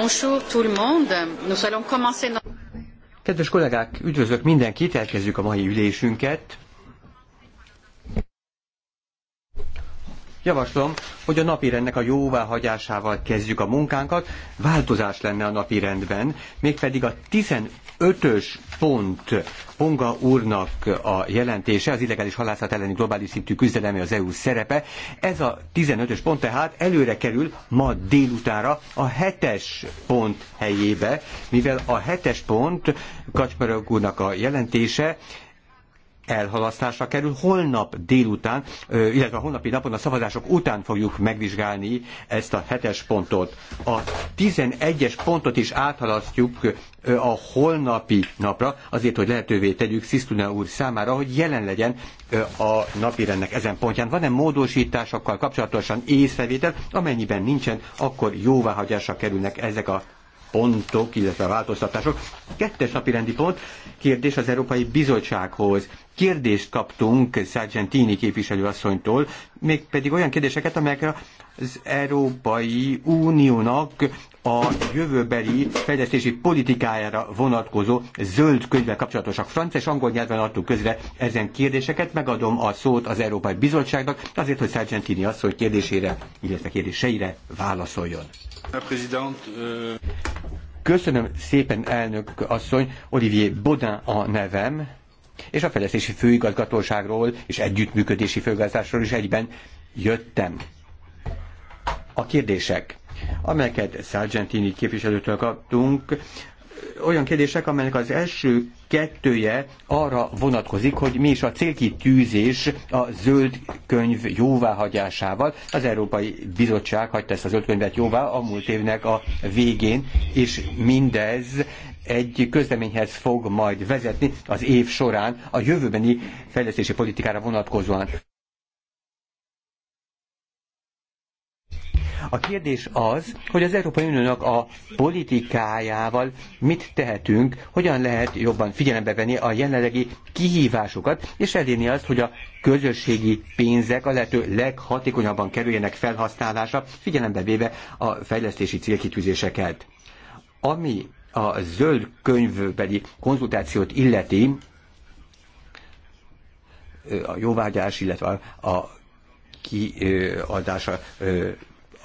Bonjour tout le monde. Nous allons commencer... Kedves kollégák, üdvözlök mindenkit, elkezdjük a mai ülésünket. Javaslom, hogy a napirendnek a jóváhagyásával kezdjük a munkánkat. Változás lenne a napirendben, mégpedig a 15-ös pont Ponga úrnak a jelentése, az illegális halászat elleni globális szintű küzdelemi az EU szerepe. Ez a 15-ös pont tehát előre kerül ma délutára a 7-es pont helyébe, mivel a 7-es pont Kacsmarok úrnak a jelentése elhalasztásra kerül. Holnap délután, illetve a holnapi napon a szavazások után fogjuk megvizsgálni ezt a hetes pontot. A 11-es pontot is áthalasztjuk a holnapi napra, azért, hogy lehetővé tegyük Szisztuna úr számára, hogy jelen legyen a napirendnek ezen pontján. Van-e módosításokkal kapcsolatosan észrevétel, amennyiben nincsen, akkor jóváhagyásra kerülnek ezek a pontok, illetve a változtatások. Kettes napi rendi pont, kérdés az Európai Bizottsághoz. Kérdést kaptunk Sargentini képviselőasszonytól, mégpedig olyan kérdéseket, amelyekre az Európai Uniónak a jövőbeli fejlesztési politikájára vonatkozó zöld könyvvel kapcsolatosak. Francia és angol nyelven adtuk közre ezen kérdéseket. Megadom a szót az Európai Bizottságnak azért, hogy Sargentini asszony kérdésére, illetve kérdéseire válaszoljon. Euh, Köszönöm szépen, elnök asszony, Olivier Bodin a nevem, és a fejlesztési főigazgatóságról és együttműködési főigazgatásról is egyben jöttem. A kérdések amelyeket Sargentini képviselőtől kaptunk, olyan kérdések, amelynek az első kettője arra vonatkozik, hogy mi is a célkitűzés a zöld könyv jóváhagyásával. Az Európai Bizottság hagyta ezt a zöld könyvet jóvá a múlt évnek a végén, és mindez egy közleményhez fog majd vezetni az év során a jövőbeni fejlesztési politikára vonatkozóan. A kérdés az, hogy az Európai Uniónak a politikájával mit tehetünk, hogyan lehet jobban figyelembe venni a jelenlegi kihívásokat, és elérni azt, hogy a közösségi pénzek a lehető leghatékonyabban kerüljenek felhasználásra, figyelembe véve a fejlesztési célkitűzéseket. Ami a zöld könyvbeli konzultációt illeti, a jóvágyás, illetve a kiadása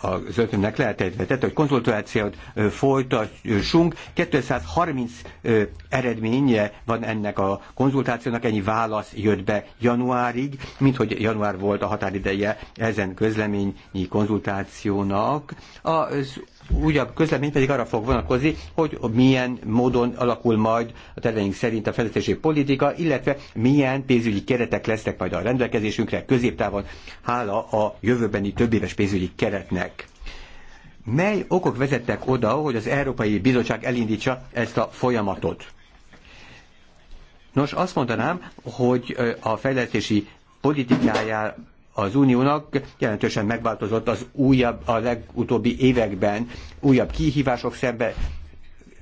az ötönnek lehetett tehát, hogy konzultációt folytassunk. 230 eredménye van ennek a konzultációnak, ennyi válasz jött be januárig, mint hogy január volt a határideje ezen közleményi konzultációnak. Az újabb közlemény pedig arra fog vonatkozni, hogy milyen módon alakul majd a terveink szerint a fejlesztési politika, illetve milyen pénzügyi keretek lesznek majd a rendelkezésünkre középtávon, hála a jövőbeni többéves pénzügyi keretnek. Mely okok vezettek oda, hogy az Európai Bizottság elindítsa ezt a folyamatot? Nos, azt mondanám, hogy a fejlesztési politikájá az uniónak jelentősen megváltozott az újabb, a legutóbbi években újabb kihívások szembe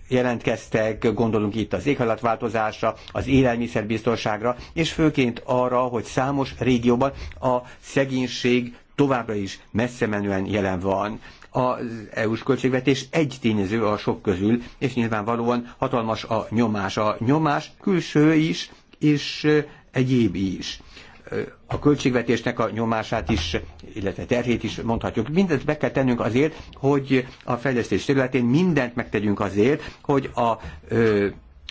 jelentkeztek, gondolunk itt az éghajlatváltozásra, az élelmiszerbiztonságra, és főként arra, hogy számos régióban a szegénység továbbra is messze menően jelen van. Az EU-s költségvetés egy tényező a sok közül, és nyilvánvalóan hatalmas a nyomás. A nyomás külső is, és egyéb is a költségvetésnek a nyomását is, illetve terhét is mondhatjuk. Mindent be kell tennünk azért, hogy a fejlesztés területén mindent megtegyünk azért, hogy a ö,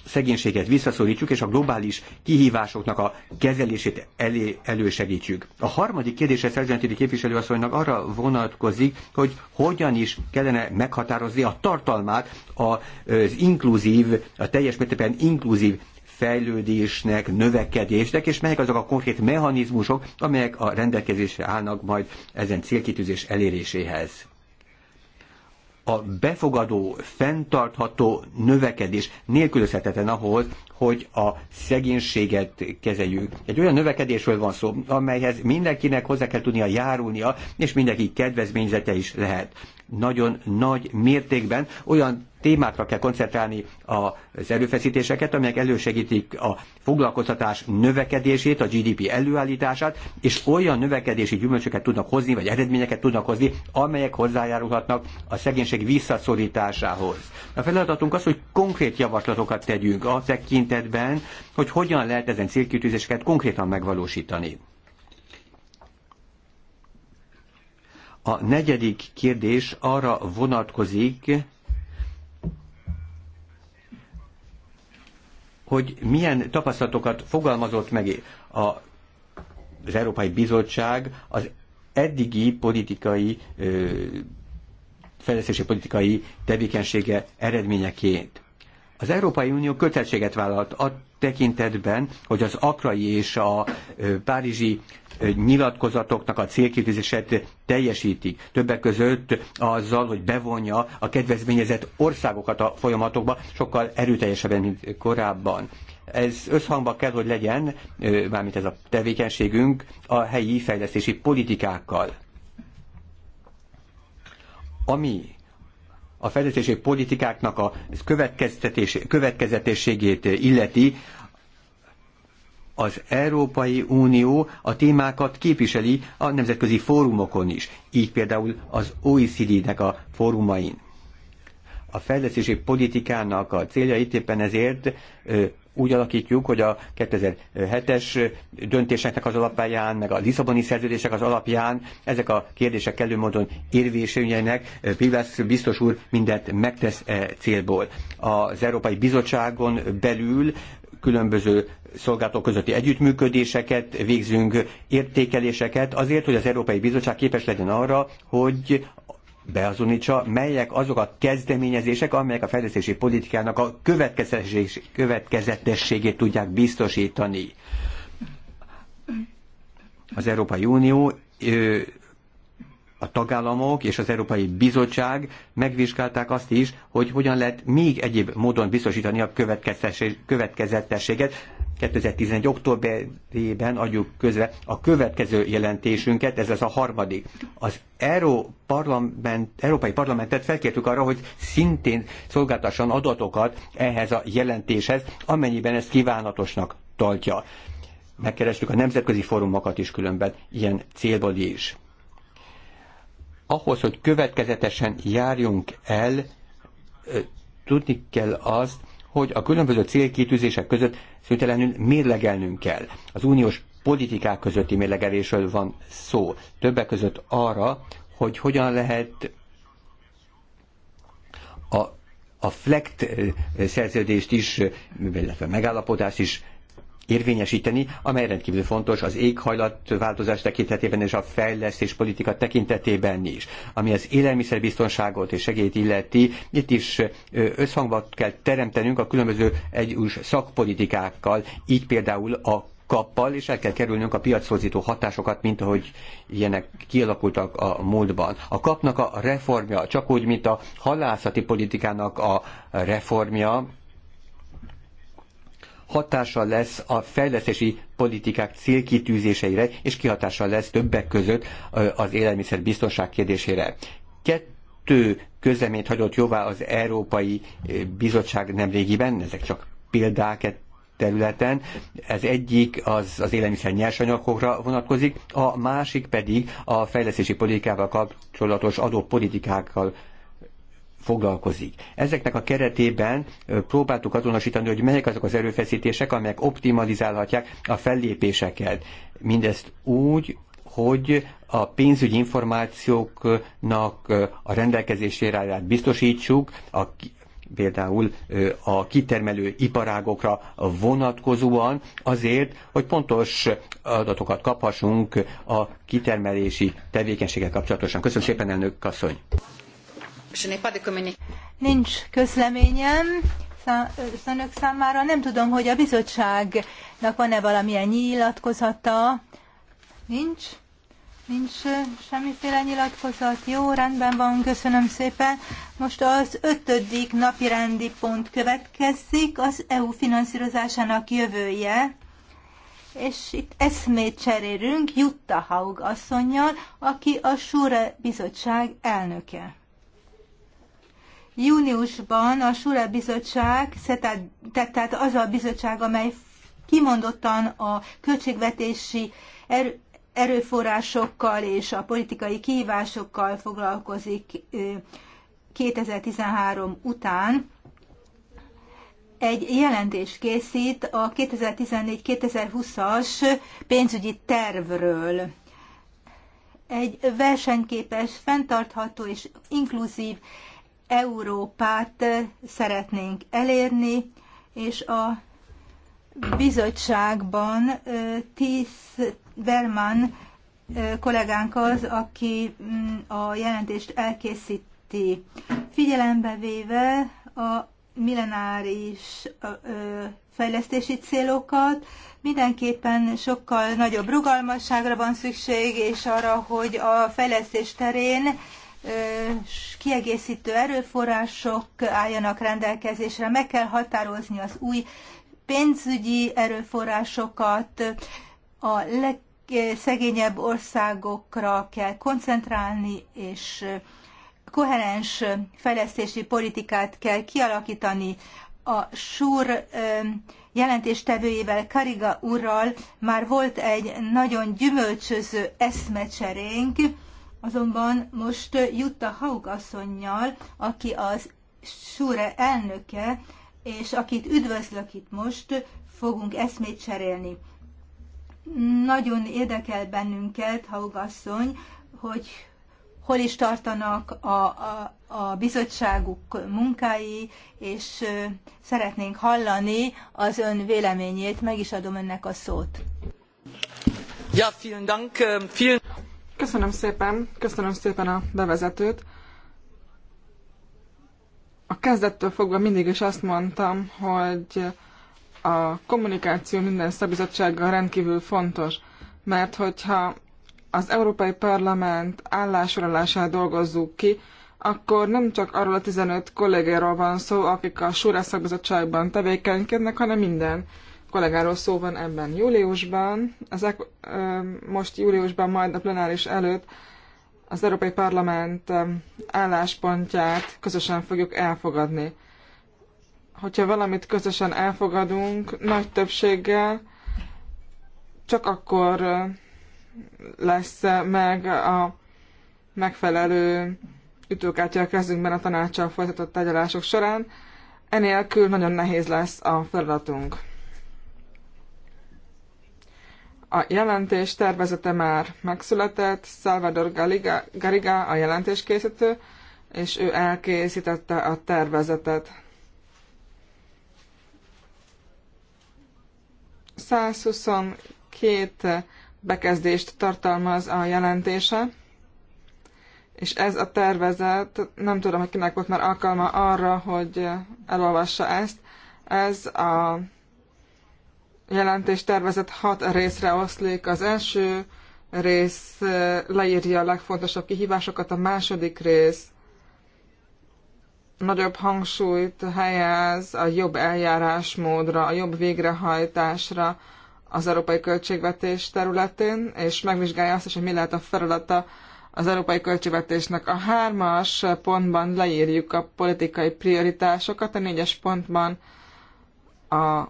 szegénységet visszaszorítsuk, és a globális kihívásoknak a kezelését elé, elősegítjük. A harmadik kérdése Szerzsentini képviselőasszonynak arra vonatkozik, hogy hogyan is kellene meghatározni a tartalmát az inkluzív, a teljes mértékben inkluzív fejlődésnek, növekedésnek, és melyek azok a konkrét mechanizmusok, amelyek a rendelkezésre állnak majd ezen célkitűzés eléréséhez a befogadó, fenntartható növekedés nélkülözhetetlen ahhoz, hogy a szegénységet kezeljük. Egy olyan növekedésről van szó, amelyhez mindenkinek hozzá kell tudnia járulnia, és mindenki kedvezményzete is lehet. Nagyon nagy mértékben olyan témákra kell koncentrálni az erőfeszítéseket, amelyek elősegítik a foglalkoztatás növekedését, a GDP előállítását, és olyan növekedési gyümölcsöket tudnak hozni, vagy eredményeket tudnak hozni, amelyek hozzájárulhatnak a szegénység visszaszorításához. A feladatunk az, hogy konkrét javaslatokat tegyünk a tekint tekintetben, hogy hogyan lehet ezen célkitűzéseket konkrétan megvalósítani. A negyedik kérdés arra vonatkozik, hogy milyen tapasztalatokat fogalmazott meg a, az Európai Bizottság az eddigi politikai fejlesztési politikai tevékenysége eredményeként. Az Európai Unió kötelezettséget vállalt a tekintetben, hogy az akrai és a párizsi nyilatkozatoknak a célkitűzését teljesítik. Többek között azzal, hogy bevonja a kedvezményezett országokat a folyamatokba sokkal erőteljesebben, mint korábban. Ez összhangban kell, hogy legyen, mármint ez a tevékenységünk, a helyi fejlesztési politikákkal. Ami a fejlesztési politikáknak a következetességét illeti, az Európai Unió a témákat képviseli a nemzetközi fórumokon is, így például az OECD-nek a fórumain a fejlesztési politikának a céljait éppen ezért úgy alakítjuk, hogy a 2007-es döntéseknek az alapján, meg a Lisszaboni szerződések az alapján ezek a kérdések kellő módon érvésüljenek. Pivász biztos úr mindent megtesz e célból. Az Európai Bizottságon belül különböző szolgálatok közötti együttműködéseket, végzünk értékeléseket azért, hogy az Európai Bizottság képes legyen arra, hogy beazonítsa, melyek azok a kezdeményezések, amelyek a fejlesztési politikának a következetességét tudják biztosítani. Az Európai Unió a tagállamok és az Európai Bizottság megvizsgálták azt is, hogy hogyan lehet még egyéb módon biztosítani a következetességet, 2011. októberében adjuk közre a következő jelentésünket, ez az a harmadik. Az Euró parlament, Európai Parlamentet felkértük arra, hogy szintén szolgáltasson adatokat ehhez a jelentéshez, amennyiben ezt kívánatosnak tartja. Megkerestük a nemzetközi fórumokat is különben ilyen célból is. Ahhoz, hogy következetesen járjunk el, tudni kell azt, hogy a különböző célkitűzések között szüntelenül mérlegelnünk kell. Az uniós politikák közötti mérlegelésről van szó. Többek között arra, hogy hogyan lehet a, a FLECT eh, szerződést is, eh, illetve megállapodást is érvényesíteni, amely rendkívül fontos az éghajlatváltozás tekintetében és a fejlesztés politika tekintetében is. Ami az élelmiszerbiztonságot és segélyt illeti, itt is összhangban kell teremtenünk a különböző egyús szakpolitikákkal, így például a kappal, és el kell kerülnünk a piacfozító hatásokat, mint ahogy ilyenek kialakultak a múltban. A kapnak a reformja, csak úgy, mint a halászati politikának a reformja, hatása lesz a fejlesztési politikák célkitűzéseire, és kihatása lesz többek között az élelmiszer biztonság kérdésére. Kettő közleményt hagyott jóvá az Európai Bizottság nemrégiben, ezek csak példák e területen. Ez egyik az, az élelmiszer nyersanyagokra vonatkozik, a másik pedig a fejlesztési politikával kapcsolatos adópolitikákkal foglalkozik. Ezeknek a keretében próbáltuk azonosítani, hogy melyek azok az erőfeszítések, amelyek optimalizálhatják a fellépéseket. Mindezt úgy, hogy a pénzügyi információknak a rendelkezésére állát biztosítsuk, a, például a kitermelő iparágokra vonatkozóan azért, hogy pontos adatokat kaphassunk a kitermelési tevékenységgel kapcsolatosan. Köszönöm szépen, elnök asszony! Nincs közleményem önök számára. Nem tudom, hogy a bizottságnak van-e valamilyen nyilatkozata. Nincs? Nincs semmiféle nyilatkozat. Jó, rendben van, köszönöm szépen. Most az ötödik napi rendi pont következik, az EU finanszírozásának jövője. És itt eszmét cserélünk Jutta Haug asszonynal, aki a Súre Bizottság elnöke. Júniusban a Sule Bizottság, tehát az a bizottság, amely kimondottan a költségvetési erőforrásokkal és a politikai kihívásokkal foglalkozik 2013 után. Egy jelentés készít a 2014-2020-as pénzügyi tervről. Egy versenyképes, fenntartható és inkluzív Európát szeretnénk elérni, és a bizottságban Tisz Verman kollégánk az, aki mm, a jelentést elkészíti. Figyelembe véve a millenáris fejlesztési célokat, mindenképpen sokkal nagyobb rugalmasságra van szükség, és arra, hogy a fejlesztés terén kiegészítő erőforrások álljanak rendelkezésre, meg kell határozni az új pénzügyi erőforrásokat, a legszegényebb országokra kell koncentrálni, és koherens fejlesztési politikát kell kialakítani. A SUR jelentéstevőjével, Kariga úrral már volt egy nagyon gyümölcsöző eszmecserénk, Azonban most eh, Jutta Haug asszonynal, aki az Sure elnöke, és akit üdvözlök itt most, fogunk eszmét cserélni. Nagyon érdekel bennünket, Haug asszony, hogy hol is tartanak a, a, a bizottságuk munkái, és eh, szeretnénk hallani az ön véleményét. Meg is adom önnek a szót. Ja, vielen Dank. Eh, vielen... Köszönöm szépen, köszönöm szépen a bevezetőt. A kezdettől fogva mindig is azt mondtam, hogy a kommunikáció minden szabizottsággal rendkívül fontos, mert hogyha az Európai Parlament állásolását dolgozzuk ki, akkor nem csak arról a 15 kollégáról van szó, akik a Súrás Szakbizottságban tevékenykednek, hanem minden kollégáról szó van ebben júliusban. Ezek most júliusban, majd a plenáris előtt az Európai Parlament álláspontját közösen fogjuk elfogadni. Hogyha valamit közösen elfogadunk, nagy többséggel csak akkor lesz meg a megfelelő ütőkártya a kezünkben a tanácssal folytatott tárgyalások során. Enélkül nagyon nehéz lesz a feladatunk. A jelentés tervezete már megszületett, Salvador Galiga, Gariga a jelentéskészítő, és ő elkészítette a tervezetet. 122 bekezdést tartalmaz a jelentése, és ez a tervezet, nem tudom, hogy kinek volt már alkalma arra, hogy elolvassa ezt, ez a jelentés tervezett hat részre oszlik. Az első rész leírja a legfontosabb kihívásokat, a második rész nagyobb hangsúlyt helyez a jobb eljárásmódra, a jobb végrehajtásra az európai költségvetés területén, és megvizsgálja azt is, hogy mi lehet a feladata az európai költségvetésnek. A hármas pontban leírjuk a politikai prioritásokat, a négyes pontban a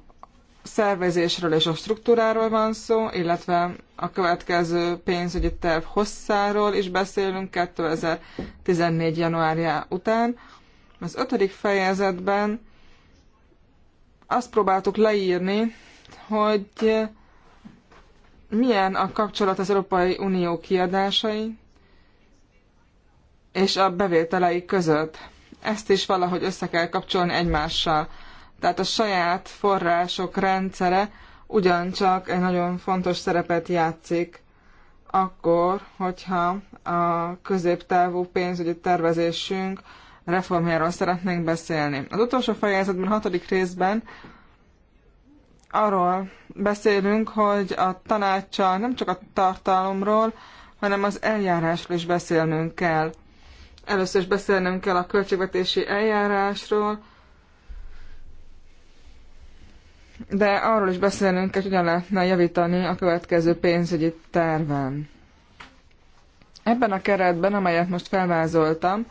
szervezésről és a struktúráról van szó, illetve a következő pénzügyi terv hosszáról is beszélünk 2014. januárja után. Az ötödik fejezetben azt próbáltuk leírni, hogy milyen a kapcsolat az Európai Unió kiadásai és a bevételei között. Ezt is valahogy össze kell kapcsolni egymással. Tehát a saját források rendszere ugyancsak egy nagyon fontos szerepet játszik akkor, hogyha a középtávú pénzügyi tervezésünk reformjáról szeretnénk beszélni. Az utolsó fejezetben, a hatodik részben arról beszélünk, hogy a tanácssal nem csak a tartalomról, hanem az eljárásról is beszélnünk kell. Először is beszélnünk kell a költségvetési eljárásról, de arról is beszélnünk kell, hogy hogyan lehetne javítani a következő pénzügyi terven. Ebben a keretben, amelyet most felvázoltam,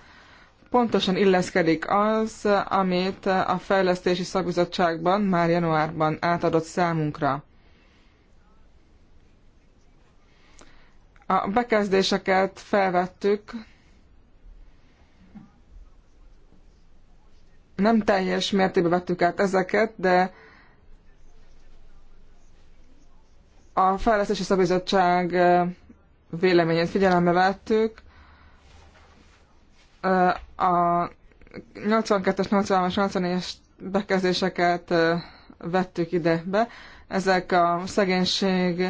pontosan illeszkedik az, amit a fejlesztési szakbizottságban már januárban átadott számunkra. A bekezdéseket felvettük, nem teljes mértékben vettük át ezeket, de A Fejlesztési Szabizottság véleményét figyelembe vettük. A 82-es, 83-as, 84-es bekezdéseket vettük ide be. Ezek a szegénység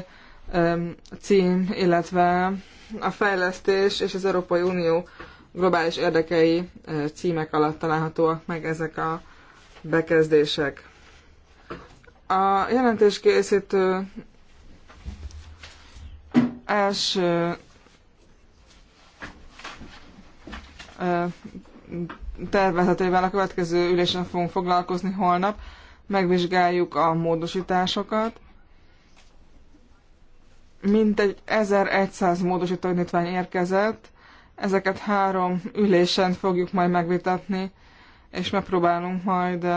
cím, illetve a fejlesztés és az Európai Unió globális érdekei címek alatt találhatóak meg ezek a bekezdések. A jelentéskészítő első tervezetével a következő ülésen fogunk foglalkozni holnap. Megvizsgáljuk a módosításokat. Mintegy 1100 módosító indítvány érkezett. Ezeket három ülésen fogjuk majd megvitatni, és megpróbálunk majd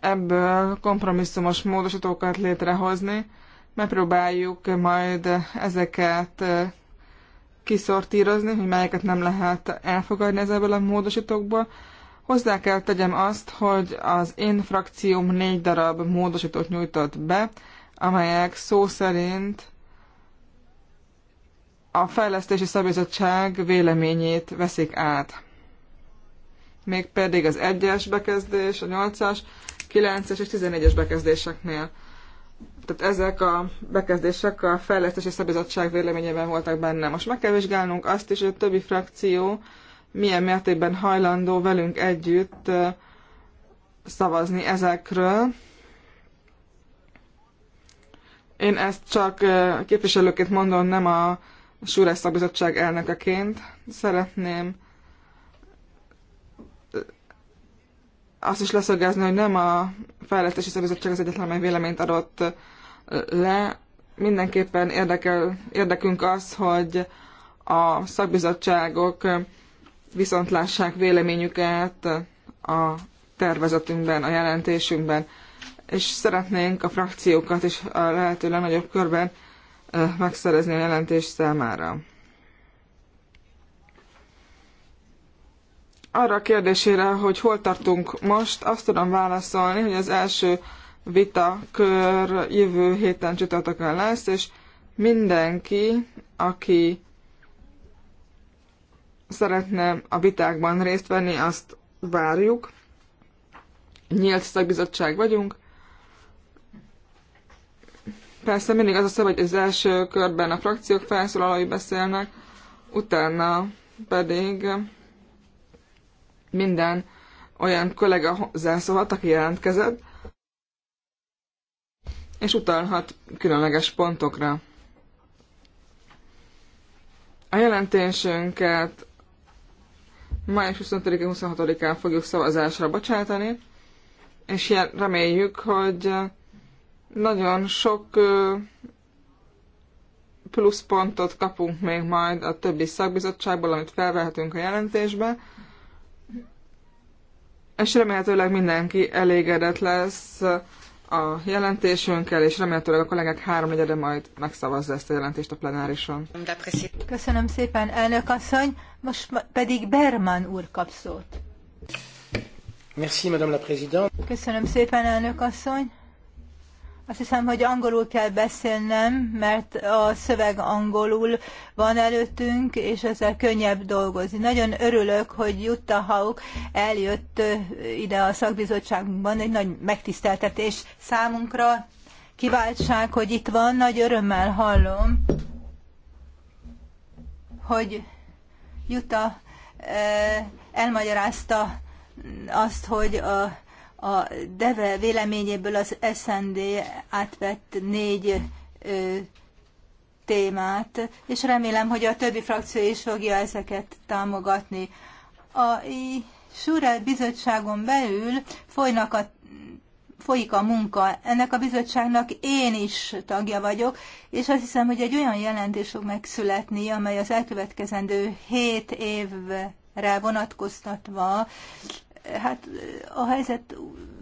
ebből kompromisszumos módosítókat létrehozni, megpróbáljuk majd ezeket kiszortírozni, hogy melyeket nem lehet elfogadni ezekből a módosítókból. Hozzá kell tegyem azt, hogy az én frakcióm négy darab módosítót nyújtott be, amelyek szó szerint a fejlesztési szabizottság véleményét veszik át. Még pedig az 1-es bekezdés, a 8-as, 9-es és 11-es bekezdéseknél tehát ezek a bekezdések a fejlesztési szabizottság véleményében voltak benne. Most meg kell vizsgálnunk azt is, hogy a többi frakció milyen mértékben hajlandó velünk együtt szavazni ezekről. Én ezt csak képviselőként mondom, nem a Súrás Szabizottság elnökeként. Szeretném azt is leszögezni, hogy nem a fejlesztési szabizottság az egyetlen, amely véleményt adott le. Mindenképpen érdekel, érdekünk az, hogy a szakbizottságok viszont lássák véleményüket a tervezetünkben, a jelentésünkben, és szeretnénk a frakciókat is a lehető legnagyobb körben megszerezni a jelentés számára. arra a kérdésére, hogy hol tartunk most, azt tudom válaszolni, hogy az első vita kör jövő héten csütörtökön lesz, és mindenki, aki szeretne a vitákban részt venni, azt várjuk. Nyílt szakbizottság vagyunk. Persze mindig az a szabad, hogy az első körben a frakciók felszólalói beszélnek, utána pedig minden olyan kollega hozzászólhat, aki jelentkezett, és utalhat különleges pontokra. A jelentésünket május 25-26-án fogjuk szavazásra bocsátani, és reméljük, hogy nagyon sok pluszpontot kapunk még majd a többi szakbizottságból, amit felvehetünk a jelentésbe, és remélhetőleg mindenki elégedett lesz a jelentésünkkel, és remélhetőleg a kollégák háromnegyede majd megszavazza ezt a jelentést a plenárison. Köszönöm szépen, elnök asszony. Most pedig Berman úr kap szót. Merci, madame la présidente. Köszönöm szépen, elnök asszony. Azt hiszem, hogy angolul kell beszélnem, mert a szöveg angolul van előttünk, és ezzel könnyebb dolgozni. Nagyon örülök, hogy Jutta Hauk eljött ide a szakbizottságunkban, egy nagy megtiszteltetés számunkra. Kiváltság, hogy itt van, nagy örömmel hallom, hogy Jutta elmagyarázta azt, hogy a a DEVE véleményéből az SND átvett négy ö, témát, és remélem, hogy a többi frakció is fogja ezeket támogatni. A Súrel bizottságon belül folynak a, folyik a munka. Ennek a bizottságnak én is tagja vagyok, és azt hiszem, hogy egy olyan jelentés fog megszületni, amely az elkövetkezendő hét évre vonatkoztatva hát a helyzet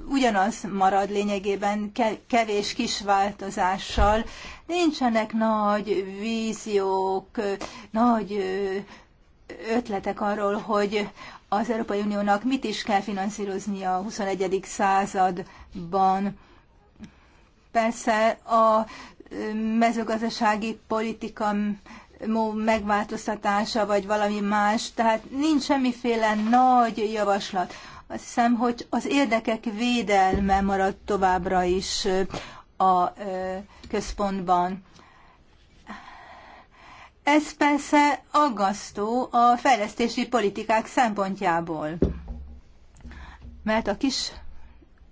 ugyanaz marad lényegében, kevés kis változással. Nincsenek nagy víziók, nagy ötletek arról, hogy az Európai Uniónak mit is kell finanszíroznia a 21. században. Persze a mezőgazdasági politika megváltoztatása, vagy valami más, tehát nincs semmiféle nagy javaslat. Azt hiszem, hogy az érdekek védelme marad továbbra is a központban. Ez persze aggasztó a fejlesztési politikák szempontjából, mert a kis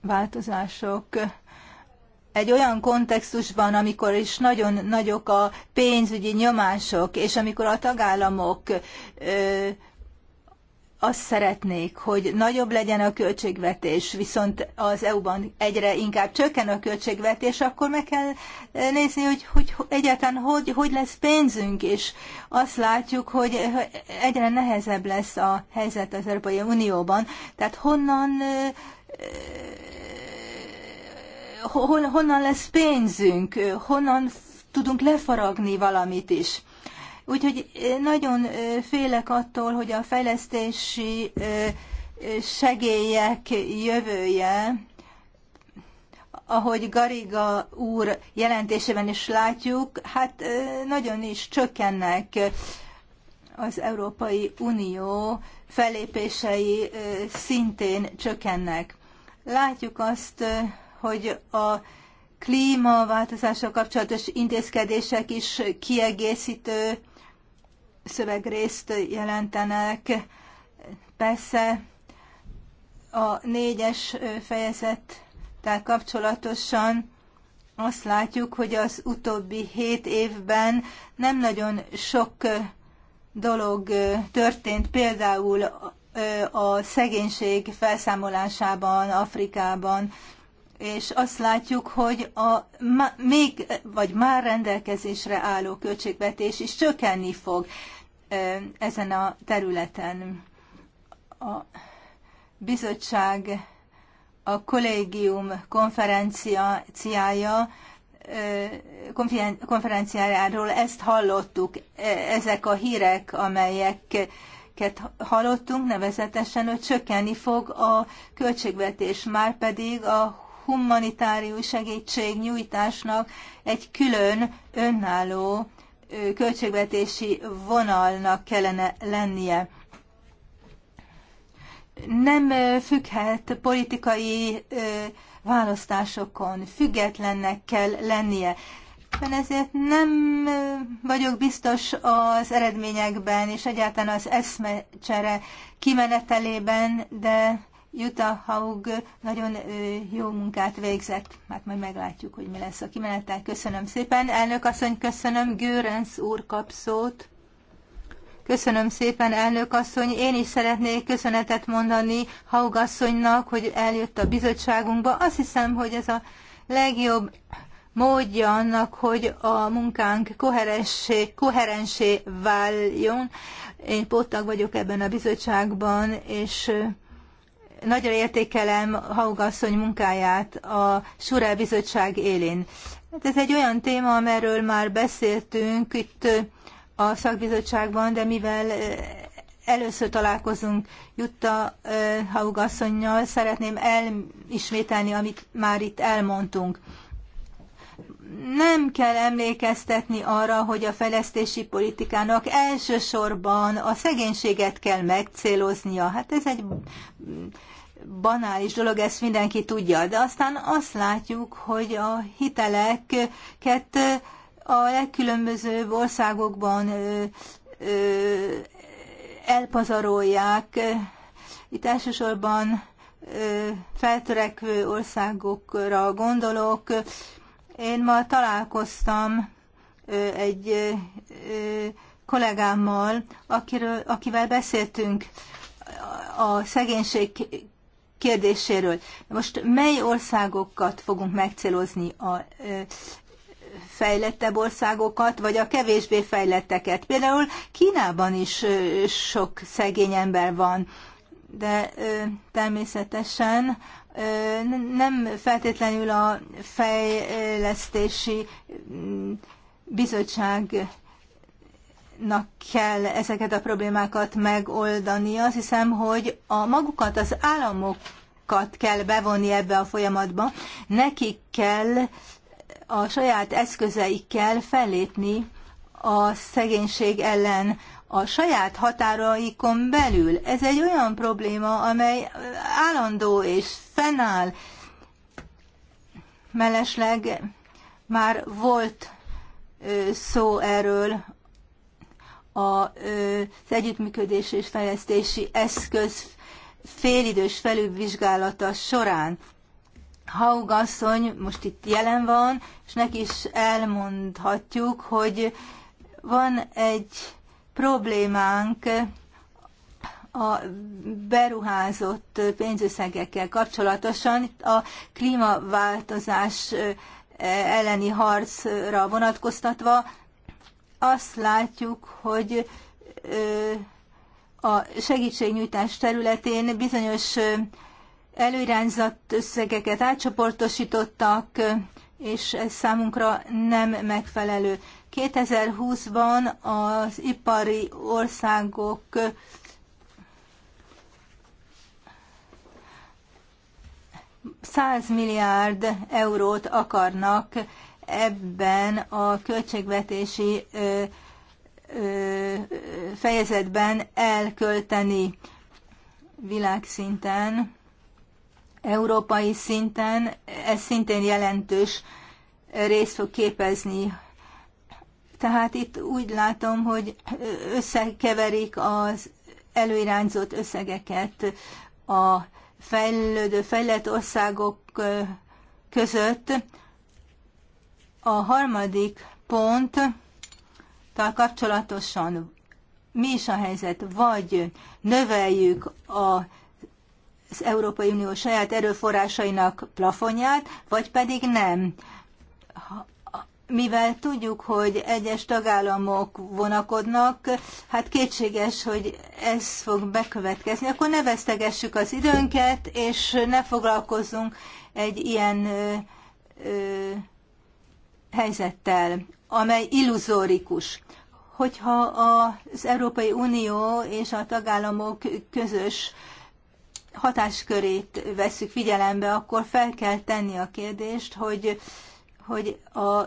változások egy olyan kontextusban, amikor is nagyon nagyok a pénzügyi nyomások, és amikor a tagállamok ö, azt szeretnék, hogy nagyobb legyen a költségvetés, viszont az EU-ban egyre inkább csökken a költségvetés, akkor meg kell eh, nézni, hogy, hogy egyáltalán hogy, hogy lesz pénzünk, és azt látjuk, hogy egyre nehezebb lesz a helyzet az Európai Unióban. Tehát honnan eh, eh, honnan lesz pénzünk, honnan tudunk lefaragni valamit is. Úgyhogy nagyon félek attól, hogy a fejlesztési segélyek jövője, ahogy Gariga úr jelentésében is látjuk, hát nagyon is csökkennek az Európai Unió fellépései szintén csökkennek. Látjuk azt, hogy a klímaváltozással kapcsolatos intézkedések is kiegészítő szövegrészt jelentenek. Persze a négyes fejezettel kapcsolatosan azt látjuk, hogy az utóbbi hét évben nem nagyon sok dolog történt, például a szegénység felszámolásában, Afrikában, és azt látjuk, hogy a még, vagy már rendelkezésre álló költségvetés is csökkenni fog ezen a területen. A bizottság a kollégium konferenciája konferenciájáról ezt hallottuk, e, ezek a hírek, amelyeket hallottunk, nevezetesen, hogy csökkenni fog a költségvetés, már pedig a humanitárius segítségnyújtásnak egy külön önálló költségvetési vonalnak kellene lennie. Nem függhet politikai választásokon, függetlennek kell lennie. Én ezért nem vagyok biztos az eredményekben, és egyáltalán az eszmecsere kimenetelében, de Jutta Haug nagyon jó munkát végzett. Hát majd meglátjuk, hogy mi lesz a kimenetel. Köszönöm szépen. Elnök asszony, köszönöm. Gőrenc úr kap szót. Köszönöm szépen, elnök asszony. Én is szeretnék köszönetet mondani Haug asszonynak, hogy eljött a bizottságunkba. Azt hiszem, hogy ez a legjobb módja annak, hogy a munkánk koherensé, koherensé váljon. Én pottag vagyok ebben a bizottságban, és nagyon értékelem Haugasszony munkáját a Surel Bizottság élén. Hát ez egy olyan téma, amiről már beszéltünk itt a szakbizottságban, de mivel először találkozunk Jutta asszonynal, szeretném elismételni, amit már itt elmondtunk nem kell emlékeztetni arra, hogy a fejlesztési politikának elsősorban a szegénységet kell megcéloznia. Hát ez egy banális dolog, ezt mindenki tudja, de aztán azt látjuk, hogy a hiteleket a legkülönbözőbb országokban elpazarolják. Itt elsősorban feltörekvő országokra gondolok, én ma találkoztam egy kollégámmal, akiről, akivel beszéltünk a szegénység kérdéséről. Most mely országokat fogunk megcélozni a fejlettebb országokat, vagy a kevésbé fejletteket. Például Kínában is sok szegény ember van, de természetesen nem feltétlenül a fejlesztési mm, bizottságnak kell ezeket a problémákat megoldania, azt hiszem, hogy a magukat, az államokat kell bevonni ebbe a folyamatba, nekik kell a saját eszközeikkel fellépni a szegénység ellen, a saját határaikon belül. Ez egy olyan probléma, amely állandó és fennáll. Mellesleg már volt szó erről az együttműködés és fejlesztési eszköz félidős felülvizsgálata során. Haug asszony most itt jelen van, és neki is elmondhatjuk, hogy van egy problémánk a beruházott pénzösszegekkel kapcsolatosan a klímaváltozás elleni harcra vonatkoztatva azt látjuk, hogy a segítségnyújtás területén bizonyos előirányzott összegeket átcsoportosítottak, és ez számunkra nem megfelelő. 2020-ban az ipari országok százmilliárd milliárd eurót akarnak ebben a költségvetési ö, ö, fejezetben elkölteni világszinten, európai szinten. Ez szintén jelentős részt fog képezni tehát itt úgy látom, hogy összekeverik az előirányzott összegeket a fejlődő, fejlett országok között. A harmadik pont kapcsolatosan mi is a helyzet? Vagy növeljük a az Európai Unió saját erőforrásainak plafonját, vagy pedig nem mivel tudjuk, hogy egyes tagállamok vonakodnak, hát kétséges, hogy ez fog bekövetkezni. Akkor ne vesztegessük az időnket, és ne foglalkozzunk egy ilyen ö, ö, helyzettel, amely illuzórikus. Hogyha az Európai Unió és a tagállamok közös hatáskörét vesszük figyelembe, akkor fel kell tenni a kérdést, hogy hogy a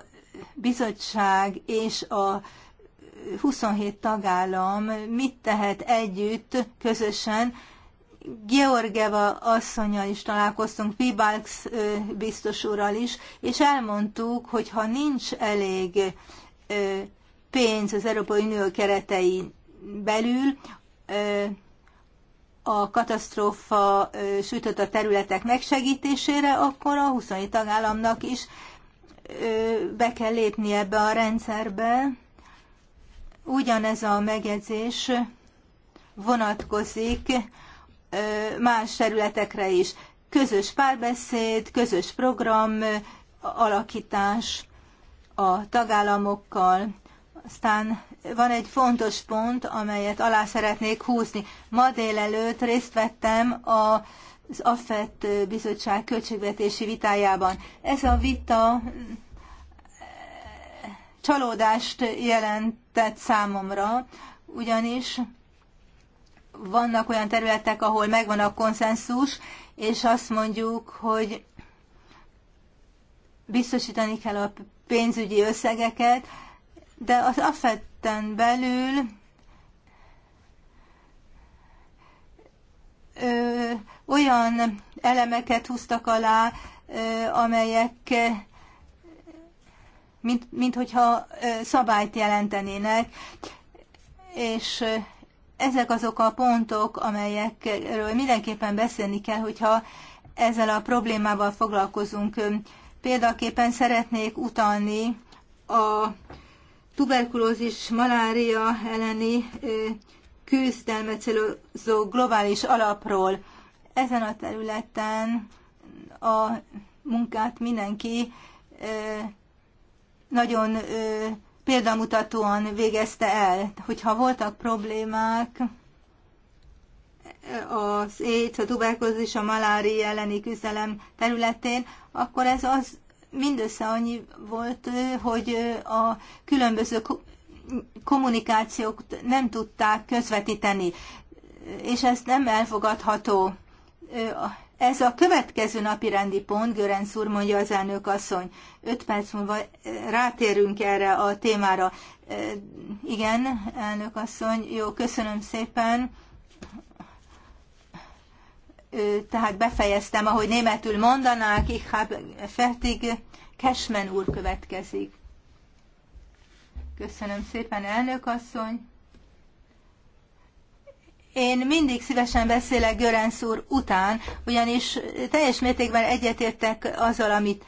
bizottság és a 27 tagállam mit tehet együtt, közösen. Georgeva asszonya is találkoztunk, Pibalks biztos is, és elmondtuk, hogy ha nincs elég pénz az Európai Unió keretei belül, a katasztrófa sütött a területek megsegítésére, akkor a 27 tagállamnak is be kell lépni ebbe a rendszerbe. Ugyanez a megjegyzés vonatkozik más területekre is. Közös párbeszéd, közös program, alakítás a tagállamokkal. Aztán van egy fontos pont, amelyet alá szeretnék húzni. Ma délelőtt részt vettem a az AFET bizottság költségvetési vitájában. Ez a vita csalódást jelentett számomra, ugyanis vannak olyan területek, ahol megvan a konszenzus, és azt mondjuk, hogy biztosítani kell a pénzügyi összegeket, de az affetten belül ö, olyan elemeket húztak alá, ö, amelyek mint, mint hogyha szabályt jelentenének, és ezek azok a pontok, amelyekről mindenképpen beszélni kell, hogyha ezzel a problémával foglalkozunk. Példaképpen szeretnék utalni a tuberkulózis, malária elleni küzdelmet célozó globális alapról. Ezen a területen a munkát mindenki nagyon példamutatóan végezte el. Hogyha voltak problémák, az AIDS, a tuberkulózis, a malária elleni küzdelem területén, akkor ez az mindössze annyi volt, hogy a különböző kommunikációkat nem tudták közvetíteni, és ez nem elfogadható. Ez a következő napi rendi pont, Görenc úr mondja az elnök asszony. Öt perc múlva eh, rátérünk erre a témára. Eh, igen, elnök asszony, jó, köszönöm szépen. Tehát befejeztem, ahogy németül mondanák, ich habe fertig, Cashman úr következik. Köszönöm szépen, elnök asszony. Én mindig szívesen beszélek Görenc úr után, ugyanis teljes mértékben egyetértek azzal, amit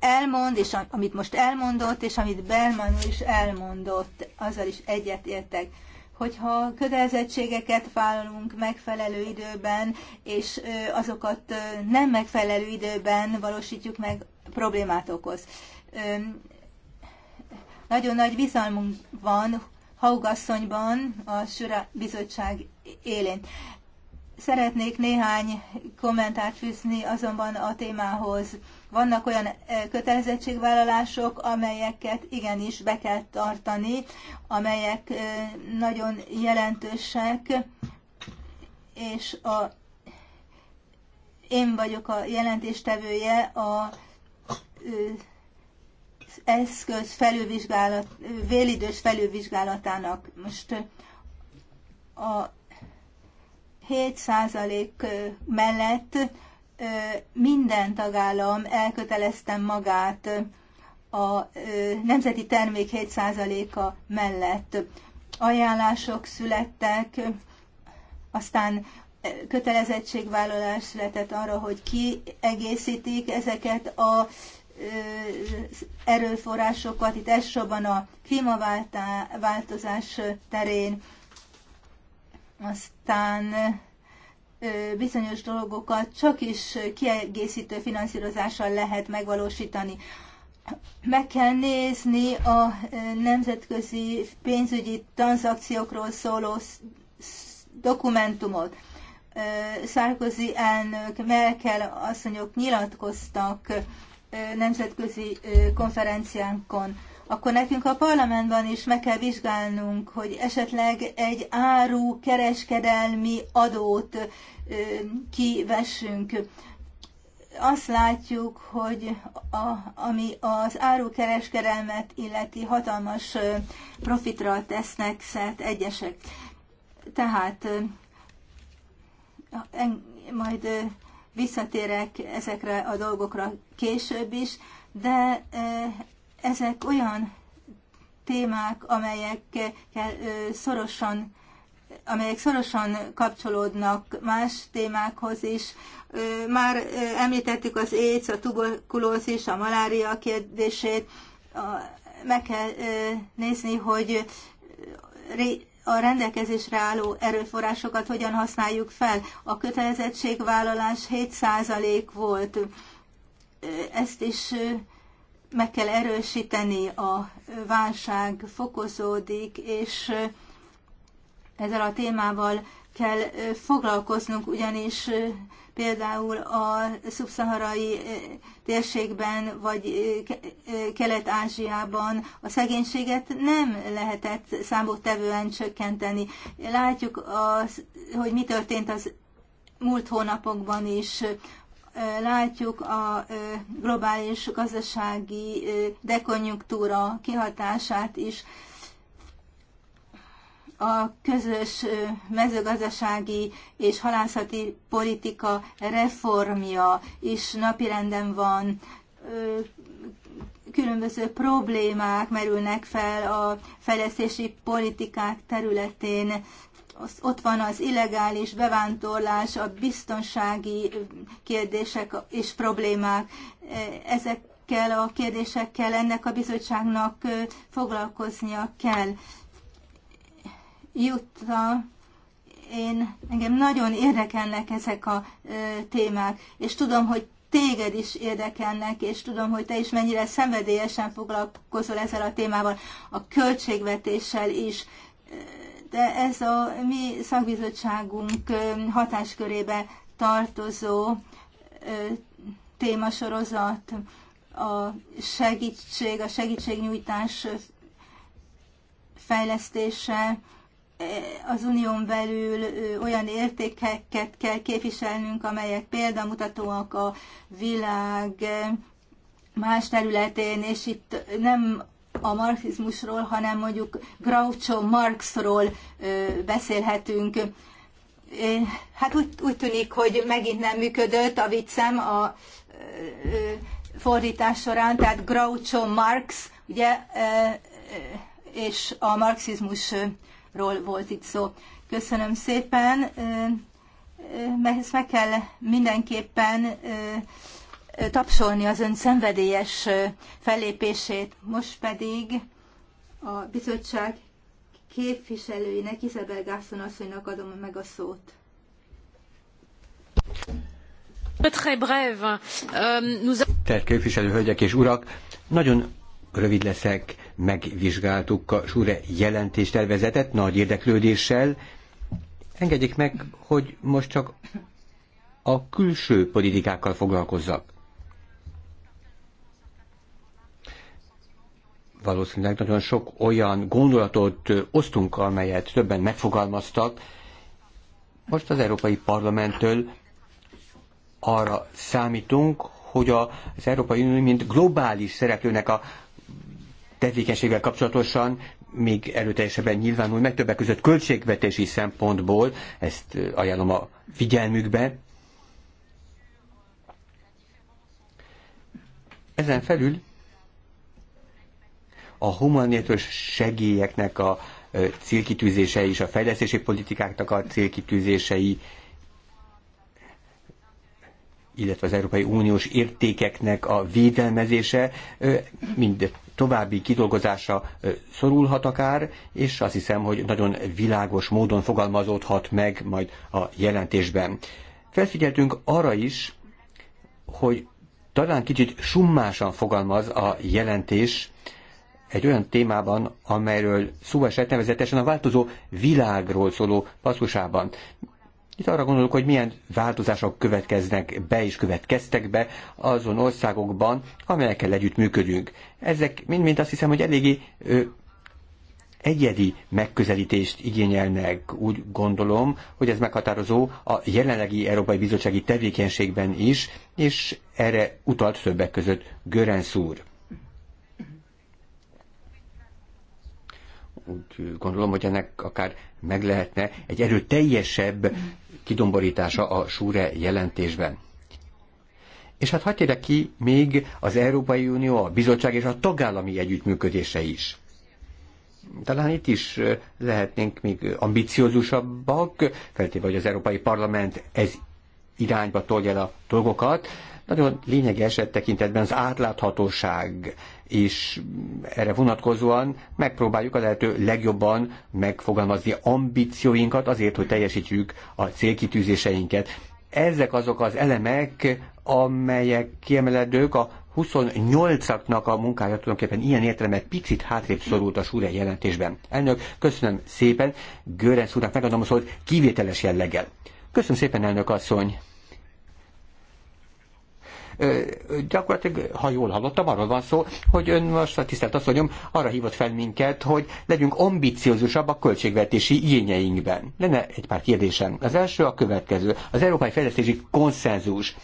elmond, és amit most elmondott, és amit Belman is elmondott, azzal is egyetértek. Hogyha kötelezettségeket vállalunk megfelelő időben, és azokat nem megfelelő időben valósítjuk meg, problémát okoz. Nagyon nagy bizalmunk van Haugasszonyban a Sura bizottság élén. Szeretnék néhány kommentárt fűzni azonban a témához. Vannak olyan kötelezettségvállalások, amelyeket igenis be kell tartani, amelyek nagyon jelentősek, és a, én vagyok a jelentéstevője a eszköz felülvizsgálat, vélidős felülvizsgálatának. Most a 7% mellett minden tagállam elkötelezte magát a nemzeti termék 7%-a mellett. Ajánlások születtek, aztán kötelezettségvállalás született arra, hogy kiegészítik ezeket a erőforrásokat, itt elsősorban a klímaváltozás terén, aztán bizonyos dolgokat csak is kiegészítő finanszírozással lehet megvalósítani. Meg kell nézni a nemzetközi pénzügyi tranzakciókról szóló dokumentumot. Sarkozy elnök, Merkel asszonyok nyilatkoztak nemzetközi konferenciánkon, akkor nekünk a parlamentben is meg kell vizsgálnunk, hogy esetleg egy áru kereskedelmi adót kivessünk. Azt látjuk, hogy a, ami az árukereskedelmet illeti hatalmas profitra tesznek szert egyesek. Tehát en, majd visszatérek ezekre a dolgokra később is, de e, ezek olyan témák, amelyekkel e, szorosan amelyek szorosan kapcsolódnak más témákhoz is. E, már említettük az AIDS, a tuberkulózis, a malária kérdését. Meg kell nézni, hogy a rendelkezésre álló erőforrásokat hogyan használjuk fel. A kötelezettségvállalás 7% volt. Ezt is meg kell erősíteni, a válság fokozódik, és ezzel a témával kell foglalkoznunk, ugyanis például a szubszaharai eh, térségben vagy eh, eh, Kelet-Ázsiában a szegénységet nem lehetett számottevően csökkenteni. Látjuk, az, hogy mi történt az múlt hónapokban is. Látjuk a globális gazdasági dekonjunktúra kihatását is a közös mezőgazdasági és halászati politika reformja is napirenden van. Különböző problémák merülnek fel a fejlesztési politikák területén. Ott van az illegális bevándorlás, a biztonsági kérdések és problémák. E, ezekkel a kérdésekkel ennek a bizottságnak foglalkoznia kell. Jutta, én, engem nagyon érdekelnek ezek a ö, témák, és tudom, hogy téged is érdekelnek, és tudom, hogy te is mennyire szenvedélyesen foglalkozol ezzel a témával, a költségvetéssel is. De ez a mi szakbizottságunk hatáskörébe tartozó témasorozat, a segítség, a segítségnyújtás fejlesztése, az unión belül olyan értékeket kell képviselnünk, amelyek példamutatóak a világ más területén, és itt nem a marxizmusról, hanem mondjuk Groucho Marxról beszélhetünk. Hát úgy, úgy tűnik, hogy megint nem működött a viccem a fordítás során, tehát Groucho Marx, ugye, és a marxizmus ról volt itt szó. Köszönöm szépen, ezt meg kell mindenképpen tapsolni az ön szenvedélyes fellépését. Most pedig a bizottság képviselőinek, Izabel Gászon asszonynak adom meg a szót. Très euh, Tehát képviselő hölgyek és urak, nagyon rövid leszek, megvizsgáltuk a Sure jelentéstervezetet nagy érdeklődéssel. Engedjék meg, hogy most csak a külső politikákkal foglalkozzak. Valószínűleg nagyon sok olyan gondolatot osztunk, amelyet többen megfogalmaztak. Most az Európai Parlamenttől arra számítunk, hogy az Európai Unió mint globális szereplőnek a tevékenységgel kapcsolatosan még erőteljesebben nyilvánul meg, többek között költségvetési szempontból, ezt ajánlom a figyelmükbe. Ezen felül a humanitárius segélyeknek a célkitűzései és a fejlesztési politikáknak a célkitűzései, illetve az Európai Uniós értékeknek a védelmezése mind további kidolgozása szorulhat akár, és azt hiszem, hogy nagyon világos módon fogalmazódhat meg majd a jelentésben. Felfigyeltünk arra is, hogy talán kicsit summásan fogalmaz a jelentés egy olyan témában, amelyről szó esett nevezetesen a változó világról szóló passzusában. Itt arra gondolok, hogy milyen változások következnek be és következtek be azon országokban, amelyekkel együtt működünk. Ezek mind-mind azt hiszem, hogy eléggé ö, egyedi megközelítést igényelnek, úgy gondolom, hogy ez meghatározó a jelenlegi Európai Bizottsági tevékenységben is, és erre utalt többek között Görenszúr. úgy gondolom, hogy ennek akár meg lehetne egy erőteljesebb kidomborítása a Súre jelentésben. És hát hagyj ide ki még az Európai Unió, a bizottság és a tagállami együttműködése is. Talán itt is lehetnénk még ambiciózusabbak, feltéve, hogy az Európai Parlament ez irányba tolja el a dolgokat, nagyon lényeges e tekintetben az átláthatóság és erre vonatkozóan megpróbáljuk a lehető legjobban megfogalmazni ambícióinkat azért, hogy teljesítjük a célkitűzéseinket. Ezek azok az elemek, amelyek kiemeledők a 28-aknak a munkája tulajdonképpen ilyen értelemben picit hátrébb szorult a Súrej jelentésben. Elnök, köszönöm szépen, Görenc úrnak megadom a szót kivételes jelleggel. Köszönöm szépen, elnök asszony! Gyakorlatilag, ha jól hallottam, arról van szó, hogy ön most a tisztelt asszonyom arra hívott fel minket, hogy legyünk ambiciózusabb a költségvetési igényeinkben. Lenne egy pár kérdésem. Az első a következő. Az Európai Fejlesztési Konszenzus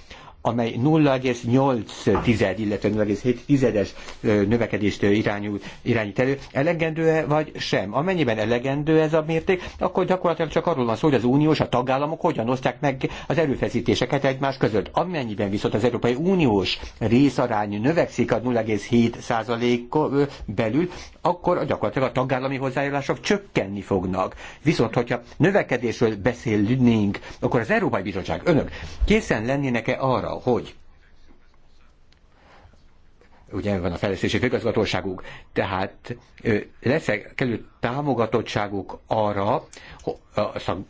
amely 0,8, illetve 07 tizedes növekedést irányul, irányít elő, elegendő-e vagy sem? Amennyiben elegendő ez a mérték, akkor gyakorlatilag csak arról van szó, hogy az uniós, a tagállamok hogyan osztják meg az erőfeszítéseket egymás között. Amennyiben viszont az Európai Uniós részarány növekszik a 0,7 belül, akkor gyakorlatilag a tagállami hozzájárulások csökkenni fognak. Viszont, hogyha növekedésről beszélnénk, akkor az Európai Bizottság, önök készen lennének-e arra, hogy ugye van a fejlesztési főgazgatóságuk, tehát lesz -e támogatottságuk arra,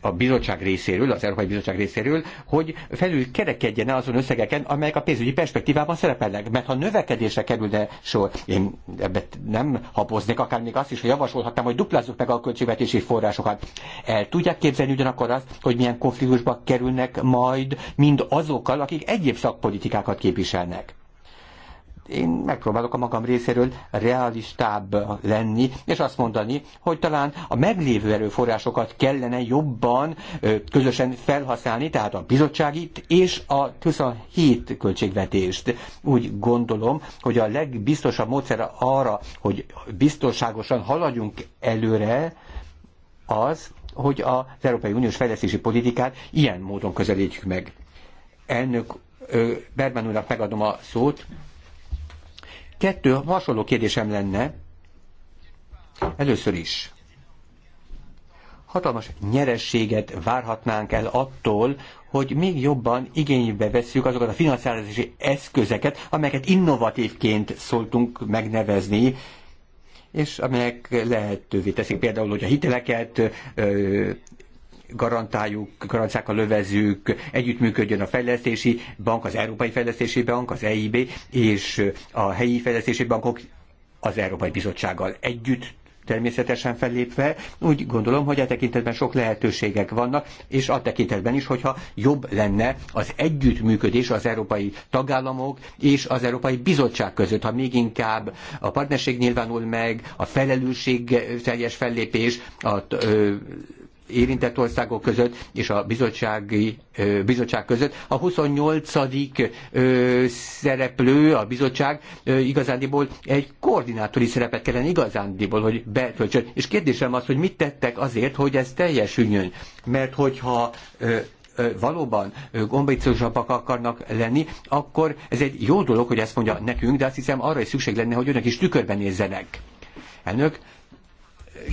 a bizottság részéről, az Európai Bizottság részéről, hogy felül kerekedjen -e azon összegeken, amelyek a pénzügyi perspektívában szerepelnek. Mert ha növekedésre kerülne sor, én ebbe nem haboznék, akár még azt is, hogy javasolhatnám, hogy duplázzuk meg a költségvetési forrásokat. El tudják képzelni ugyanakkor azt, hogy milyen konfliktusba kerülnek majd mind azokkal, akik egyéb szakpolitikákat képviselnek én megpróbálok a magam részéről realistább lenni, és azt mondani, hogy talán a meglévő erőforrásokat kellene jobban közösen felhasználni, tehát a bizottságit és a 27 költségvetést. Úgy gondolom, hogy a legbiztosabb módszer arra, hogy biztonságosan haladjunk előre, az, hogy az Európai Uniós fejlesztési politikát ilyen módon közelítjük meg. Elnök Berman úrnak megadom a szót, Kettő hasonló kérdésem lenne. Először is. Hatalmas nyerességet várhatnánk el attól, hogy még jobban igénybe vesszük azokat a finanszírozási eszközeket, amelyeket innovatívként szóltunk megnevezni, és amelyek lehetővé teszik például, hogy a hiteleket garantáljuk, a lövezők, együttműködjön a fejlesztési bank, az Európai Fejlesztési Bank, az EIB és a helyi fejlesztési bankok az Európai Bizottsággal együtt természetesen fellépve, úgy gondolom, hogy a e tekintetben sok lehetőségek vannak, és a tekintetben is, hogyha jobb lenne az együttműködés az európai tagállamok és az Európai Bizottság között, ha még inkább a partnerség nyilvánul meg, a felelősség teljes fellépés, a érintett országok között és a bizottsági, bizottság között. A 28. szereplő, a bizottság igazándiból egy koordinátori szerepet kellene igazándiból, hogy betöltsön. És kérdésem az, hogy mit tettek azért, hogy ez teljesüljön. Mert hogyha valóban ambiciósabbak akarnak lenni, akkor ez egy jó dolog, hogy ezt mondja nekünk, de azt hiszem arra is szükség lenne, hogy önök is tükörben nézzenek. Elnök,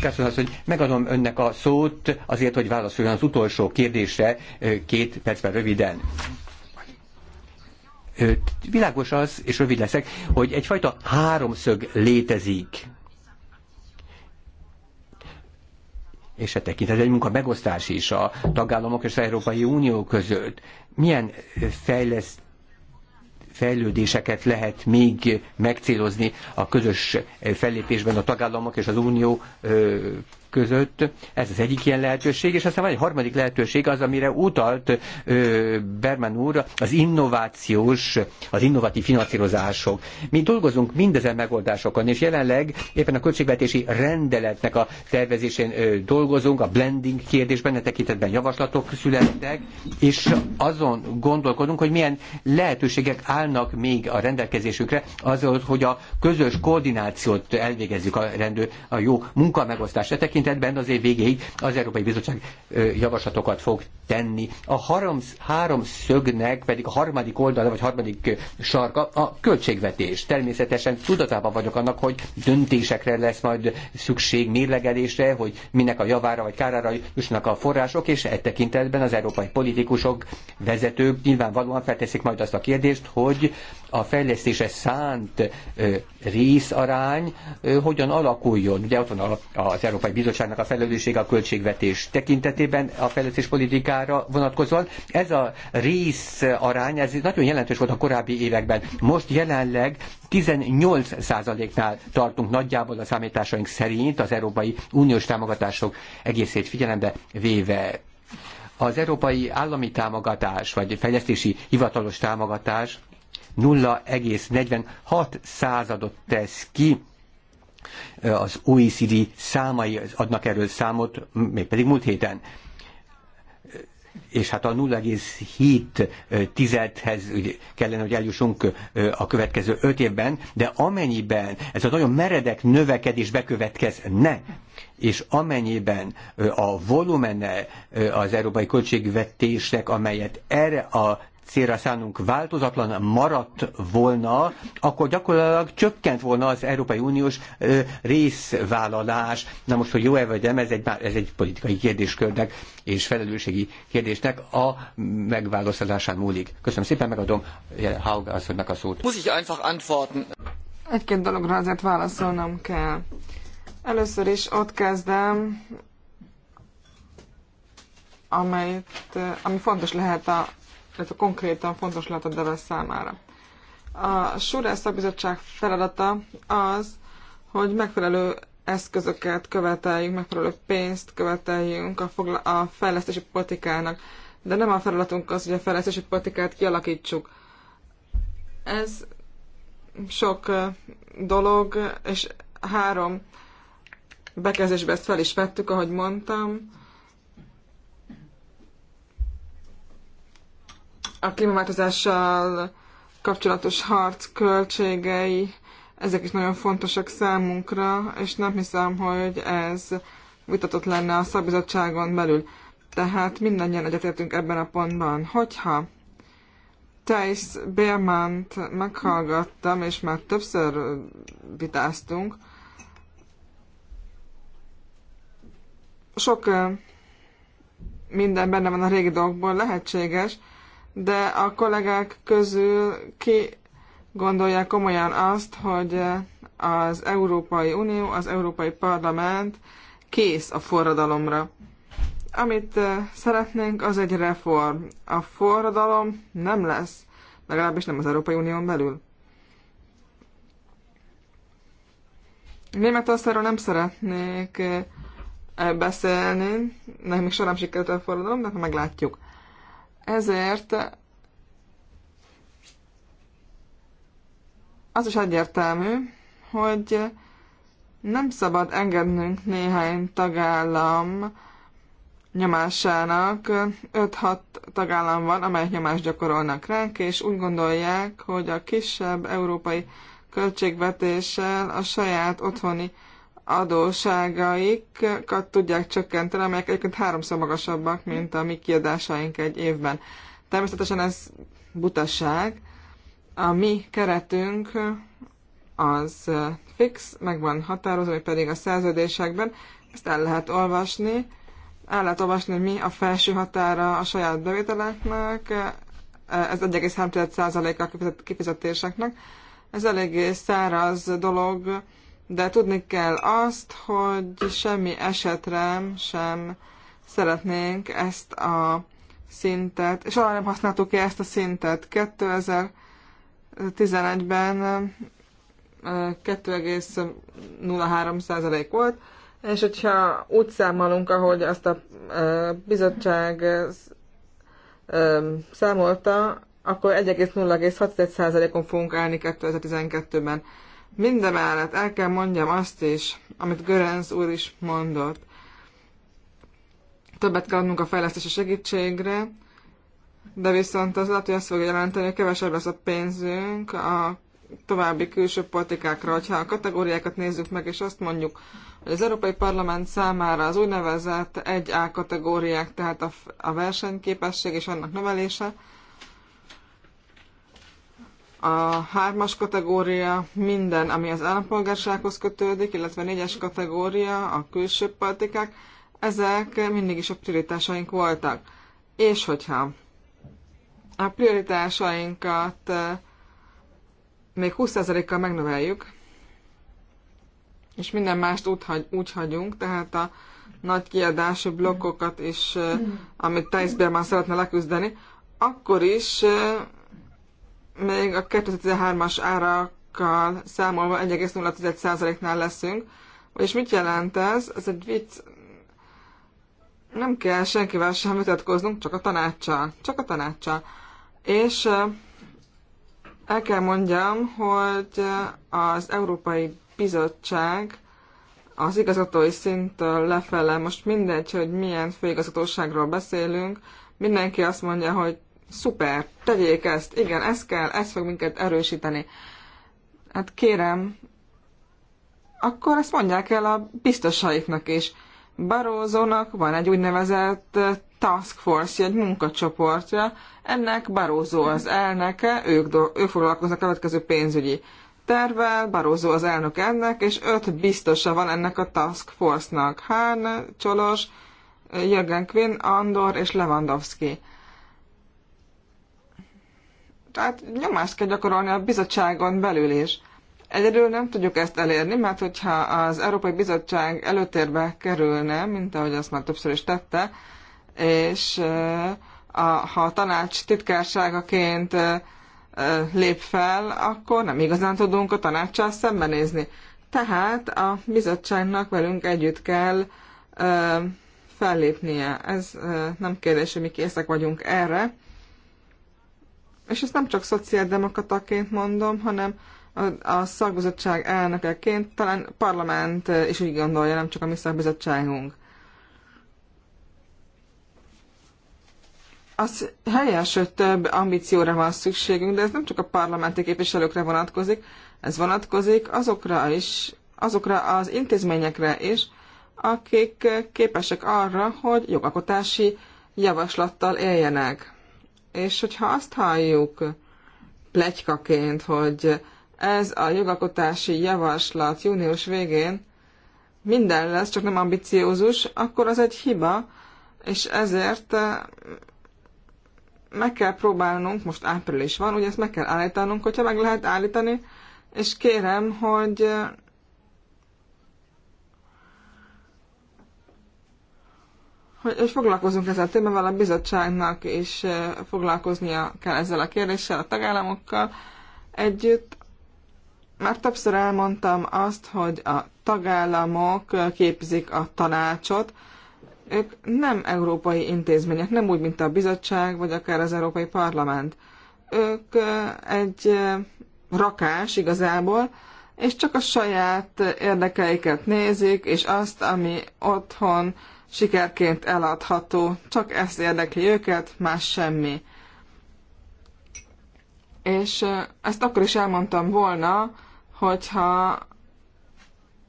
Köszönöm azt, hogy megadom önnek a szót azért, hogy válaszoljon az utolsó kérdésre két percben röviden világos az, és rövid leszek, hogy egyfajta háromszög létezik. És hát e ez egy munka megosztás is a tagállamok és az Európai Unió között. Milyen fejlesztés fejlődéseket lehet még megcélozni a közös fellépésben a tagállamok és az unió között. Ez az egyik ilyen lehetőség, és aztán van egy harmadik lehetőség, az, amire utalt ö, Berman úr, az innovációs, az innovatív finanszírozások. Mi dolgozunk mindezen megoldásokon, és jelenleg éppen a költségvetési rendeletnek a tervezésén ö, dolgozunk, a blending kérdésben, a e tekintetben javaslatok születtek, és azon gondolkodunk, hogy milyen lehetőségek állnak még a rendelkezésünkre, azon, hogy a közös koordinációt elvégezzük a rendő, a jó munkamegosztásra tekintetben, tekintetben az év végéig az Európai Bizottság javaslatokat fog tenni. A három, három szögnek pedig a harmadik oldala, vagy harmadik sarka a költségvetés. Természetesen tudatában vagyok annak, hogy döntésekre lesz majd szükség, mérlegelésre, hogy minek a javára vagy kárára jussanak a források, és e tekintetben az európai politikusok, vezetők nyilvánvalóan felteszik majd azt a kérdést, hogy a fejlesztése szánt részarány hogyan alakuljon. Ugye ott van az Európai Bizottságnak a felelőssége a költségvetés tekintetében a fejlesztés politikára vonatkozóan. Ez a részarány, ez nagyon jelentős volt a korábbi években. Most jelenleg 18%-nál tartunk nagyjából a számításaink szerint az Európai Uniós támogatások egészét figyelembe véve. Az európai állami támogatás, vagy fejlesztési hivatalos támogatás 0,46 századot tesz ki az OECD számai adnak erről számot, mégpedig múlt héten és hát a 0,7 tizedhez kellene, hogy eljussunk a következő öt évben, de amennyiben ez a nagyon meredek növekedés bekövetkezne, és amennyiben a volumene az európai költségvetésnek, amelyet erre a célra szánunk változatlan maradt volna, akkor gyakorlatilag csökkent volna az Európai Uniós részvállalás. Na most, hogy jó-e vagy nem, ez egy, ez egy politikai kérdéskörnek és felelősségi kérdésnek a megválaszolásán múlik. Köszönöm szépen, megadom Haug asszonynak a szót. Muss ich einfach antworten. Egy-két dologra azért válaszolnom kell. Először is ott kezdem, amelyet, ami fontos lehet a illetve konkrétan fontos lehet a DEVE számára. A Surás Szakbizottság feladata az, hogy megfelelő eszközöket követeljünk, megfelelő pénzt követeljünk a, fogla- a fejlesztési politikának, de nem a feladatunk az, hogy a fejlesztési politikát kialakítsuk. Ez sok dolog, és három bekezdésben ezt fel is vettük, ahogy mondtam, a klímaváltozással kapcsolatos harc költségei, ezek is nagyon fontosak számunkra, és nem hiszem, hogy ez vitatott lenne a szakbizottságon belül. Tehát mindannyian egyetértünk ebben a pontban. Hogyha Thijs Bérmánt meghallgattam, és már többször vitáztunk, sok minden benne van a régi dolgokból lehetséges, de a kollégák közül ki gondolja komolyan azt, hogy az Európai Unió, az Európai Parlament kész a forradalomra. Amit eh, szeretnénk, az egy reform. A forradalom nem lesz, legalábbis nem az Európai Unión belül. Németországról nem szeretnék eh, beszélni, nekem még soha nem sikerült a forradalom, de meglátjuk. Ezért az is egyértelmű, hogy nem szabad engednünk néhány tagállam nyomásának. 5-6 tagállam van, amelyek nyomást gyakorolnak ránk, és úgy gondolják, hogy a kisebb európai költségvetéssel a saját otthoni adóságaikat tudják csökkenteni, amelyek egyébként háromszor magasabbak, mint a mi kiadásaink egy évben. Természetesen ez butaság. A mi keretünk az fix, meg van határozva, ami pedig a szerződésekben. Ezt el lehet olvasni. El lehet olvasni, mi a felső határa a saját bevételeknek. Ez 1,3%-a a kifizetéseknek. Ez eléggé száraz dolog, de tudni kell azt, hogy semmi esetre sem szeretnénk ezt a szintet, és arra nem használtuk ki ezt a szintet. 2011-ben 2,03% volt, és hogyha úgy számolunk, ahogy azt a bizottság számolta, akkor 1,06%-on fogunk állni 2012-ben. Mindemellett el kell mondjam azt is, amit Görenz úr is mondott. Többet kell adnunk a fejlesztési segítségre, de viszont az lehet, hogy azt fogja jelenteni, hogy kevesebb lesz a pénzünk a további külső politikákra. Ha a kategóriákat nézzük meg, és azt mondjuk, hogy az Európai Parlament számára az úgynevezett 1A kategóriák, tehát a, a versenyképesség és annak növelése, a hármas kategória minden, ami az állampolgársághoz kötődik, illetve a négyes kategória a külső politikák, ezek mindig is a prioritásaink voltak. És hogyha a prioritásainkat eh, még 20%-kal megnöveljük, és minden mást úgy, hagy, úgy hagyunk, tehát a nagy kiadású blokkokat is, eh, amit Thijs Berman szeretne leküzdeni, akkor is eh, még a 2013-as árakkal számolva 101 nál leszünk. Vagyis mit jelent ez? Ez egy vicc. Nem kell senkivel sem vitatkoznunk, csak a tanácssal. Csak a tanácssal. És el kell mondjam, hogy az Európai Bizottság az igazgatói szinttől lefele, most mindegy, hogy milyen főigazgatóságról beszélünk, mindenki azt mondja, hogy szuper, tegyék ezt, igen, ez kell, ez fog minket erősíteni. Hát kérem, akkor ezt mondják el a biztosaiknak is. Barózónak van egy úgynevezett eh, task force, egy munkacsoportja, ennek Barózó az elnöke, ők, ők foglalkoznak a következő pénzügyi tervvel, Barózó az elnök ennek, és öt biztosa van ennek a task force-nak. Hán, Csolos, eh, Jürgen Quinn, Andor és Lewandowski. Tehát nyomást kell gyakorolni a bizottságon belül is. Egyedül nem tudjuk ezt elérni, mert hogyha az Európai Bizottság előtérbe kerülne, mint ahogy azt már többször is tette, és eh, a, ha a tanács titkárságaként eh, eh, lép fel, akkor nem igazán tudunk a tanácssal szembenézni. Tehát a bizottságnak velünk együtt kell fellépnie. Ez nem kérdés, hogy mi készek vagyunk erre és ezt nem csak szociáldemokrataként mondom, hanem a, a szakbizottság elnökeként, talán parlament is úgy gondolja, nem csak a mi szakbizottságunk. Az helyes, hogy több ambícióra van szükségünk, de ez nem csak a parlamenti képviselőkre vonatkozik, ez vonatkozik azokra is, azokra az intézményekre is, akik képesek arra, hogy jogalkotási javaslattal éljenek. És hogyha azt halljuk plegykaként, hogy ez a jogalkotási javaslat június végén minden lesz, csak nem ambiciózus, akkor az egy hiba, és ezért eh, meg kell próbálnunk, most április van, ugye ezt meg kell állítanunk, hogyha meg lehet állítani, és kérem, hogy eh, hogy, hogy foglalkozunk ezzel a témával, a bizottságnak és eh, foglalkoznia kell ezzel a kérdéssel, a tagállamokkal együtt. Már többször elmondtam azt, hogy a tagállamok eh, képzik a tanácsot. Ők nem európai intézmények, nem úgy, mint a bizottság, vagy akár az Európai Parlament. Ők eh, egy rakás igazából, és csak a saját érdekeiket nézik, és azt, ami otthon sikerként eladható. Csak ezt érdekli őket, más semmi. És ezt akkor is elmondtam volna, hogyha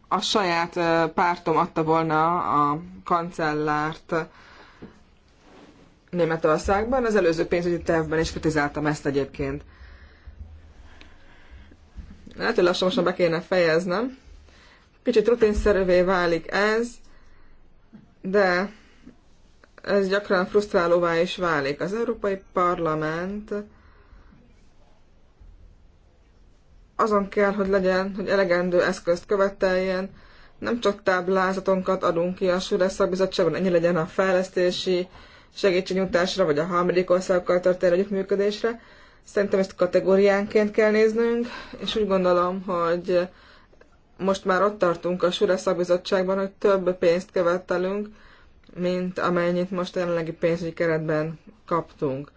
a saját pártom adta volna a kancellárt Németországban. Az előző pénzügyi tervben is kritizáltam ezt egyébként. Lehet, hogy lassan most be kéne fejeznem. Kicsit rutinszerűvé válik ez, de ez gyakran frusztrálóvá is válik. Az Európai Parlament azon kell, hogy legyen, hogy elegendő eszközt követeljen, nem csak táblázatonkat adunk ki a Sure szakbizottságban, ennyi legyen a fejlesztési segítségnyújtásra, vagy a harmadik országokkal történő együttműködésre. Szerintem ezt kategóriánként kell néznünk, és úgy gondolom, hogy most már ott tartunk a Sure Szabizottságban, hogy több pénzt követelünk, mint amennyit most jelenlegi pénzügyi keretben kaptunk.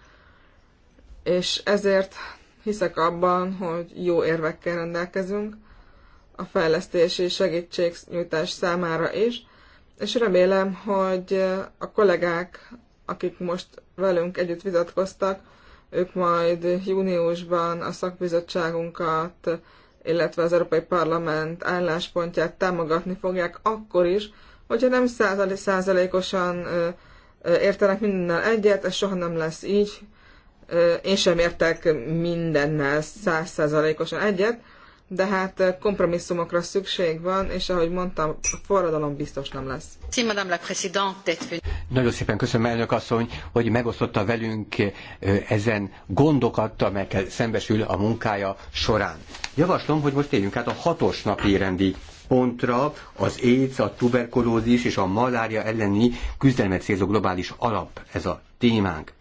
És ezért hiszek abban, hogy jó érvekkel rendelkezünk a fejlesztési segítségnyújtás számára is, és remélem, hogy a kollégák, akik most velünk együtt vitatkoztak, ők majd júniusban a szakbizottságunkat illetve az Európai Parlament álláspontját támogatni fogják akkor is, hogyha nem százalékosan értenek mindennel egyet, ez soha nem lesz így. Én sem értek mindennel százszázalékosan egyet, de hát eh, kompromisszumokra szükség van, és ahogy mondtam, a forradalom biztos nem lesz. Nagyon szépen köszönöm, elnök asszony, hogy megosztotta velünk eh, ezen gondokat, amelyekkel szembesül a munkája során. Javaslom, hogy most éljünk át a hatos napi rendi pontra az AIDS, a tuberkulózis és a malária elleni küzdelmet célzó globális alap ez a témánk.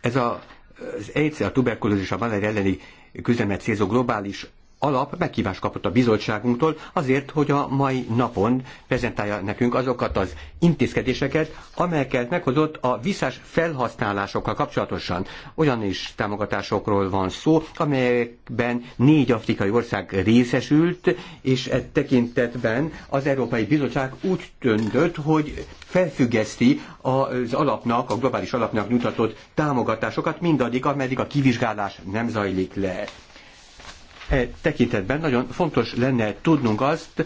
Ez a az AIDS, a tuberkulózis, a malária elleni küzdelmet célzó globális alap meghívást kapott a bizottságunktól azért, hogy a mai napon prezentálja nekünk azokat az intézkedéseket, amelyeket meghozott a visszás felhasználásokkal kapcsolatosan. Olyan is támogatásokról van szó, amelyekben négy afrikai ország részesült, és e tekintetben az Európai Bizottság úgy döntött, hogy felfüggeszti az alapnak, a globális alapnak nyújtatott támogatásokat mindaddig, ameddig a kivizsgálás nem zajlik le e tekintetben nagyon fontos lenne tudnunk azt,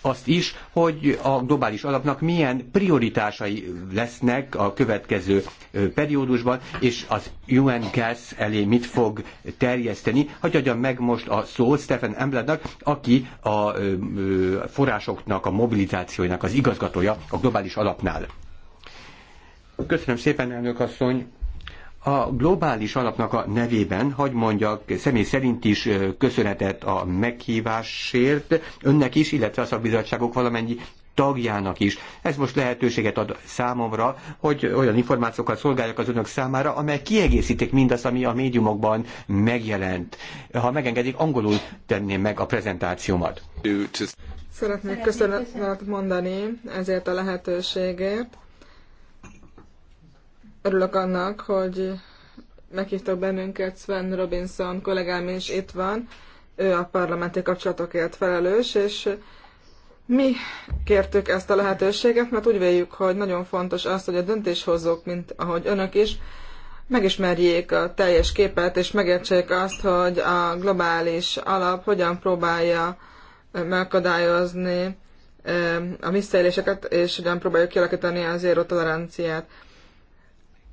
azt is, hogy a globális alapnak milyen prioritásai lesznek a következő periódusban, és az UN Gas elé mit fog terjeszteni. Hogy adjam meg most a szót Stephen Emblednak, aki a forrásoknak, a mobilizációjának az igazgatója a globális alapnál. Köszönöm szépen, elnök asszony! A globális alapnak a nevében, hagy mondjak, személy szerint is köszönetet a meghívásért, önnek is, illetve a szakbizottságok valamennyi tagjának is. Ez most lehetőséget ad számomra, hogy olyan információkat szolgáljak az önök számára, amely kiegészítik mindazt, ami a médiumokban megjelent. Ha megengedik, angolul tenném meg a prezentációmat. Szeretnék köszönetet mondani ezért a lehetőségért. Örülök annak, hogy meghívtak bennünket, Sven Robinson kollégám is itt van, ő a parlamenti kapcsolatokért felelős, és mi kértük ezt a lehetőséget, mert úgy véljük, hogy nagyon fontos az, hogy a döntéshozók, mint ahogy önök is, megismerjék a teljes képet, és megértsék azt, hogy a globális alap hogyan próbálja megakadályozni a visszaéléseket, és hogyan próbáljuk kialakítani az érotoleranciát. toleranciát.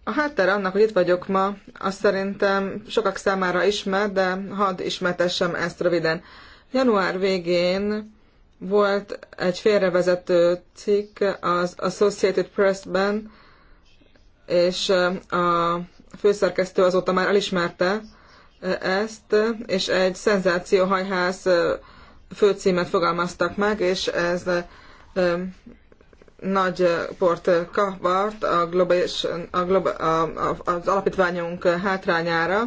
A háttere annak, hogy itt vagyok ma, azt szerintem sokak számára ismert, de hadd ismertessem ezt röviden. Január végén volt egy félrevezető cikk az Associated Press-ben, és a főszerkesztő azóta már elismerte ezt, és egy szenzációhajház főcímet fogalmaztak meg, és ez nagy port kavart a globális, a globa, a, a, az alapítványunk hátrányára.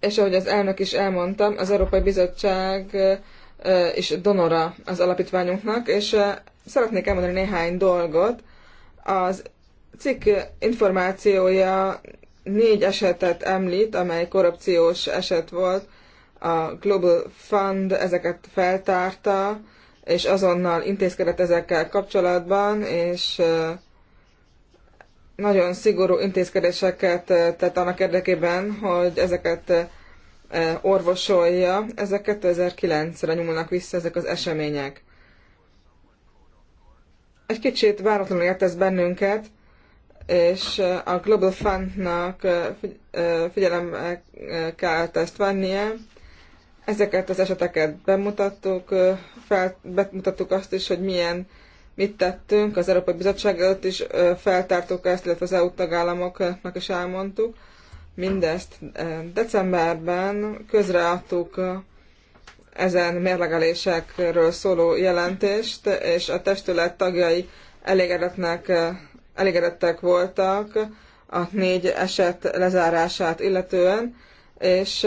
És ahogy az elnök is elmondtam, az Európai Bizottság is donora az alapítványunknak, és szeretnék elmondani néhány dolgot. Az cikk információja négy esetet említ, amely korrupciós eset volt, a Global Fund ezeket feltárta, és azonnal intézkedett ezekkel kapcsolatban, és nagyon szigorú intézkedéseket tett annak érdekében, hogy ezeket orvosolja. Ezek 2009-re nyúlnak vissza ezek az események. Egy kicsit váratlanul ért ez bennünket, és a Global Fundnak figyelem kell ezt vennie, Ezeket az eseteket bemutattuk, fel, bemutattuk azt is, hogy milyen mit tettünk, az Európai Bizottság előtt is feltártuk ezt, illetve az EU tagállamoknak is elmondtuk. Mindezt decemberben közreadtuk ezen mérlegelésekről szóló jelentést, és a testület tagjai elégedetnek, elégedettek voltak a négy eset lezárását illetően, és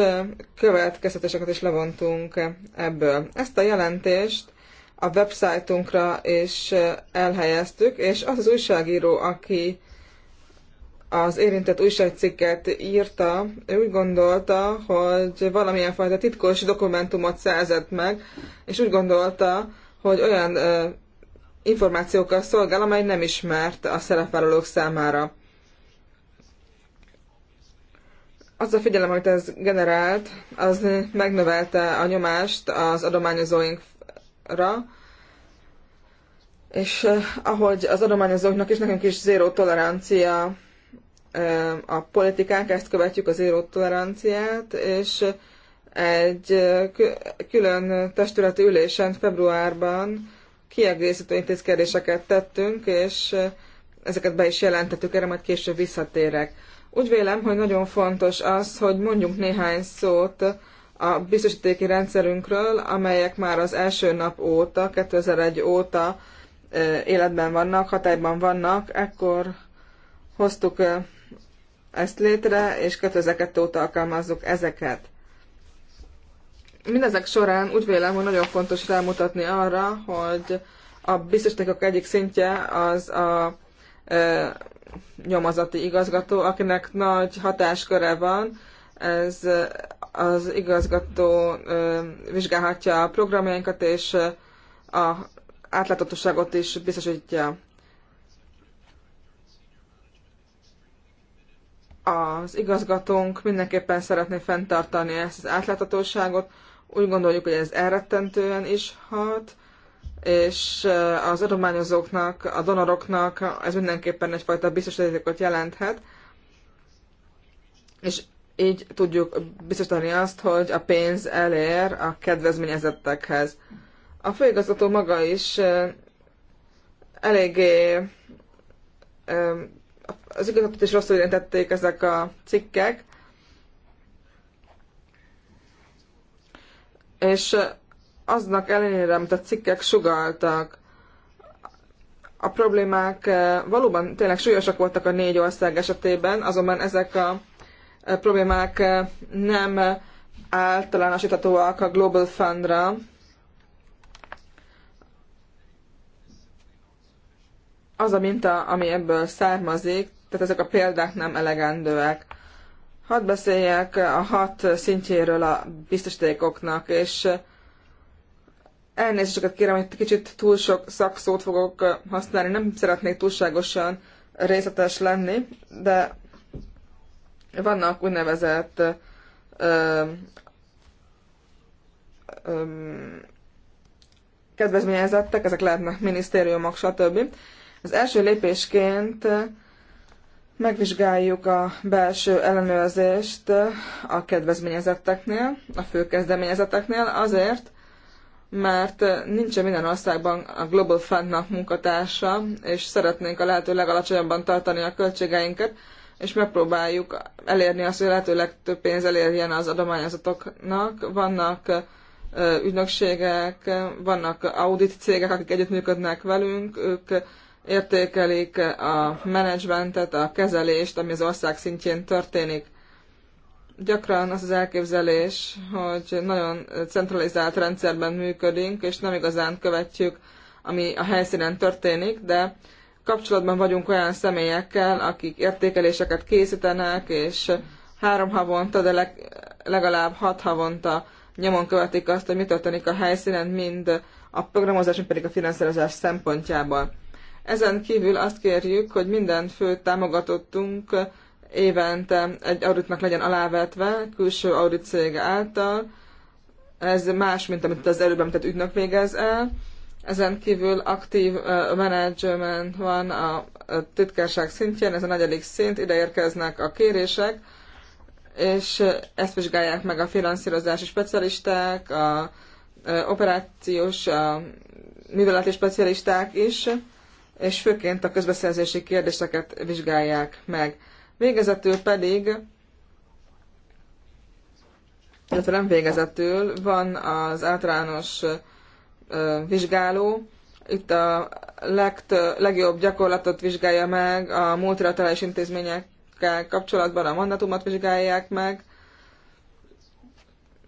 következtetéseket is levontunk ebből. Ezt a jelentést a websájtunkra is elhelyeztük, és az az újságíró, aki az érintett újságcikket írta, ő úgy gondolta, hogy valamilyen fajta titkos dokumentumot szerzett meg, és úgy gondolta, hogy olyan információkkal szolgál, amely nem ismert a szerepvállalók számára. az a figyelem, amit ez generált, az megnövelte a nyomást az adományozóinkra, és eh, ahogy az adományozóknak is, nekünk is zéró tolerancia eh, a politikánk, ezt követjük az zéró toleranciát, és egy eh, külön testületi ülésen februárban kiegészítő intézkedéseket tettünk, és ezeket be is jelentettük, erre majd később visszatérek. Úgy vélem, hogy nagyon fontos az, hogy mondjunk néhány szót a biztosítéki rendszerünkről, amelyek már az első nap óta, 2001 óta életben vannak, hatályban vannak. Ekkor hoztuk ezt létre, és 2002 óta alkalmazzuk ezeket. Mindezek során úgy vélem, hogy nagyon fontos rámutatni arra, hogy a biztosítékok egyik szintje az a nyomozati igazgató, akinek nagy hatásköre van, ez az igazgató vizsgálhatja a programjainkat, és a átláthatóságot is biztosítja. Az igazgatónk mindenképpen szeretné fenntartani ezt az átláthatóságot. Úgy gondoljuk, hogy ez elrettentően is hat, és az adományozóknak, a donoroknak ez mindenképpen egyfajta biztosítékot jelenthet, és így tudjuk biztosítani azt, hogy a pénz elér a kedvezményezettekhez. A főigazgató maga is eléggé az igazgatót is rosszul érintették ezek a cikkek, és aznak ellenére, amit a cikkek sugaltak, a problémák eh, valóban tényleg súlyosak voltak a négy ország esetében, azonban ezek a eh, problémák eh, nem általánosíthatóak a Global Fundra. Az a minta, ami ebből származik, tehát ezek a példák nem elegendőek. Hadd beszéljek a hat szintjéről a biztosítékoknak, és Elnézéseket kérem, hogy kicsit túl sok szakszót fogok uh, használni, nem szeretnék túlságosan részletes lenni, de vannak úgynevezett ö, uh, ö, um, um, kedvezményezettek, ezek lehetnek minisztériumok, stb. Az első lépésként uh, megvizsgáljuk a belső ellenőrzést a kedvezményezetteknél, a fő kezdeményezeteknél azért, mert nincsen minden országban a Global Fundnak munkatársa, és szeretnénk a lehető legalacsonyabban tartani a költségeinket, és megpróbáljuk elérni azt, hogy a lehető legtöbb pénz elérjen az adományozatoknak. Vannak ügynökségek, vannak audit cégek, akik együttműködnek velünk, ők értékelik a menedzsmentet, a kezelést, ami az ország szintjén történik. Gyakran az az elképzelés, hogy nagyon centralizált rendszerben működünk, és nem igazán követjük, ami a helyszínen történik, de kapcsolatban vagyunk olyan személyekkel, akik értékeléseket készítenek, és három havonta, de legalább hat havonta nyomon követik azt, hogy mi történik a helyszínen, mind a programozás, mind pedig a finanszírozás szempontjából. Ezen kívül azt kérjük, hogy minden fő támogatottunk évente egy auditnak legyen alávetve külső audit cége által. Ez más, mint amit az előbb említett ügynök végez el. Ezen kívül aktív uh, management van a, a titkárság szintjén, ez a negyedik szint, ide érkeznek a kérések, és ezt vizsgálják meg a finanszírozási specialisták, a, uh, operációs, a műveleti specialisták is, és főként a közbeszerzési kérdéseket vizsgálják meg. Végezetül pedig, illetve nem végezetül, van az általános vizsgáló, itt a legt, legjobb gyakorlatot vizsgálja meg, a multilaterális intézményekkel kapcsolatban a mandatumot vizsgálják meg,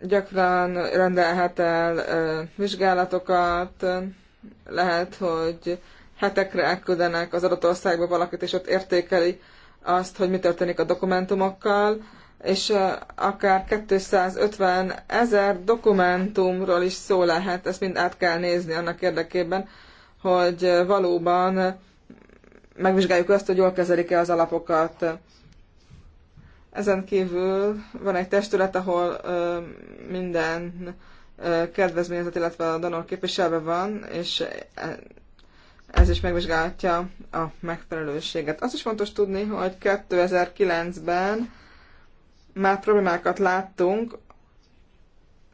gyakran rendelhet el vizsgálatokat, lehet, hogy hetekre elküldenek az adott országba valakit, és ott értékeli azt, hogy mi történik a dokumentumokkal, és akár 250 ezer dokumentumról is szó lehet, ezt mind át kell nézni annak érdekében, hogy valóban megvizsgáljuk azt, hogy jól kezelik-e az alapokat. Ezen kívül van egy testület, ahol minden kedvezményezet, illetve a donor képviselve van, és ez is megvizsgálhatja a megfelelőséget. Azt is fontos tudni, hogy 2009-ben már problémákat láttunk,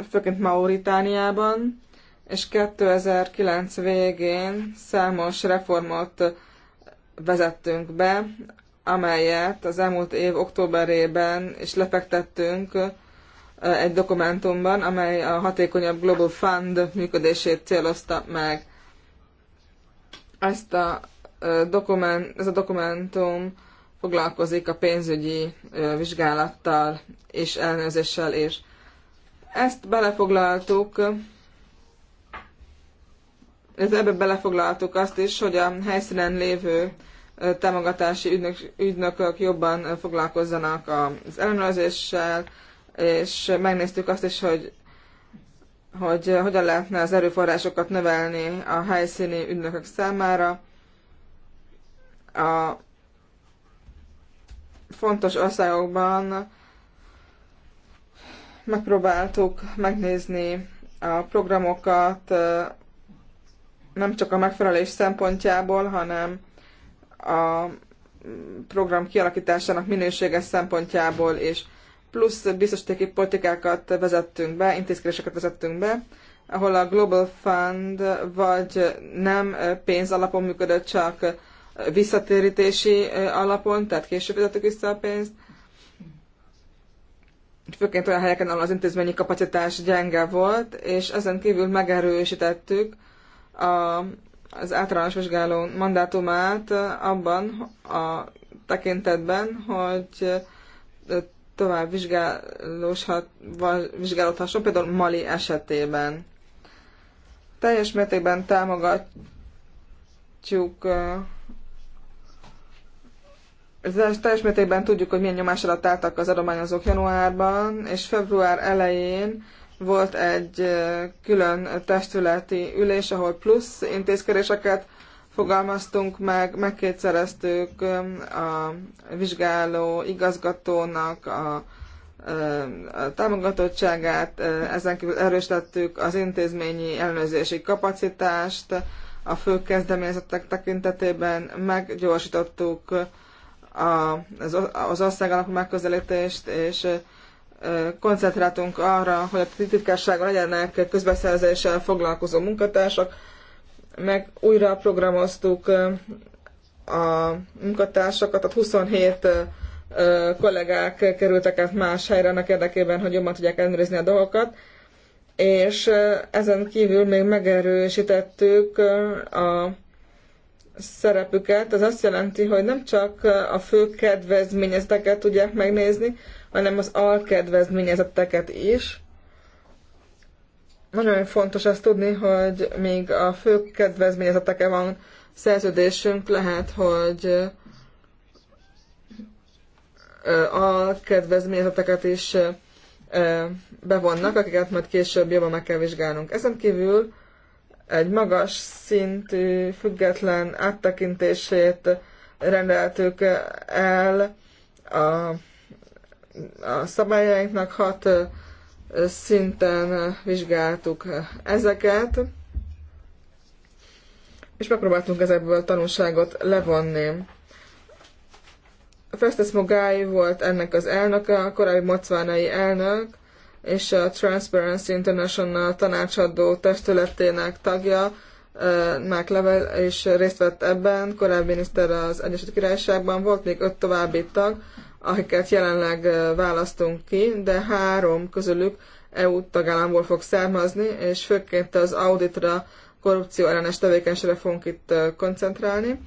főként Mauritániában, és 2009 végén számos reformot vezettünk be, amelyet az elmúlt év októberében is lefektettünk eh, egy dokumentumban, amely a hatékonyabb Global Fund működését célozta meg. Ezt a dokument, ez a dokumentum foglalkozik a pénzügyi vizsgálattal és elnőzéssel, és ezt belefoglaltuk, ez ebbe belefoglaltuk azt is, hogy a helyszínen lévő támogatási ügynök, ügynökök jobban foglalkozzanak az ellenőrzéssel, és megnéztük azt is, hogy hogy eh, hogyan lehetne az erőforrásokat növelni a helyszíni ügynökök számára. A fontos országokban megpróbáltuk megnézni a programokat eh, nem csak a megfelelés szempontjából, hanem a program kialakításának minősége szempontjából is plusz biztosítéki politikákat vezettünk be, intézkedéseket vezettünk be, ahol a Global Fund vagy nem alapon működött, csak visszatérítési alapon, tehát később vezettük vissza a pénzt. Főként olyan helyeken, ahol az intézményi kapacitás gyenge volt, és ezen kívül megerősítettük a, az általános vizsgáló mandátumát abban a tekintetben, hogy tovább vizsgálódhasson, például Mali esetében. Teljes mértékben támogatjuk teljes mértékben tudjuk, hogy milyen nyomás alatt álltak az adományozók januárban, és február elején volt egy külön testületi ülés, ahol plusz intézkedéseket fogalmaztunk meg, megkétszereztük a vizsgáló igazgatónak a, a támogatottságát, ezen kívül erősítettük az intézményi ellenőrzési kapacitást, a fő kezdeményezettek tekintetében meggyorsítottuk a, az, ország alapú megközelítést, és koncentráltunk arra, hogy a titkárságon legyenek közbeszerzéssel foglalkozó munkatársak, meg újra programoztuk a munkatársakat, tehát 27 kollégák kerültek át más helyre annak érdekében, hogy jobban tudják ellenőrizni a dolgokat, és ezen kívül még megerősítettük a szerepüket, az azt jelenti, hogy nem csak a fő kedvezményezeteket tudják megnézni, hanem az alkedvezményezeteket is. Nagyon fontos azt tudni, hogy még a fő kedvezményezeteke van szerződésünk, lehet, hogy a kedvezményezeteket is bevonnak, akiket majd később jobban meg kell vizsgálnunk. Ezen kívül egy magas szintű, független áttekintését rendeltük el a, a szabályainknak hat szinten vizsgáltuk ezeket, és megpróbáltunk ezekből tanulságot levonni. Festus Mogai volt ennek az elnöke, a korábbi mocvánai elnök, és a Transparency International tanácsadó testületének tagja, eh, Mark Level, és részt vett ebben, korábbi miniszter az Egyesült Királyságban, volt még öt további tag, akiket jelenleg választunk ki, de három közülük EU tagállamból fog származni, és főként az auditra, korrupció ellenes tevékenységre fogunk itt koncentrálni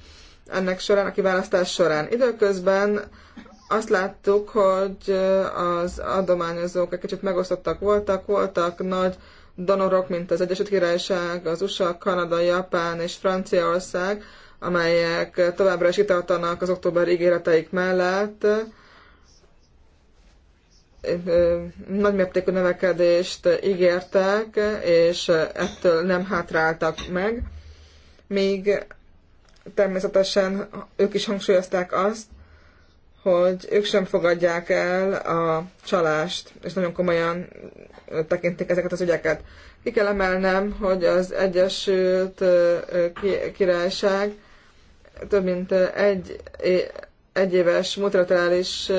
ennek során, a kiválasztás során. Időközben azt láttuk, hogy az adományozók egy kicsit megosztottak voltak, voltak nagy donorok, mint az Egyesült Királyság, az USA, Kanada, Japán és Franciaország, amelyek továbbra is kitartanak az október ígéreteik mellett, nagymértékű növekedést ígértek, és ettől nem hátráltak meg, még természetesen ők is hangsúlyozták azt, hogy ők sem fogadják el a csalást, és nagyon komolyan tekintik ezeket az ügyeket. Ki kell emelnem, hogy az Egyesült Királyság több mint egy, egy éves multilaterális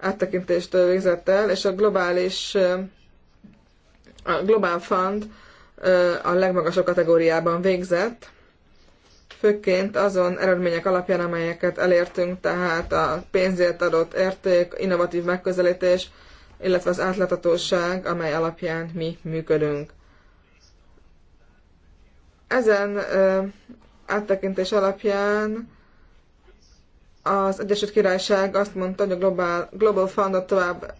áttekintést végzett el, és a globális a Global Fund a legmagasabb kategóriában végzett, főként azon eredmények alapján, amelyeket elértünk, tehát a pénzért adott érték, innovatív megközelítés, illetve az átláthatóság, amely alapján mi működünk. Ezen áttekintés alapján az Egyesült Királyság azt mondta, hogy a Global, Global Fundot tovább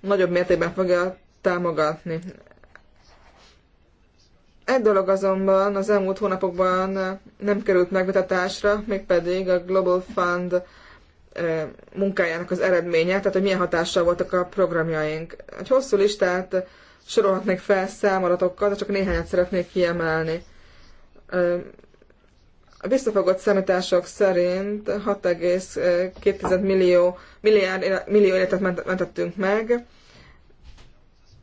nagyobb mértékben fogja támogatni. Egy dolog azonban az elmúlt hónapokban nem került megvitatásra, mégpedig a Global Fund munkájának az eredménye, tehát hogy milyen hatással voltak a programjaink. Egy hosszú listát sorolhatnék fel számadatokkal, de csak néhányat szeretnék kiemelni. A visszafogott számítások szerint 6,2 millió, milliárd, millió életet mentettünk meg,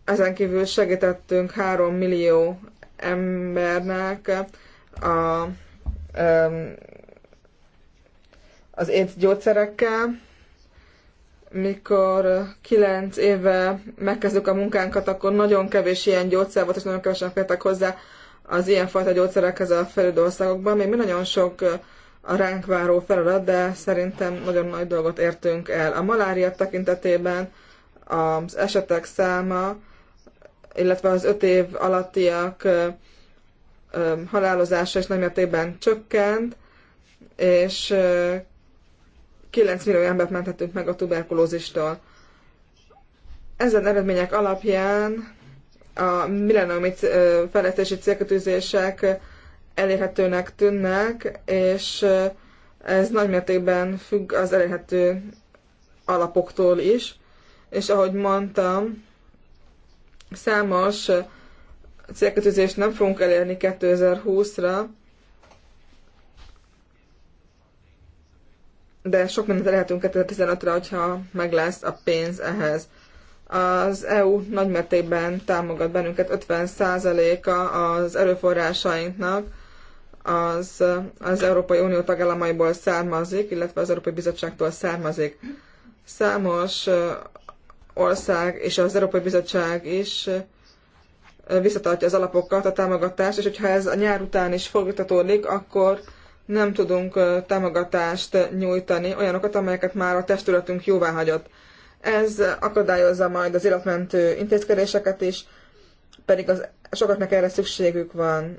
ezen kívül segítettünk 3 millió embernek a, az ét gyógyszerekkel. Mikor kilenc éve megkezdtük a munkánkat, akkor nagyon kevés ilyen gyógyszer volt, és nagyon kevesen fértek hozzá az ilyenfajta gyógyszerekhez a fejlődő országokban. Még mi nagyon sok a ránk váró feladat, de szerintem nagyon nagy dolgot értünk el. A malária tekintetében az esetek száma, illetve az öt év alattiak halálozása is nagymértékben csökkent, és 9 millió embert menthetünk meg a tuberkulózistól. Ezen eredmények alapján a millenniumi fejlesztési célkötőzések elérhetőnek tűnnek, és ez nagymértékben függ az elérhető alapoktól is, és ahogy mondtam, számos célkötőzést nem fogunk elérni 2020-ra, de sok mindent elérhetünk 2015-re, hogyha meg lesz a pénz ehhez. Az EU nagymértékben támogat bennünket, 50%-a az erőforrásainknak az, az Európai Unió tagállamaiból származik, illetve az Európai Bizottságtól származik. Számos ország és az Európai Bizottság is visszatartja az alapokat, a támogatást, és hogyha ez a nyár után is folytatódik, akkor nem tudunk támogatást nyújtani, olyanokat, amelyeket már a testületünk jóvá hagyott. Ez akadályozza majd az életmentő intézkedéseket is, pedig az, sokatnak erre szükségük van.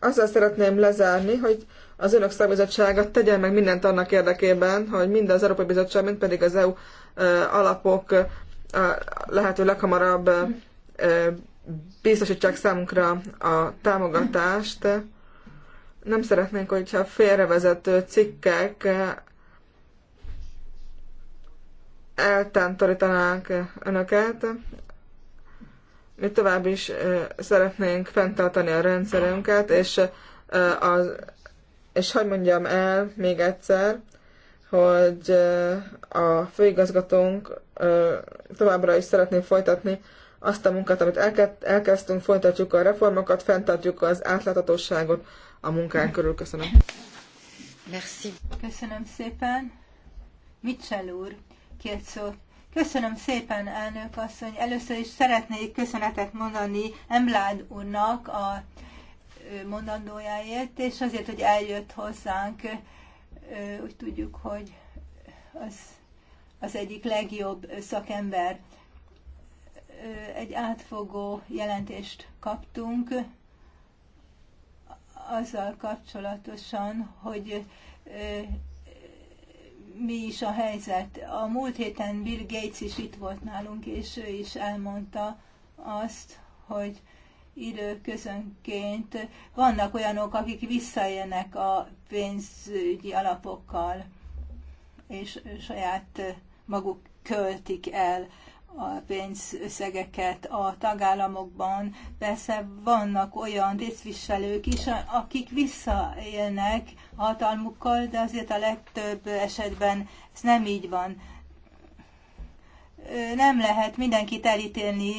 Azzal szeretném lezárni, hogy az önök szakbizottsága tegyen meg mindent annak érdekében, hogy mind az Európai Bizottság, mind pedig az EU alapok lehető leghamarabb biztosítsák számunkra a támogatást. Nem szeretnénk, hogyha félrevezető cikkek eltántorítanánk önöket. Mi tovább is szeretnénk fenntartani a rendszerünket, és, az, és hogy mondjam el még egyszer, hogy a főigazgatónk továbbra is szeretné folytatni azt a munkát, amit elkezdtünk, folytatjuk a reformokat, fenntartjuk az átláthatóságot a munkán körül. Köszönöm. Merci. Köszönöm szépen. Mitchell úr két szót. Köszönöm szépen, elnök asszony. Először is szeretnék köszönetet mondani Emlád úrnak a mondandójáért, és azért, hogy eljött hozzánk. Úgy tudjuk, hogy az, az egyik legjobb szakember. Egy átfogó jelentést kaptunk azzal kapcsolatosan, hogy mi is a helyzet. A múlt héten Bill Gates is itt volt nálunk, és ő is elmondta azt, hogy időközönként vannak olyanok, akik visszaélnek a pénzügyi alapokkal, és saját maguk költik el a pénzösszegeket a tagállamokban. Persze vannak olyan részviselők is, akik visszaélnek hatalmukkal, de azért a legtöbb esetben ez nem így van. Nem lehet mindenkit elítélni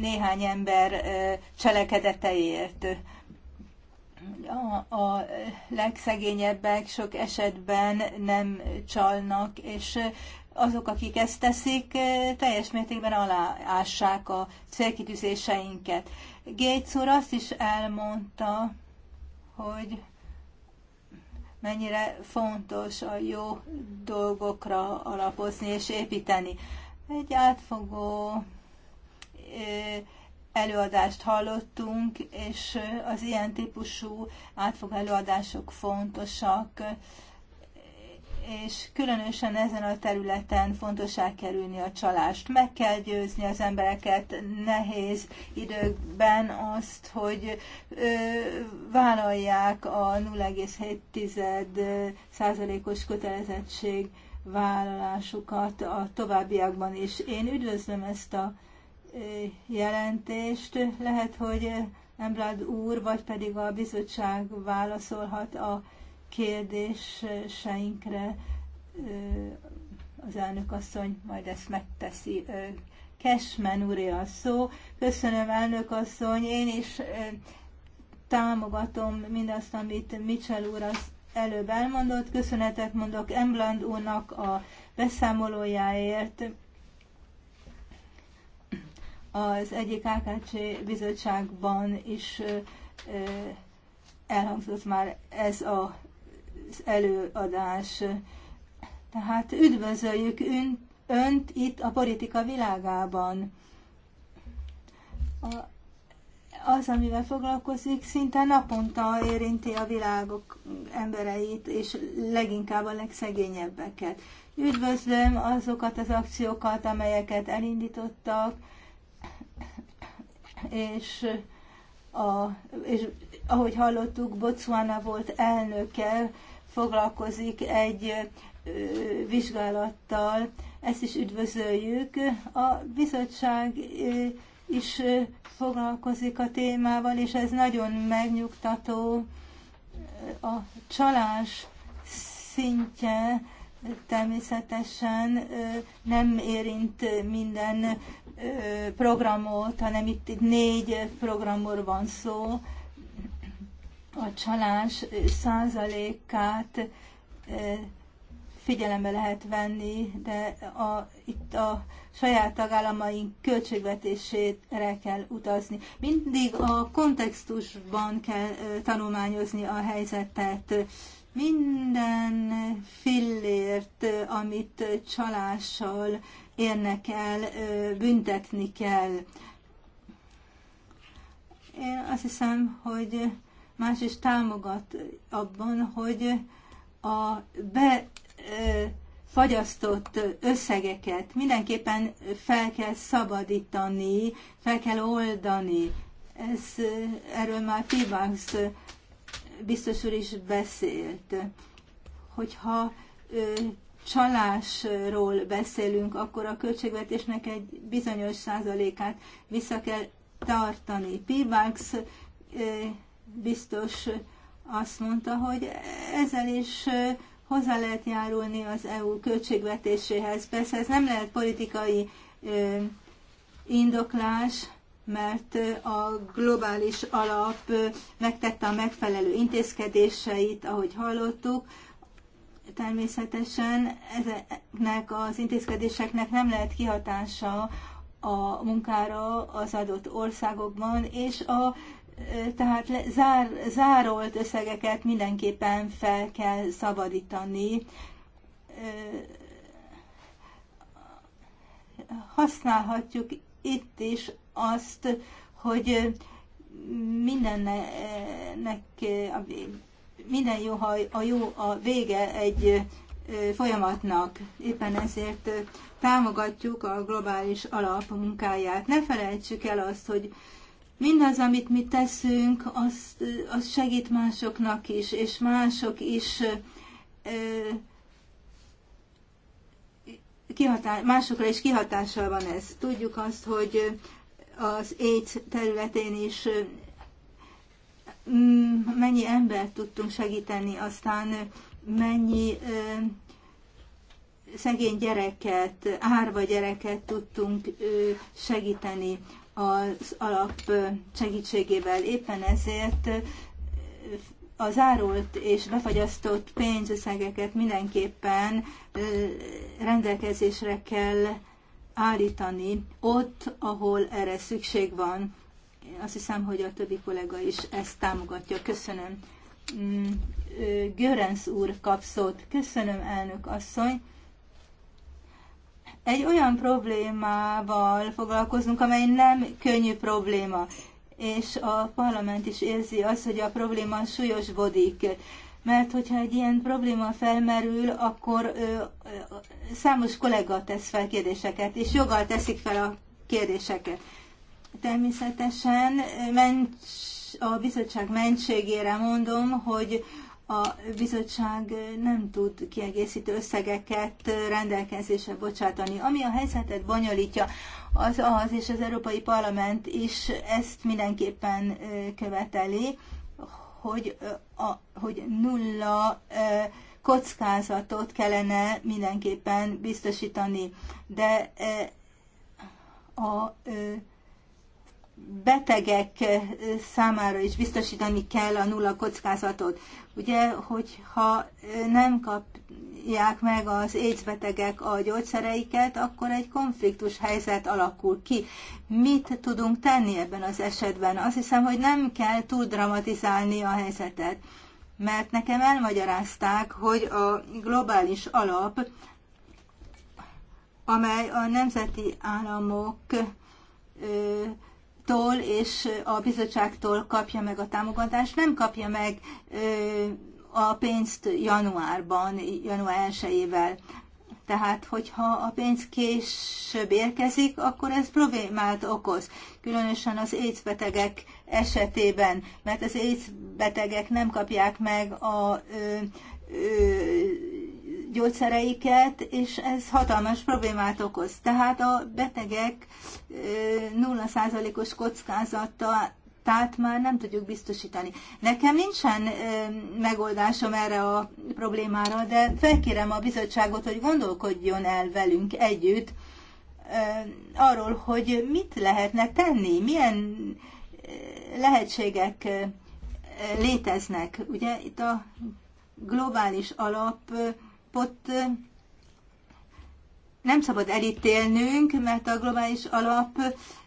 néhány ember cselekedeteiért. A, a legszegényebbek sok esetben nem csalnak, és azok, akik ezt teszik, eh, teljes mértékben aláássák a célkitűzéseinket. Gates úr azt is elmondta, hogy mennyire fontos a jó dolgokra alapozni és építeni. Egy átfogó eh, előadást hallottunk, és eh, az ilyen típusú átfogó előadások fontosak és különösen ezen a területen fontos elkerülni a csalást. Meg kell győzni az embereket nehéz időkben azt, hogy ö, vállalják a 0,7%-os kötelezettség vállalásukat a továbbiakban is. Én üdvözlöm ezt a jelentést. Lehet, hogy Emblad úr, vagy pedig a bizottság válaszolhat a kérdéseinkre az elnök asszony majd ezt megteszi. Kesmen úré a szó. Köszönöm, elnök asszony. Én is támogatom mindazt, amit Mitchell úr az előbb elmondott. Köszönetet mondok Embland úrnak a beszámolójáért. Az egyik AKC bizottságban is elhangzott már ez a előadás. Tehát üdvözöljük ön, önt itt a politika világában. A, az, amivel foglalkozik, szinte naponta érinti a világok embereit, és leginkább a legszegényebbeket. Üdvözlöm azokat az akciókat, amelyeket elindítottak, és, a, és ahogy hallottuk, Botswana volt elnöke foglalkozik egy vizsgálattal, ezt is üdvözöljük. A bizottság is foglalkozik a témával, és ez nagyon megnyugtató. A csalás szintje természetesen nem érint minden programot, hanem itt négy programról van szó, a csalás százalékát figyelembe lehet venni, de a, itt a saját tagállamaink költségvetésére kell utazni. Mindig a kontextusban kell tanulmányozni a helyzetet. Minden fillért, amit csalással érnek el, büntetni kell. Én azt hiszem, hogy más is támogat abban, hogy a befagyasztott összegeket mindenképpen fel kell szabadítani, fel kell oldani. Ez, erről már Fibax biztos úr is beszélt, hogyha csalásról beszélünk, akkor a költségvetésnek egy bizonyos százalékát vissza kell tartani. Pivax biztos azt mondta, hogy ezzel is hozzá lehet járulni az EU költségvetéséhez. Persze ez nem lehet politikai indoklás, mert a globális alap megtette a megfelelő intézkedéseit, ahogy hallottuk. Természetesen ezeknek az intézkedéseknek nem lehet kihatása a munkára az adott országokban, és a tehát zár, zárolt összegeket mindenképpen fel kell szabadítani. Használhatjuk itt is azt, hogy mindennek minden jó, ha a jó a vége egy folyamatnak. Éppen ezért támogatjuk a globális alap munkáját. Ne felejtsük el azt, hogy mindaz, amit mi teszünk, az, az segít másoknak is, és mások is kihatá másokra is kihatással van ez. Tudjuk azt, hogy az AIDS területén is mennyi embert tudtunk segíteni, aztán mennyi szegény gyereket, árva gyereket tudtunk segíteni az alap segítségével. Éppen ezért az árult és befagyasztott pénzösszegeket mindenképpen rendelkezésre kell állítani ott, ahol erre szükség van. Azt hiszem, hogy a többi kollega is ezt támogatja. Köszönöm. Mm, Görenc úr kap Köszönöm, elnök asszony egy olyan problémával foglalkozunk, amely nem könnyű probléma, és a parlament is érzi azt, hogy a probléma súlyosbodik. Mert hogyha egy ilyen probléma felmerül, akkor ö, ö, számos kollega tesz fel kérdéseket, és joggal teszik fel a kérdéseket. Természetesen ments, a bizottság mentségére mondom, hogy a bizottság nem tud kiegészítő összegeket rendelkezésre bocsátani. Ami a helyzetet bonyolítja, az az, és az Európai Parlament is ezt mindenképpen követeli, hogy, a, hogy nulla kockázatot kellene mindenképpen biztosítani. De a betegek számára is biztosítani kell a nulla kockázatot. Ugye, hogyha nem kapják meg az AIDS betegek a gyógyszereiket, akkor egy konfliktus helyzet alakul ki. Mit tudunk tenni ebben az esetben? Azt hiszem, hogy nem kell túl dramatizálni a helyzetet, mert nekem elmagyarázták, hogy a globális alap, amely a nemzeti államok tól és a bizottságtól kapja meg a támogatást, nem kapja meg a pénzt januárban, január 1-ével. Tehát, hogyha a pénz később érkezik, akkor ez problémát okoz, különösen az AIDS betegek esetében, mert az AIDS betegek nem kapják meg a ö, ö, gyógyszereiket, és ez hatalmas problémát okoz. Tehát a betegek 0%-os kockázata tehát már nem tudjuk biztosítani. Nekem nincsen ö, megoldásom erre a problémára, de felkérem a bizottságot, hogy gondolkodjon el velünk együtt ö, arról, hogy mit lehetne tenni, milyen ö, lehetségek ö, léteznek. Ugye itt a globális alap ö, alapot nem szabad elítélnünk, mert a globális alap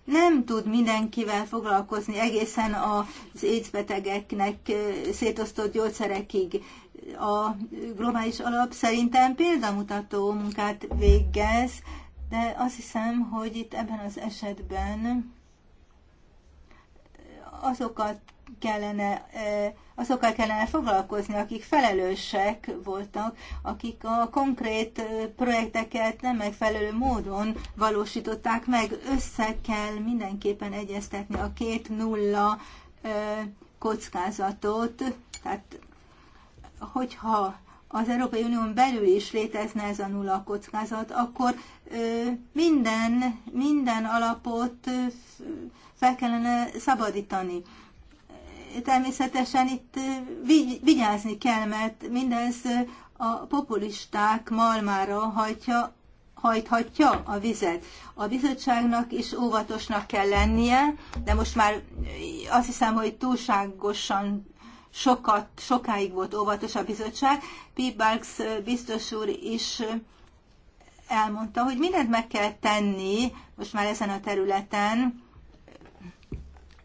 nem tud mindenkivel foglalkozni egészen az AIDS betegeknek szétosztott gyógyszerekig. A globális alap szerintem példamutató munkát végez, de azt hiszem, hogy itt ebben az esetben azokat kellene, e, azokkal kellene foglalkozni, akik felelősek voltak, akik a konkrét e, projekteket nem megfelelő módon valósították meg. Össze kell mindenképpen egyeztetni a két nulla e, kockázatot, tehát hogyha az Európai Unión belül is létezne ez a nulla kockázat, akkor minden, minden alapot fel kellene szabadítani természetesen itt vigyázni kell, mert mindez a populisták malmára hajtja, hajthatja a vizet. A bizottságnak is óvatosnak kell lennie, de most már azt hiszem, hogy túlságosan sokat, sokáig volt óvatos a bizottság. Barks biztos úr is elmondta, hogy mindent meg kell tenni most már ezen a területen,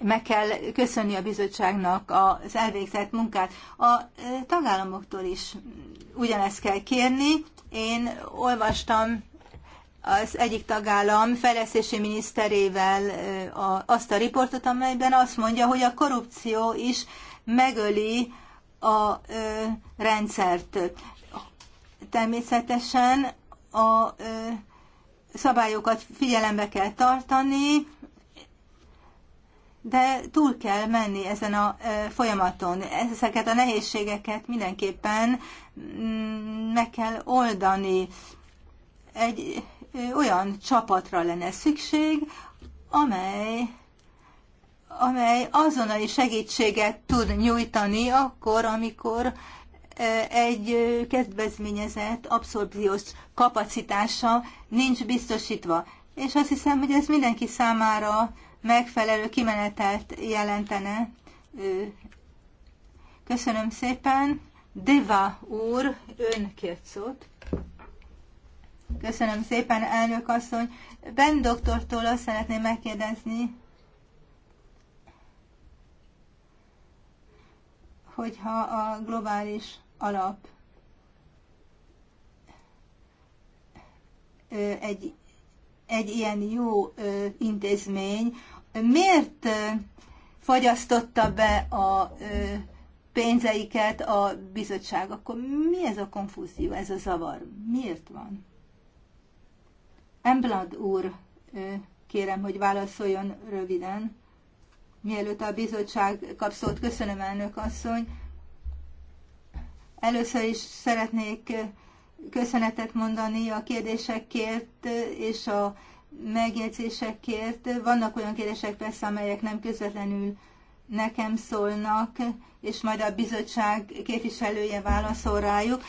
meg kell köszönni a bizottságnak az elvégzett munkát. A tagállamoktól is ugyanezt kell kérni. Én olvastam az egyik tagállam fejlesztési miniszterével azt a riportot, amelyben azt mondja, hogy a korrupció is megöli a rendszert. Természetesen a szabályokat figyelembe kell tartani, de túl kell menni ezen a folyamaton. Ezeket a nehézségeket mindenképpen mm, meg kell oldani. Egy olyan csapatra lenne szükség, amely amely azonnali segítséget tud nyújtani akkor, amikor egy kedvezményezett abszorpciós kapacitása nincs biztosítva. És azt hiszem, hogy ez mindenki számára megfelelő kimenetelt jelentene. Köszönöm szépen. Deva úr, ön kért szót. Köszönöm szépen, elnök asszony. Ben doktortól azt szeretném megkérdezni, hogyha a globális alap egy, egy ilyen jó intézmény, miért fagyasztotta be a pénzeiket a bizottság, akkor mi ez a konfúzió, ez a zavar? Miért van? Emblad úr, kérem, hogy válaszoljon röviden. Mielőtt a bizottság kap szót, köszönöm elnök asszony. Először is szeretnék köszönetet mondani a kérdésekért és a megjegyzésekért. Vannak olyan kérdések persze, amelyek nem közvetlenül nekem szólnak, és majd a bizottság képviselője válaszol rájuk.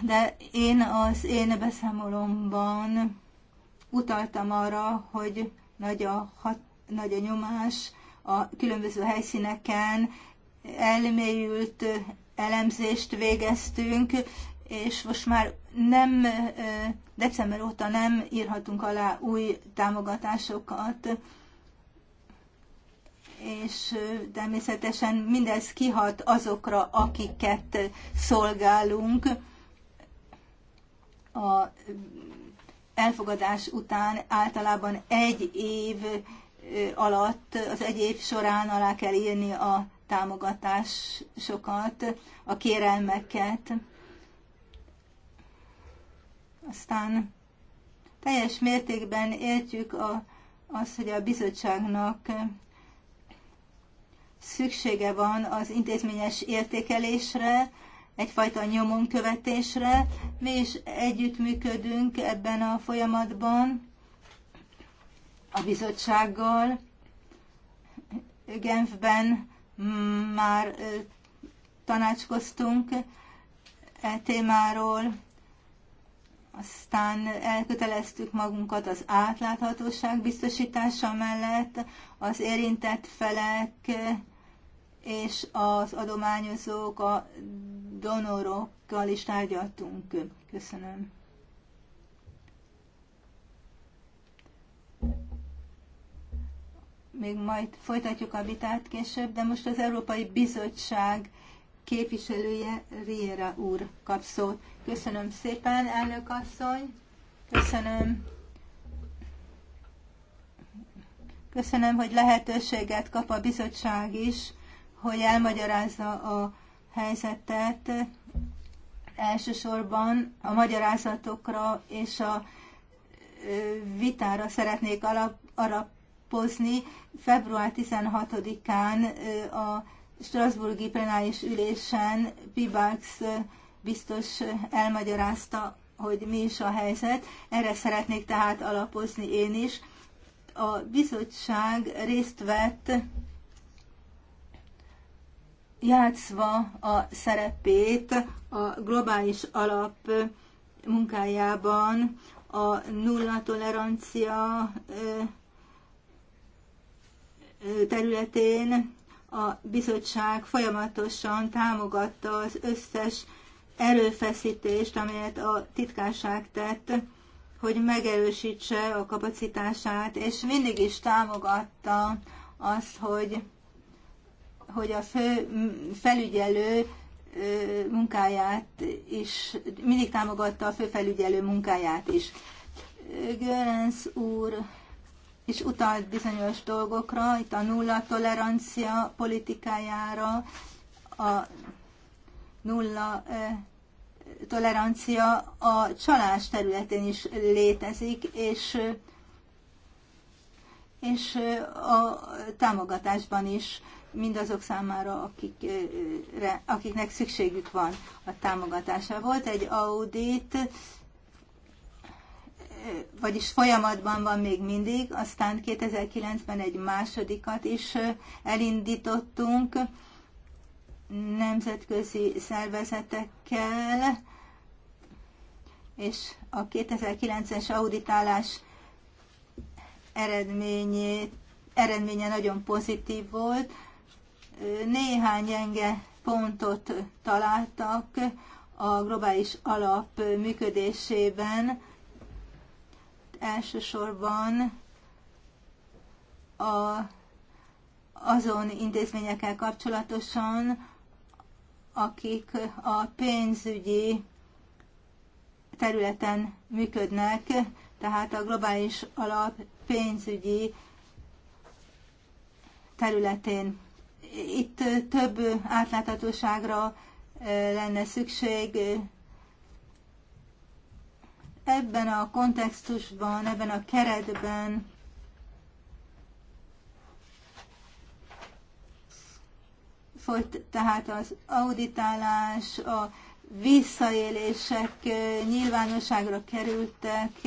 De én az én beszámolomban utaltam arra, hogy nagy a, hat, nagy a nyomás a különböző helyszíneken, elmélyült elemzést végeztünk, és most már nem, december óta nem írhatunk alá új támogatásokat, és természetesen mindez kihat azokra, akiket szolgálunk a elfogadás után általában egy év alatt, az egy év során alá kell írni a támogatásokat, a kérelmeket. Aztán teljes mértékben értjük a, azt, hogy a bizottságnak szüksége van az intézményes értékelésre, egyfajta nyomon követésre. Mi is együttműködünk ebben a folyamatban a bizottsággal. Genfben már tanácskoztunk e témáról. Aztán elköteleztük magunkat az átláthatóság biztosítása mellett, az érintett felek és az adományozók, a donorokkal is tárgyaltunk. Köszönöm. Még majd folytatjuk a vitát később, de most az Európai Bizottság képviselője, Riera úr kap szót. Köszönöm szépen, elnök asszony. Köszönöm. Köszönöm, hogy lehetőséget kap a bizottság is, hogy elmagyarázza a helyzetet. Elsősorban a magyarázatokra és a vitára szeretnék alap, alapozni. Február 16-án a Strasburgi plenáris ülésen Pibax biztos elmagyarázta, hogy mi is a helyzet. Erre szeretnék tehát alapozni én is. A bizottság részt vett játszva a szerepét a globális alap munkájában a nulla tolerancia területén a bizottság folyamatosan támogatta az összes erőfeszítést, amelyet a titkárság tett, hogy megerősítse a kapacitását, és mindig is támogatta azt, hogy, hogy a fő felügyelő munkáját is, mindig támogatta a főfelügyelő munkáját is. Görens úr és utalt bizonyos dolgokra, itt a nulla tolerancia politikájára, a nulla eh, tolerancia a csalás területén is létezik, és, és eh, a támogatásban is mindazok számára, akikre, akiknek szükségük van a támogatásra. Volt egy audit vagyis folyamatban van még mindig, aztán 2009-ben egy másodikat is elindítottunk nemzetközi szervezetekkel, és a 2009-es auditálás eredményét, eredménye nagyon pozitív volt. Néhány gyenge pontot találtak a globális alap működésében, elsősorban a, azon intézményekkel kapcsolatosan, akik a pénzügyi területen működnek, tehát a globális alap pénzügyi területén. Itt több átláthatóságra lenne szükség, Ebben a kontextusban, ebben a keretben folyt tehát az auditálás, a visszaélések nyilvánosságra kerültek,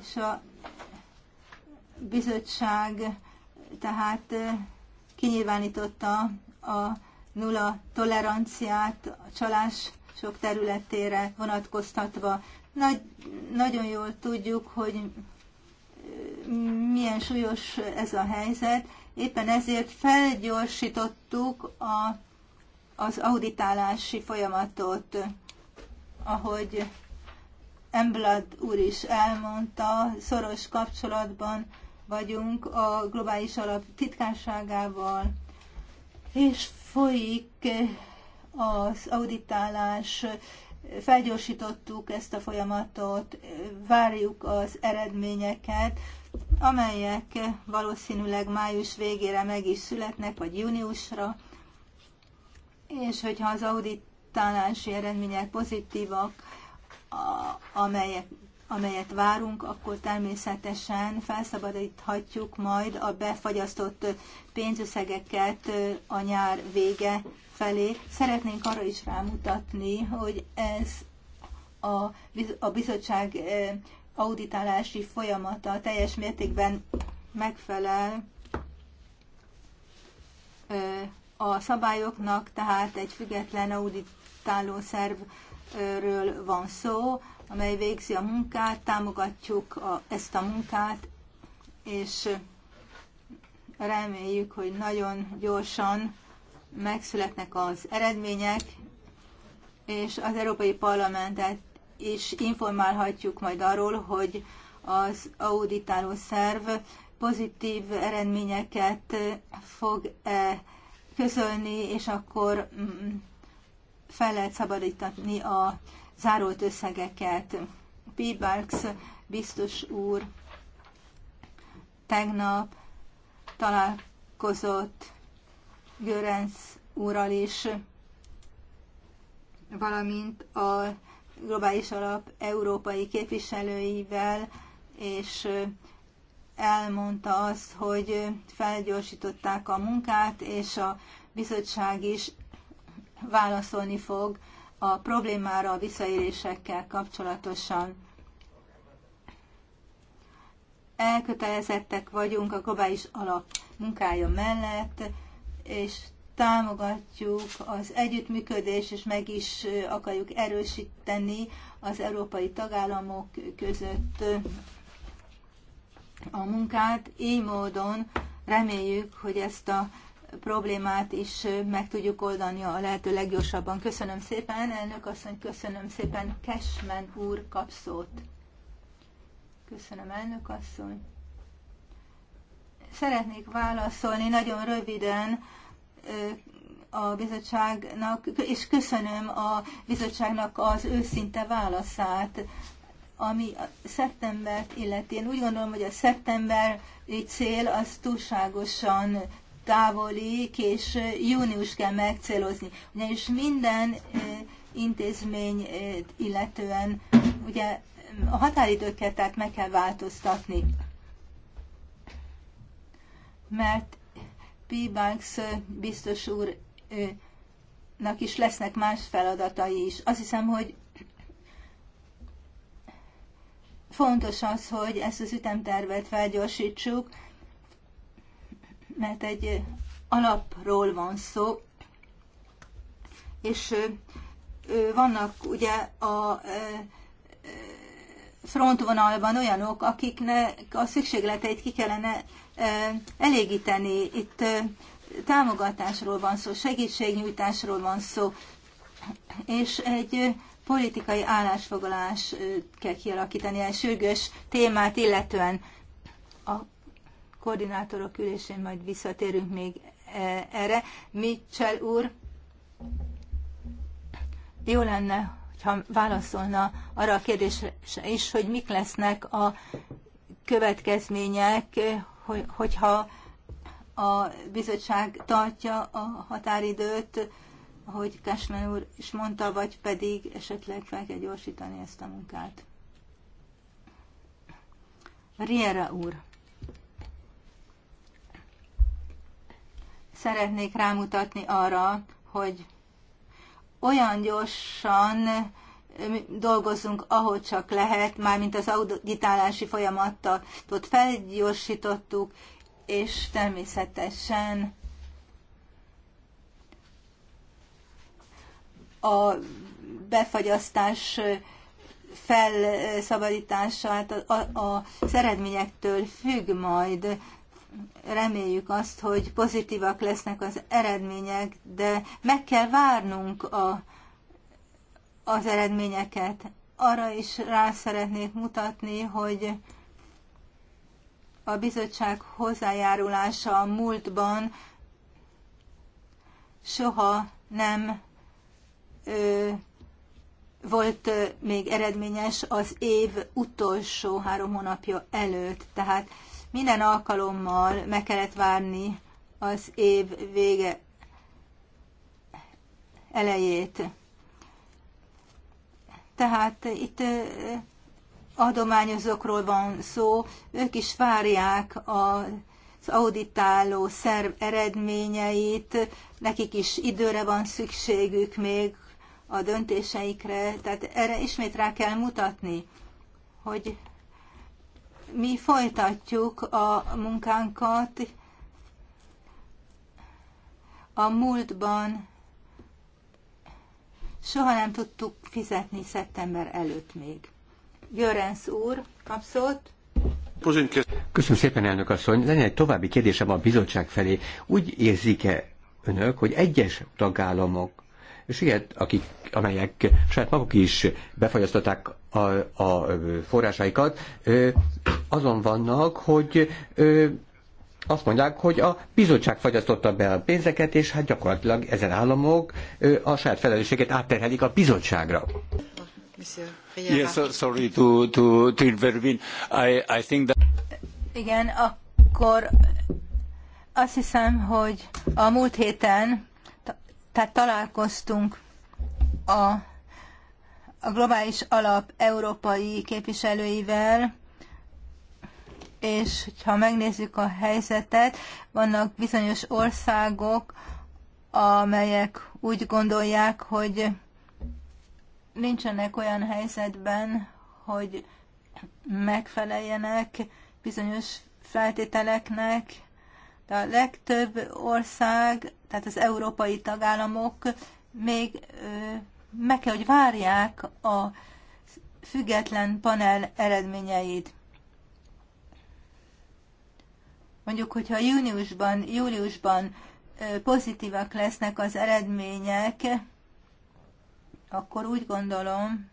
és a bizottság tehát kinyilvánította a nulla toleranciát a csalás sok területére vonatkoztatva. Nagy, nagyon jól tudjuk, hogy milyen súlyos ez a helyzet. Éppen ezért felgyorsítottuk a, az auditálási folyamatot, ahogy Emblad úr is elmondta, szoros kapcsolatban vagyunk a Globális Alap titkárságával, és folyik az auditálás felgyorsítottuk ezt a folyamatot, várjuk az eredményeket, amelyek valószínűleg május végére meg is születnek, vagy júniusra, és hogyha az auditálási eredmények pozitívak, amelyek, amelyet várunk, akkor természetesen felszabadíthatjuk majd a befagyasztott pénzösszegeket a nyár vége felé. Szeretnénk arra is rámutatni, hogy ez a, a bizottság auditálási folyamata teljes mértékben megfelel a szabályoknak, tehát egy független auditáló szervről van szó, amely végzi a munkát, támogatjuk a, ezt a munkát, és reméljük, hogy nagyon gyorsan megszületnek az eredmények, és az Európai Parlamentet is informálhatjuk majd arról, hogy az auditáló szerv pozitív eredményeket fog -e közölni, és akkor mm, fel lehet szabadítani a zárolt összegeket. Barks biztos úr tegnap találkozott Görenc úrral is, valamint a Globális Alap európai képviselőivel, és elmondta azt, hogy felgyorsították a munkát, és a bizottság is válaszolni fog a problémára a visszaélésekkel kapcsolatosan. Elkötelezettek vagyunk a globális alap munkája mellett, és támogatjuk az együttműködés, és meg is akarjuk erősíteni az európai tagállamok között a munkát. Így módon reméljük, hogy ezt a problémát is meg tudjuk oldani a lehető leggyorsabban. Köszönöm szépen, elnök asszony, köszönöm szépen, Kesmen úr kapszót. Köszönöm, elnök asszony. Szeretnék válaszolni nagyon röviden a bizottságnak, és köszönöm a bizottságnak az őszinte válaszát, ami a szeptembert illeti. Én úgy gondolom, hogy a szeptemberi cél az túlságosan távoli, és június kell megcélozni. Ugyanis minden intézmény illetően ugye a határidőket tehát meg kell változtatni mert P-Banks biztos úrnak is lesznek más feladatai is. Azt hiszem, hogy fontos az, hogy ezt az ütemtervet felgyorsítsuk, mert egy alapról van szó, és vannak ugye a frontvonalban olyanok, akiknek a szükségleteit ki kellene elégíteni. Itt támogatásról van szó, segítségnyújtásról van szó, és egy politikai állásfoglalás kell kialakítani egy sürgős témát, illetően a koordinátorok ülésén majd visszatérünk még erre. Mitchell úr, jó lenne, ha válaszolna arra a kérdésre is, hogy mik lesznek a következmények, hogy, hogyha a bizottság tartja a határidőt, ahogy Keslen úr is mondta, vagy pedig esetleg fel kell gyorsítani ezt a munkát. Riera úr. Szeretnék rámutatni arra, hogy olyan gyorsan dolgozunk, ahogy csak lehet, mármint az auditálási folyamattal ott felgyorsítottuk, és természetesen a befagyasztás felszabadítását a eredményektől függ majd. Reméljük azt, hogy pozitívak lesznek az eredmények, de meg kell várnunk a az eredményeket. Arra is rá szeretnék mutatni, hogy a bizottság hozzájárulása a múltban soha nem ö, volt ö, még eredményes az év utolsó három hónapja előtt. Tehát minden alkalommal meg kellett várni az év vége elejét. Tehát itt adományozókról van szó, ők is várják az auditáló szerv eredményeit, nekik is időre van szükségük még a döntéseikre, tehát erre ismét rá kell mutatni, hogy mi folytatjuk a munkánkat. A múltban soha nem tudtuk fizetni szeptember előtt még. Görenc úr, kapszott. Köszönöm szépen, elnök asszony. Lenne egy további kérdésem a bizottság felé. Úgy érzik-e önök, hogy egyes tagállamok és ilyet, akik, amelyek saját maguk is befolyasztották a, a forrásaikat, azon vannak, hogy azt mondják, hogy a bizottság fagyasztotta be a pénzeket, és hát gyakorlatilag ezen államok a saját felelősséget átterhelik a bizottságra. Yes, sorry to, to, to intervene. I, I think that... Igen, akkor azt hiszem, hogy a múlt héten tehát találkoztunk a, a globális alap európai képviselőivel, és ha megnézzük a helyzetet, vannak bizonyos országok, amelyek úgy gondolják, hogy nincsenek olyan helyzetben, hogy megfeleljenek bizonyos feltételeknek. De a legtöbb ország, tehát az európai tagállamok még meg kell, hogy várják a független panel eredményeit. Mondjuk, hogyha júniusban, júliusban pozitívak lesznek az eredmények, akkor úgy gondolom,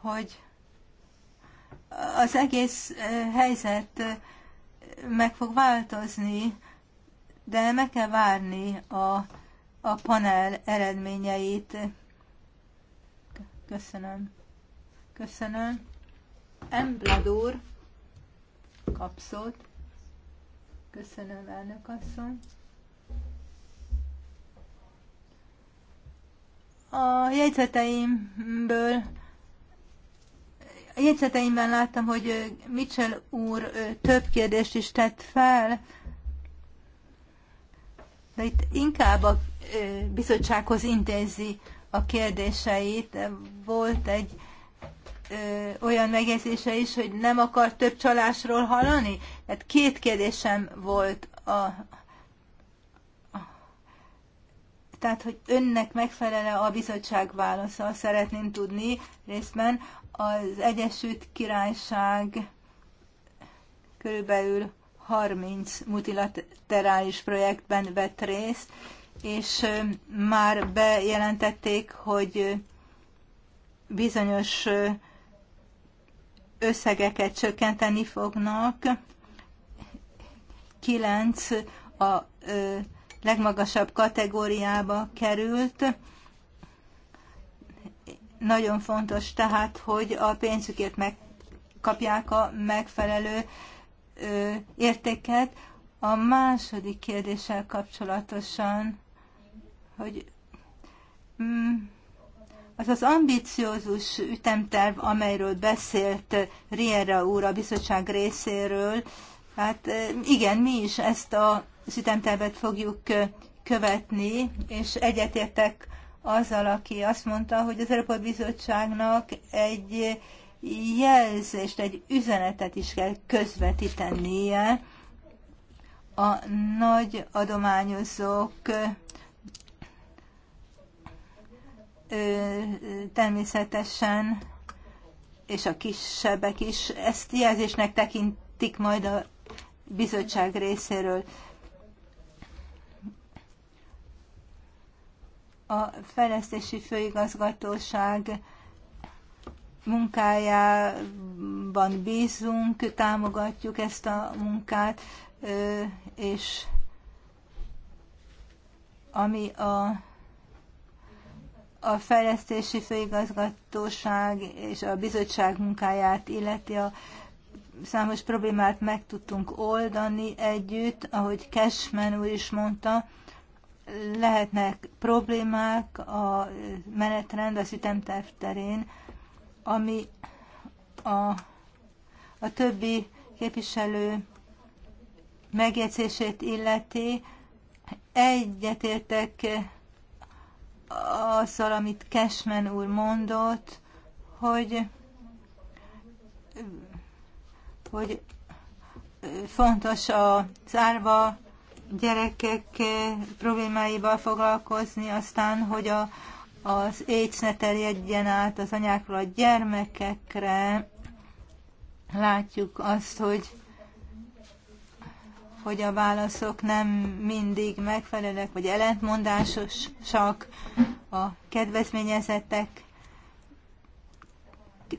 hogy az egész helyzet meg fog változni, de meg kell várni a, a panel eredményeit. Köszönöm. Köszönöm. Embladur kapszót. Köszönöm, elnök asszony. A jegyzeteimből a jegyzeteimben láttam, hogy Mitchell úr több kérdést is tett fel, de itt inkább a bizottsághoz intézi a kérdéseit. Volt egy olyan megjegyzése is, hogy nem akar több csalásról hallani? Tehát két kérdésem volt a, tehát, hogy önnek megfelele a bizottság válasza, szeretném tudni részben. Az Egyesült Királyság körülbelül 30 multilaterális projektben vett részt, és már bejelentették, hogy bizonyos összegeket csökkenteni fognak. 9 a legmagasabb kategóriába került. Nagyon fontos tehát, hogy a pénzükért megkapják a megfelelő értéket. A második kérdéssel kapcsolatosan, hogy mm, az az ambiciózus ütemterv, amelyről beszélt Riera úr a bizottság részéről, hát eh, igen, mi is ezt az ütemtervet fogjuk eh, követni, és egyetértek azzal, aki azt mondta, hogy az Európai Bizottságnak egy jelzést, egy üzenetet is kell közvetítenie a nagy adományozók eh, természetesen, és a kisebbek is ezt jelzésnek tekintik majd a bizottság részéről. A fejlesztési főigazgatóság munkájában bízunk, támogatjuk ezt a munkát, és ami a a fejlesztési főigazgatóság és a bizottság munkáját illeti a számos problémát meg tudtunk oldani együtt, ahogy Cashman úr is mondta, lehetnek problémák a menetrend, az ütemterv terén, ami a, a többi képviselő megjegyzését illeti. Egyetértek azzal, amit Kesmen úr mondott, hogy, hogy fontos a zárva gyerekek problémáival foglalkozni, aztán, hogy a, az AIDS ne terjedjen át az anyákról a gyermekekre. Látjuk azt, hogy hogy a válaszok nem mindig megfelelőek, vagy ellentmondásosak a kedvezményezettek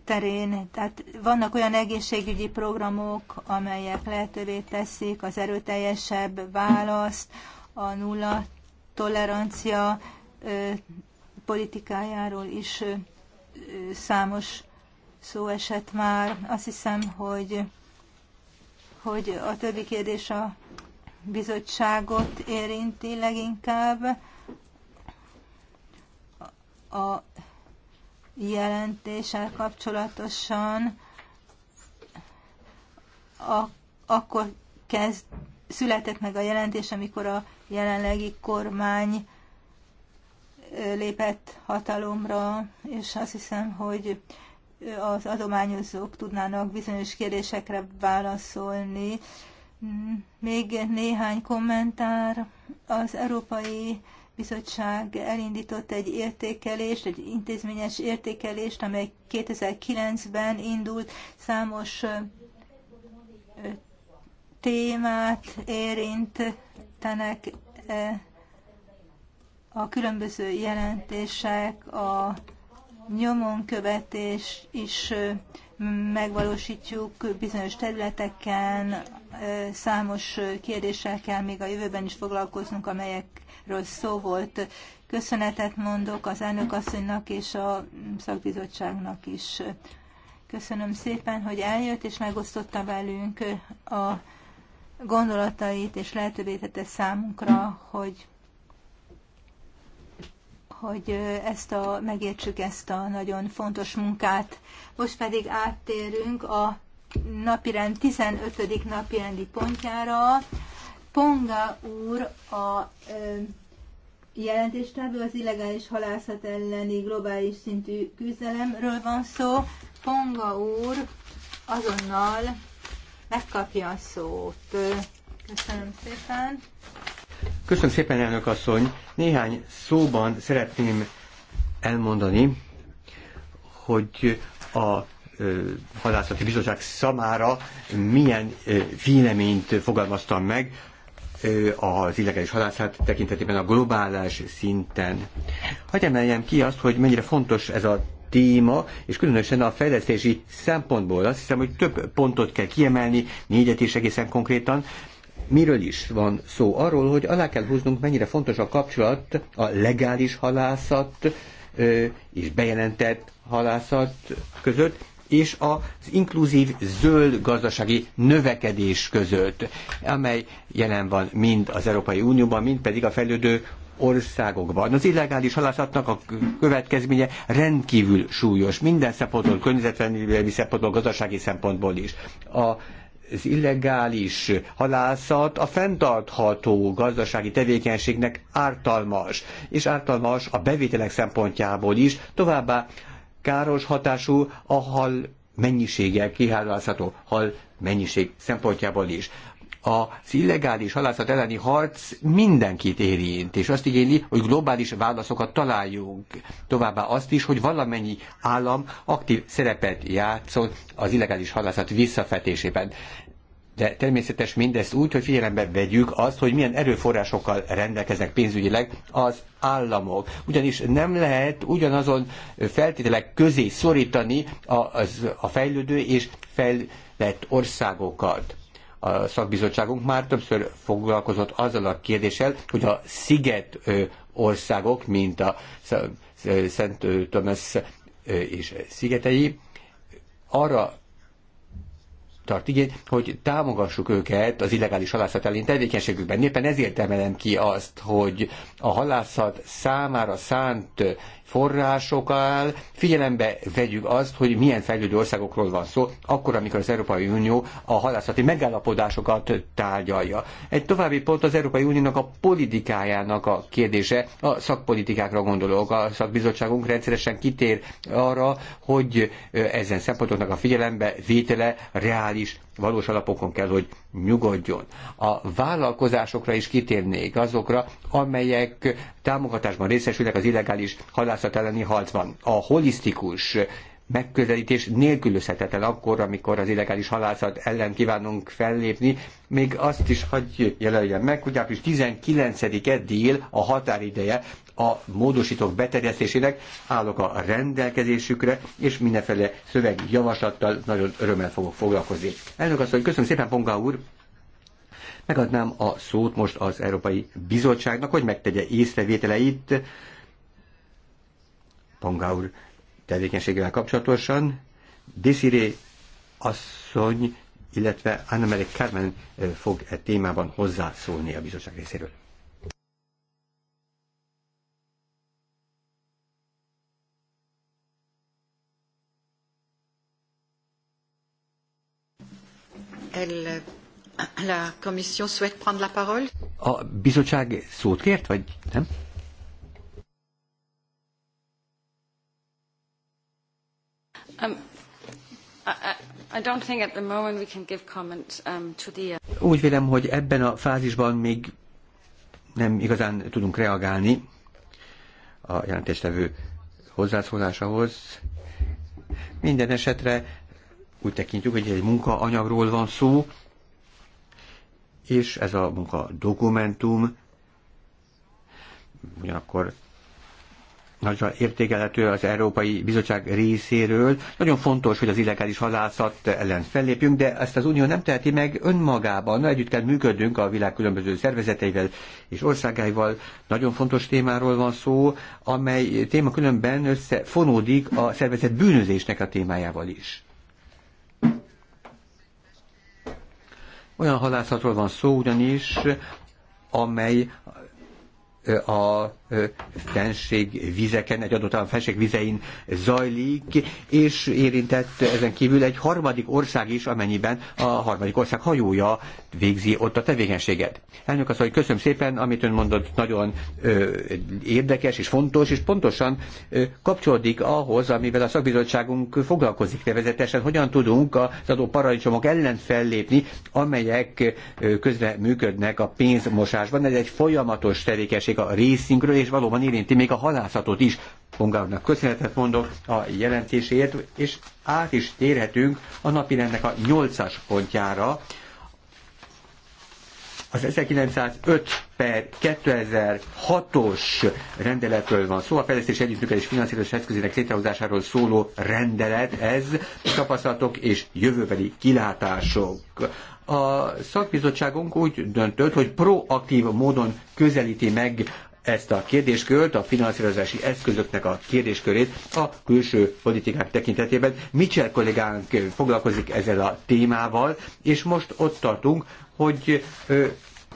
terén. Tehát vannak olyan egészségügyi programok, amelyek lehetővé teszik az erőteljesebb választ, a nulla tolerancia ö, politikájáról is ö, számos szó esett már. Azt hiszem, hogy hogy a többi kérdés a bizottságot érinti leginkább. A jelentéssel kapcsolatosan a, akkor kezd, született meg a jelentés, amikor a jelenlegi kormány lépett hatalomra, és azt hiszem, hogy az adományozók tudnának bizonyos kérdésekre válaszolni. Még néhány kommentár. Az Európai Bizottság elindított egy értékelést, egy intézményes értékelést, amely 2009-ben indult számos témát érintenek e, a különböző jelentések, a nyomonkövetés is megvalósítjuk bizonyos területeken, számos kérdéssel kell még a jövőben is foglalkoznunk, amelyekről szó volt. Köszönetet mondok az elnökasszonynak és a szakbizottságnak is. Köszönöm szépen, hogy eljött és megosztotta velünk a gondolatait, és lehetővé tette számunkra, hogy hogy ezt a, megértsük ezt a nagyon fontos munkát. Most pedig áttérünk a napirend 15. napirendi pontjára. Ponga úr a jelentéstávú az illegális halászat elleni globális szintű küzdelemről van szó. Ponga úr azonnal megkapja a szót. Köszönöm szépen. Köszönöm szépen, elnök asszony. Néhány szóban szeretném elmondani, hogy a Hadászati bizottság számára milyen véleményt fogalmaztam meg az illegális halászat tekintetében a globális szinten. Hogy emeljem ki azt, hogy mennyire fontos ez a téma, és különösen a fejlesztési szempontból azt hiszem, hogy több pontot kell kiemelni, négyet is egészen konkrétan, miről is van szó? Arról, hogy alá kell húznunk, mennyire fontos a kapcsolat a legális halászat és bejelentett halászat között, és az inkluzív zöld gazdasági növekedés között, amely jelen van mind az Európai Unióban, mind pedig a fejlődő országokban. Az illegális halászatnak a következménye rendkívül súlyos, minden szempontból, környezetvédelmi szempontból, gazdasági szempontból is. A az illegális halászat a fenntartható gazdasági tevékenységnek ártalmas, és ártalmas a bevételek szempontjából is, továbbá káros hatású a hal mennyisége, kihálászható hal mennyiség szempontjából is az illegális halászat elleni harc mindenkit érint, és azt igényli, hogy globális válaszokat találjunk. Továbbá azt is, hogy valamennyi állam aktív szerepet játszon az illegális halászat visszafetésében. De természetes mindezt úgy, hogy figyelembe vegyük azt, hogy milyen erőforrásokkal rendelkeznek pénzügyileg az államok. Ugyanis nem lehet ugyanazon feltételek közé szorítani a, az, a fejlődő és fejlett országokat a szakbizottságunk már többször foglalkozott azzal a kérdéssel, hogy a sziget országok, mint a Szent Tömesz és szigetei, arra tart igény, hogy támogassuk őket az illegális halászat elleni tevékenységükben. Éppen ezért emelem ki azt, hogy a halászat számára szánt források áll. Figyelembe vegyük azt, hogy milyen fejlődő országokról van szó, akkor, amikor az Európai Unió a halászati megállapodásokat tárgyalja. Egy további pont az Európai Uniónak a politikájának a kérdése, a szakpolitikákra gondolok. A szakbizottságunk rendszeresen kitér arra, hogy ezen szempontoknak a figyelembe vétele reális valós alapokon kell, hogy nyugodjon. A vállalkozásokra is kitérnék, azokra, amelyek támogatásban részesülnek az illegális halászat elleni harcban. A holisztikus megközelítés nélkülözhetetlen akkor, amikor az illegális halászat ellen kívánunk fellépni. Még azt is hagyj jelöljem meg, hogy április 19-e dél a határideje a módosítók beterjesztésének állok a rendelkezésükre, és mindenféle szövegi javaslattal nagyon örömmel fogok foglalkozni. Elnök asszony, köszönöm szépen, Ponga úr! Megadnám a szót most az Európai Bizottságnak, hogy megtegye észrevételeit. Ponga úr, tevékenységével kapcsolatosan Desiree asszony, illetve Anna-Marie Carmen fog e témában hozzászólni a bizottság részéről. El, la commission souhaite prendre la parole? A bizottság szót kért, vagy nem? Úgy vélem, hogy ebben a fázisban még nem igazán tudunk reagálni a jelentéstevő hozzászólásához. Minden esetre úgy tekintjük, hogy egy munkaanyagról van szó, és ez a munka dokumentum ugyanakkor nagyra értékelhető az Európai Bizottság részéről. Nagyon fontos, hogy az illegális halászat ellen fellépjünk, de ezt az Unió nem teheti meg önmagában. Együtt kell működnünk a világ különböző szervezeteivel és országáival. Nagyon fontos témáról van szó, amely téma különben összefonódik a szervezet bűnözésnek a témájával is. Olyan halászatról van szó ugyanis, amely a fenség vizeken, egy adott állam fenség vizein zajlik, és érintett ezen kívül egy harmadik ország is, amennyiben a harmadik ország hajója végzi ott a tevékenységet. Elnök azt, hogy köszönöm szépen, amit ön mondott, nagyon ö, érdekes és fontos, és pontosan ö, kapcsolódik ahhoz, amivel a szakbizottságunk foglalkozik nevezetesen, hogyan tudunk az adó paradicsomok ellen fellépni, amelyek közre működnek a pénzmosásban. Ez egy folyamatos tevékenység a részünkről, és valóban érinti még a halászatot is. Pongárnak köszönetet mondok a jelentéséért, és át is térhetünk a rendnek a nyolcas pontjára, az 1905 per 2006-os rendeletről van szó, a fejlesztés együttműködés finanszírozás eszközének létrehozásáról szóló rendelet ez, tapasztalatok és jövőbeli kilátások. A szakbizottságunk úgy döntött, hogy proaktív módon közelíti meg ezt a kérdéskört, a finanszírozási eszközöknek a kérdéskörét a külső politikák tekintetében. Mitchell kollégánk foglalkozik ezzel a témával, és most ott tartunk, hogy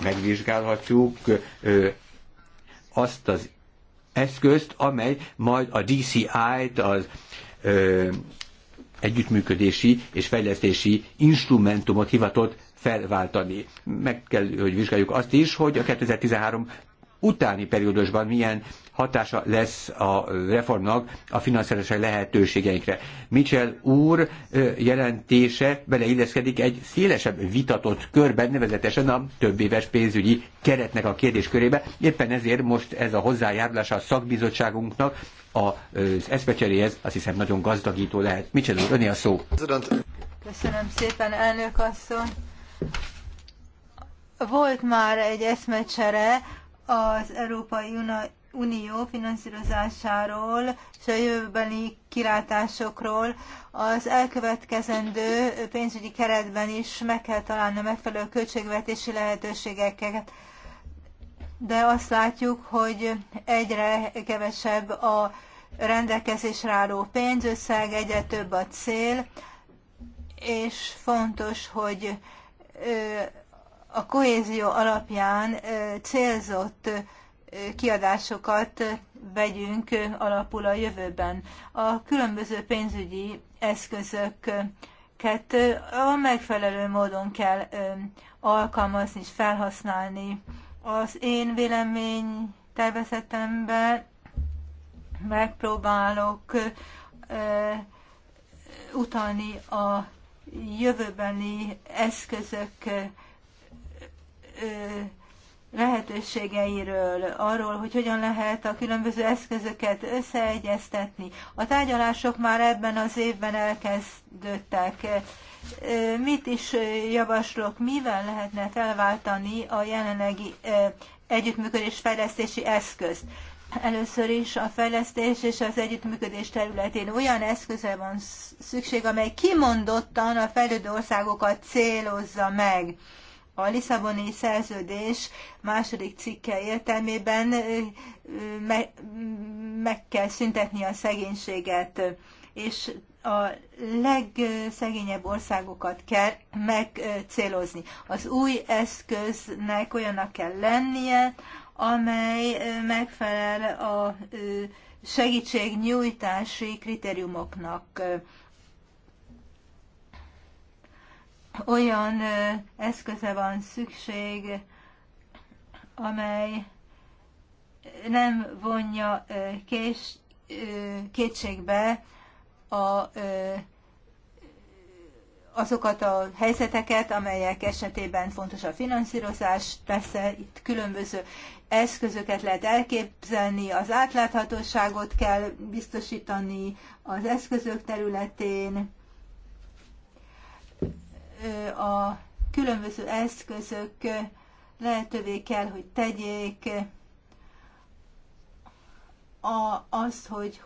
megvizsgálhatjuk azt az eszközt, amely majd a DCI-t, az ö, együttműködési és fejlesztési instrumentumot hivatott felváltani. Meg kell, hogy vizsgáljuk azt is, hogy a 2013 utáni periódusban milyen hatása lesz a reformnak a finanszírozási lehetőségeinkre. Mitchell úr jelentése beleilleszkedik egy szélesebb vitatott körben, nevezetesen a több éves pénzügyi keretnek a kérdéskörébe. Éppen ezért most ez a hozzájárulása a szakbizottságunknak az eszpecseréhez azt hiszem nagyon gazdagító lehet. Mitchell úr, öné a szó. Köszönöm szépen, elnök asszony. Volt már egy eszmecsere, az Európai Unió finanszírozásáról és a jövőbeni kilátásokról az elkövetkezendő pénzügyi keretben is meg kell találni a megfelelő költségvetési lehetőségeket. De azt látjuk, hogy egyre kevesebb a rendelkezésre álló pénzösszeg, egyre több a cél, és fontos, hogy a kohézió alapján célzott kiadásokat vegyünk alapul a jövőben. A különböző pénzügyi eszközöket a megfelelő módon kell alkalmazni és felhasználni. Az én vélemény tervezetemben megpróbálok utalni a jövőbeni eszközök lehetőségeiről, arról, hogy hogyan lehet a különböző eszközöket összeegyeztetni. A tárgyalások már ebben az évben elkezdődtek. Mit is javaslok, mivel lehetne felváltani a jelenlegi együttműködés fejlesztési eszközt? Először is a fejlesztés és az együttműködés területén olyan eszköze van szükség, amely kimondottan a fejlődő országokat célozza meg a Lisszaboni szerződés második cikke értelmében meg, meg kell szüntetni a szegénységet, és a legszegényebb országokat kell megcélozni. Az új eszköznek olyanak kell lennie, amely megfelel a segítségnyújtási kritériumoknak. olyan eszköze van szükség, amely nem vonja kés, kétségbe a, azokat a helyzeteket, amelyek esetében fontos a finanszírozás, persze itt különböző eszközöket lehet elképzelni, az átláthatóságot kell biztosítani az eszközök területén, a különböző eszközök lehetővé kell, hogy tegyék a, azt, hogy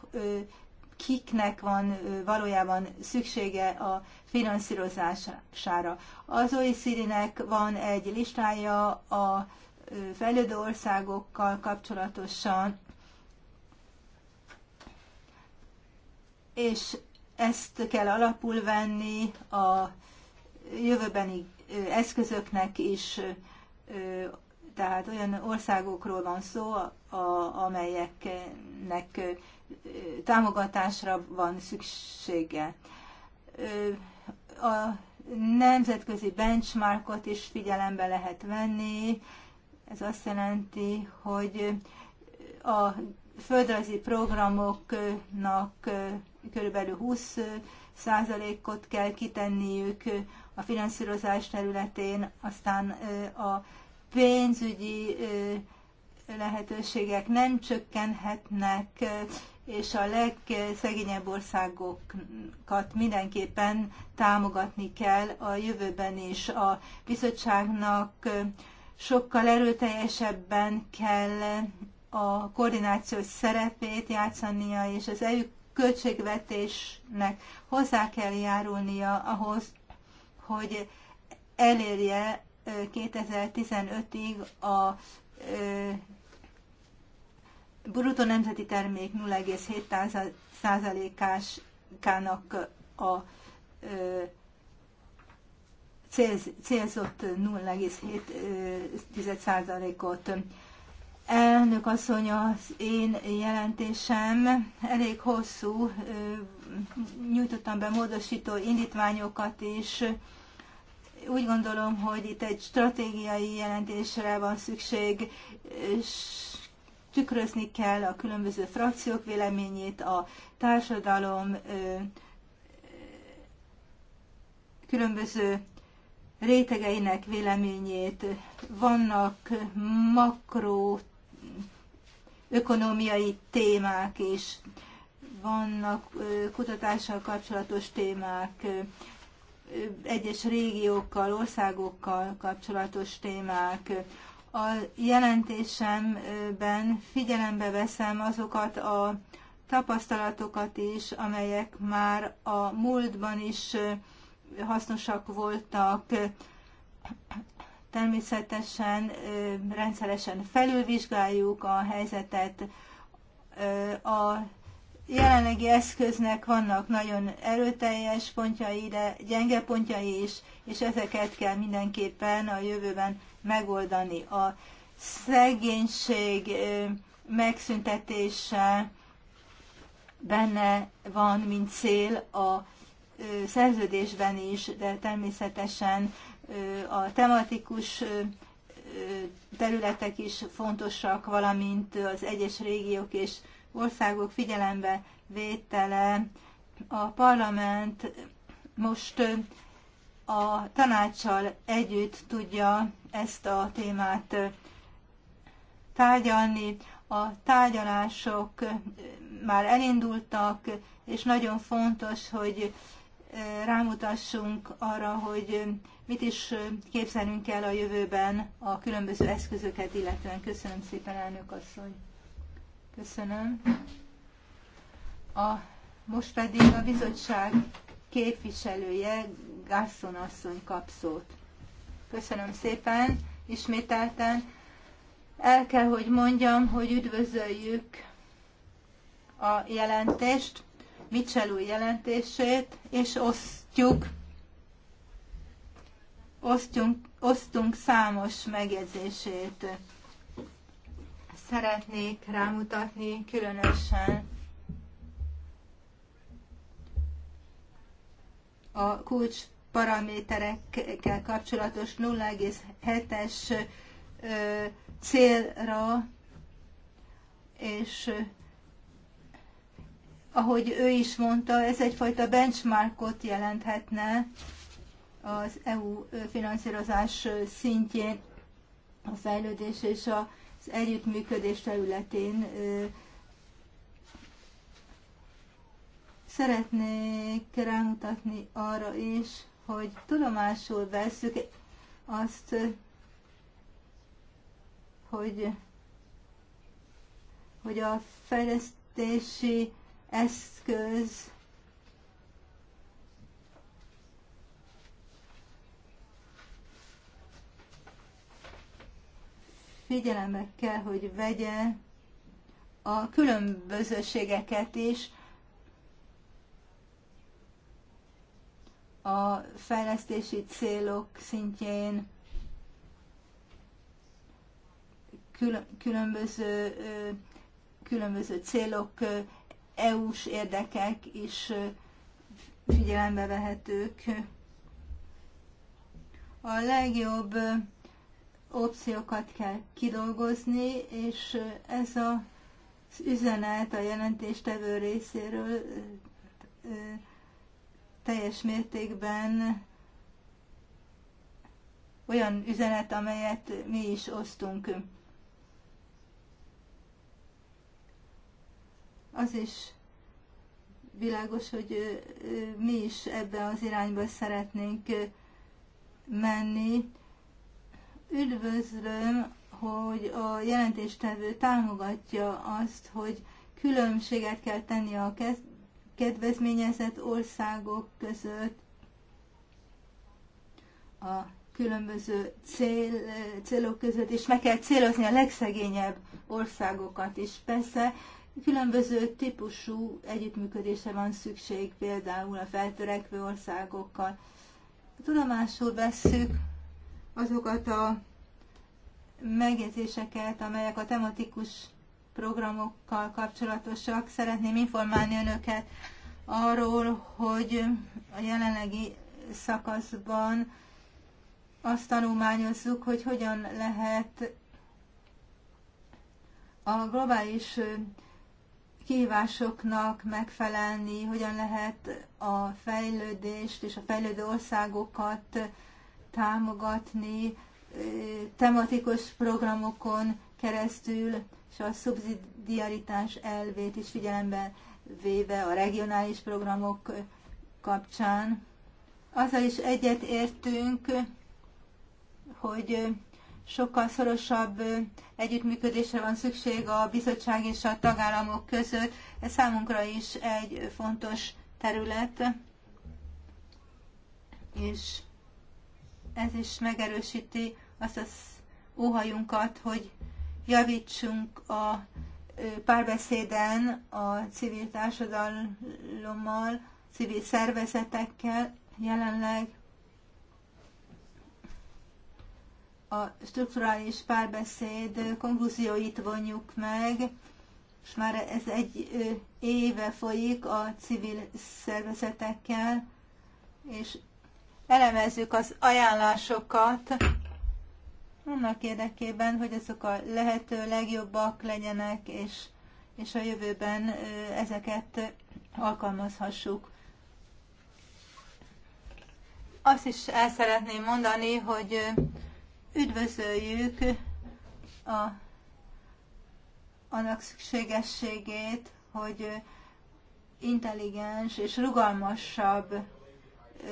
kiknek van valójában szüksége a finanszírozására. Az OECD-nek van egy listája a fejlődő országokkal kapcsolatosan, és ezt kell alapul venni a jövőbeni eszközöknek is, tehát olyan országokról van szó, amelyeknek támogatásra van szüksége. A nemzetközi benchmarkot is figyelembe lehet venni, ez azt jelenti, hogy a földrajzi programoknak körülbelül 20 százalékot kell kitenniük a finanszírozás területén, aztán a pénzügyi lehetőségek nem csökkenhetnek, és a legszegényebb országokat mindenképpen támogatni kell a jövőben is. A bizottságnak sokkal erőteljesebben kell a koordinációs szerepét játszania, és az EU költségvetésnek hozzá kell járulnia ahhoz, hogy elérje 2015-ig a bruttó nemzeti termék 0,7%-ának a célzott 0,7%-ot. Elnök asszony, az én jelentésem elég hosszú, nyújtottam be módosító indítványokat is, úgy gondolom, hogy itt egy stratégiai jelentésre van szükség, és tükrözni kell a különböző frakciók véleményét, a társadalom különböző rétegeinek véleményét. Vannak makró ökonomiai témák is, vannak kutatással kapcsolatos témák, egyes régiókkal, országokkal kapcsolatos témák. A jelentésemben figyelembe veszem azokat a tapasztalatokat is, amelyek már a múltban is hasznosak voltak. Természetesen rendszeresen felülvizsgáljuk a helyzetet, a jelenlegi eszköznek vannak nagyon erőteljes pontjai, de gyenge pontjai is, és ezeket kell mindenképpen a jövőben megoldani. A szegénység megszüntetése benne van, mint cél a szerződésben is, de természetesen a tematikus területek is fontosak, valamint az egyes régiók és országok figyelembe vétele. A parlament most a tanácssal együtt tudja ezt a témát tárgyalni. A tárgyalások már elindultak, és nagyon fontos, hogy eh, rámutassunk arra, hogy mit is képzelünk el a jövőben a különböző eszközöket illetően. Köszönöm szépen, elnök asszony! Köszönöm. A, most pedig a bizottság képviselője, Gasson asszony kap szót. Köszönöm szépen, ismételten. El kell, hogy mondjam, hogy üdvözöljük a jelentést, Mitchell új jelentését, és osztjuk, osztjunk, osztunk számos megjegyzését szeretnék rámutatni, különösen a kulcs paraméterekkel kapcsolatos 0,7-es célra, és ahogy ő is mondta, ez egyfajta benchmarkot jelenthetne az EU finanszírozás szintjén a fejlődés és a együttműködés területén szeretnék rámutatni arra is, hogy tudomásul veszük azt, hogy, hogy a fejlesztési eszköz figyelembe kell, hogy vegye a különbözőségeket is a fejlesztési célok szintjén különböző, különböző célok, EU-s érdekek is figyelembe vehetők. A legjobb opciókat kell kidolgozni, és ez a az üzenet a jelentéstevő részéről teljes mértékben olyan üzenet, amelyet mi is osztunk. Az is világos, hogy mi is ebbe az irányba szeretnénk menni, Üdvözlöm, hogy a jelentéstevő támogatja azt, hogy különbséget kell tenni a kedvezményezett országok között a különböző cél, célok között, és meg kell célozni a legszegényebb országokat is. Persze különböző típusú együttműködése van szükség, például a feltörekvő országokkal. Tudomásul vesszük, azokat a megjegyzéseket, amelyek a tematikus programokkal kapcsolatosak. Szeretném informálni önöket arról, hogy a jelenlegi szakaszban azt tanulmányozzuk, hogy hogyan lehet a globális kihívásoknak megfelelni, hogyan lehet a fejlődést és a fejlődő országokat támogatni tematikus programokon keresztül, és a szubszidiaritás elvét is figyelembe véve a regionális programok kapcsán. Azzal is egyet értünk, hogy sokkal szorosabb együttműködésre van szükség a bizottság és a tagállamok között. Ez számunkra is egy fontos terület, és ez is megerősíti azt az óhajunkat, hogy javítsunk a párbeszéden a civil társadalommal, civil szervezetekkel jelenleg a strukturális párbeszéd konklúzióit vonjuk meg, és már ez egy éve folyik a civil szervezetekkel, és elemezzük az ajánlásokat annak érdekében, hogy azok a lehető legjobbak legyenek, és, és a jövőben ezeket alkalmazhassuk. Azt is el szeretném mondani, hogy üdvözöljük a, annak szükségességét, hogy intelligens és rugalmasabb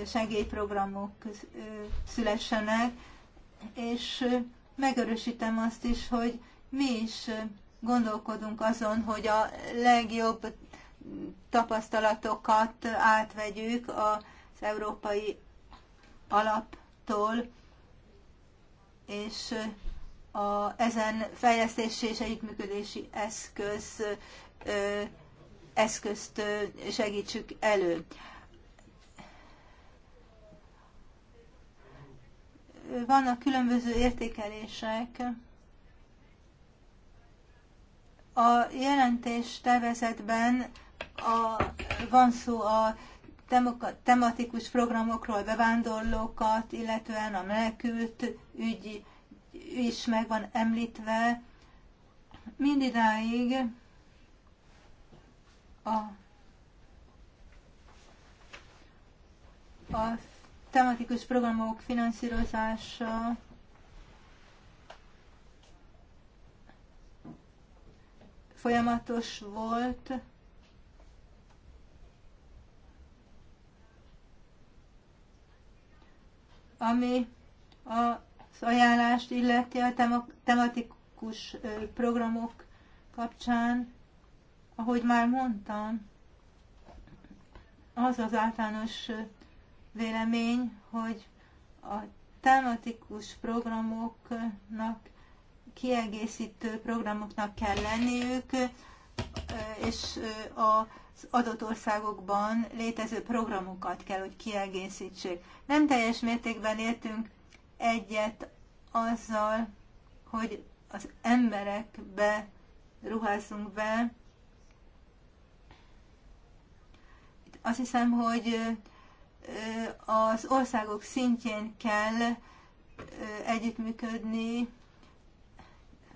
segélyprogramok szülessenek, és megörösítem azt is, hogy mi is gondolkodunk azon, hogy a legjobb tapasztalatokat átvegyük az európai alaptól, és a, ezen fejlesztési és együttműködési eszköz, ö, eszközt segítsük elő. vannak különböző értékelések. A jelentés tervezetben a, van szó a tematikus programokról, bevándorlókat, illetően a menekült ügy is meg van említve. Mindidáig a, a tematikus programok finanszírozása, folyamatos volt, ami az ajánlást illeti a tematikus programok kapcsán, ahogy már mondtam, az az általános vélemény, hogy a tematikus programoknak, kiegészítő programoknak kell lenniük, és az adott országokban létező programokat kell, hogy kiegészítsék. Nem teljes mértékben értünk egyet azzal, hogy az emberekbe ruházunk be. Azt hiszem, hogy az országok szintjén kell együttműködni,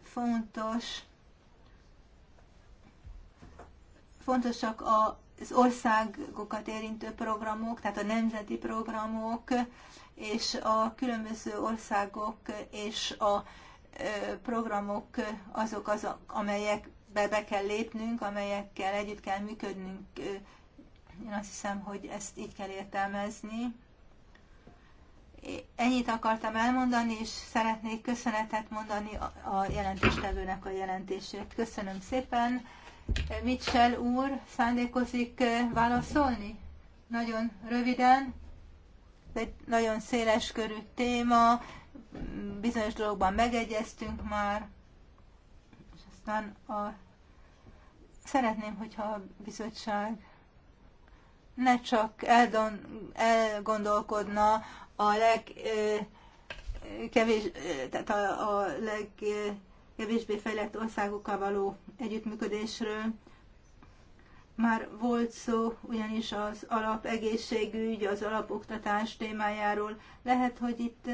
fontos, fontosak az országokat érintő programok, tehát a nemzeti programok, és a különböző országok és a programok azok, azok amelyekbe be kell lépnünk, amelyekkel együtt kell működnünk én azt hiszem, hogy ezt így kell értelmezni. Ennyit akartam elmondani, és szeretnék köszönetet mondani a jelentéstevőnek a jelentését. Köszönöm szépen. Mitchell úr szándékozik eh, válaszolni? Nagyon röviden. Egy nagyon széles körű téma, bizonyos dologban megegyeztünk már, és aztán a... szeretném, hogyha a bizottság ne csak eldon, elgondolkodna a leg kevés, tehát a, a legkevésbé fejlett országokkal való együttműködésről. Már volt szó ugyanis az alapegészségügy, az alapoktatás témájáról. Lehet, hogy itt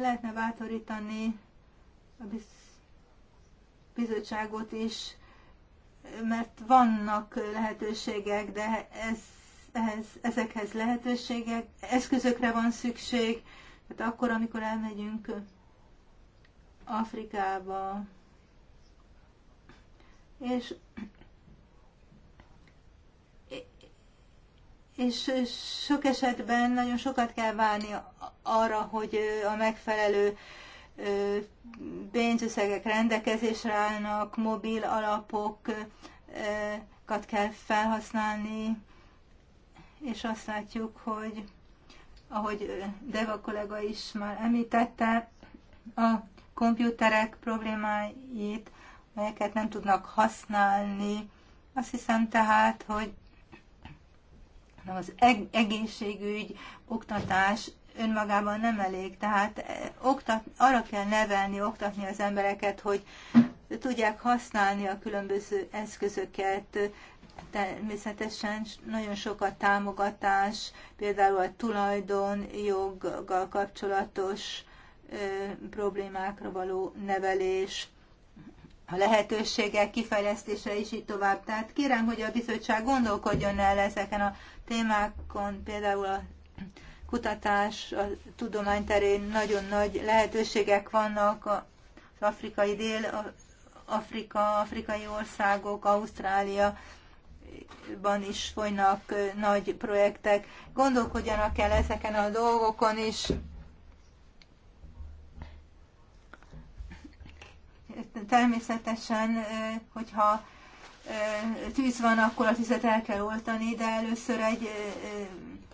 lehetne bátorítani a bizottságot is mert vannak lehetőségek, de ez, ez, ezekhez lehetőségek, eszközökre van szükség, tehát akkor, amikor elmegyünk Afrikába, és és sok esetben nagyon sokat kell várni arra, hogy a megfelelő pénzösszegek rendelkezésre állnak, mobil alapokat kell felhasználni, és azt látjuk, hogy ahogy Deva kollega is már említette, a komputerek problémáit, melyeket nem tudnak használni. Azt hiszem tehát, hogy az egészségügy, oktatás önmagában nem elég. Tehát eh, oktat, arra kell nevelni, oktatni az embereket, hogy tudják használni a különböző eszközöket. Természetesen nagyon sok a támogatás, például a joggal kapcsolatos eh, problémákra való nevelés, a lehetőségek kifejlesztése is így tovább. Tehát kérem, hogy a bizottság gondolkodjon el ezeken a témákon, például a kutatás, a tudomány terén nagyon nagy lehetőségek vannak az afrikai dél, Afrika, afrikai országok, Ausztrália, van is folynak nagy projektek. Gondolkodjanak el ezeken a dolgokon is. Természetesen, hogyha tűz van, akkor a tüzet el kell oltani, de először egy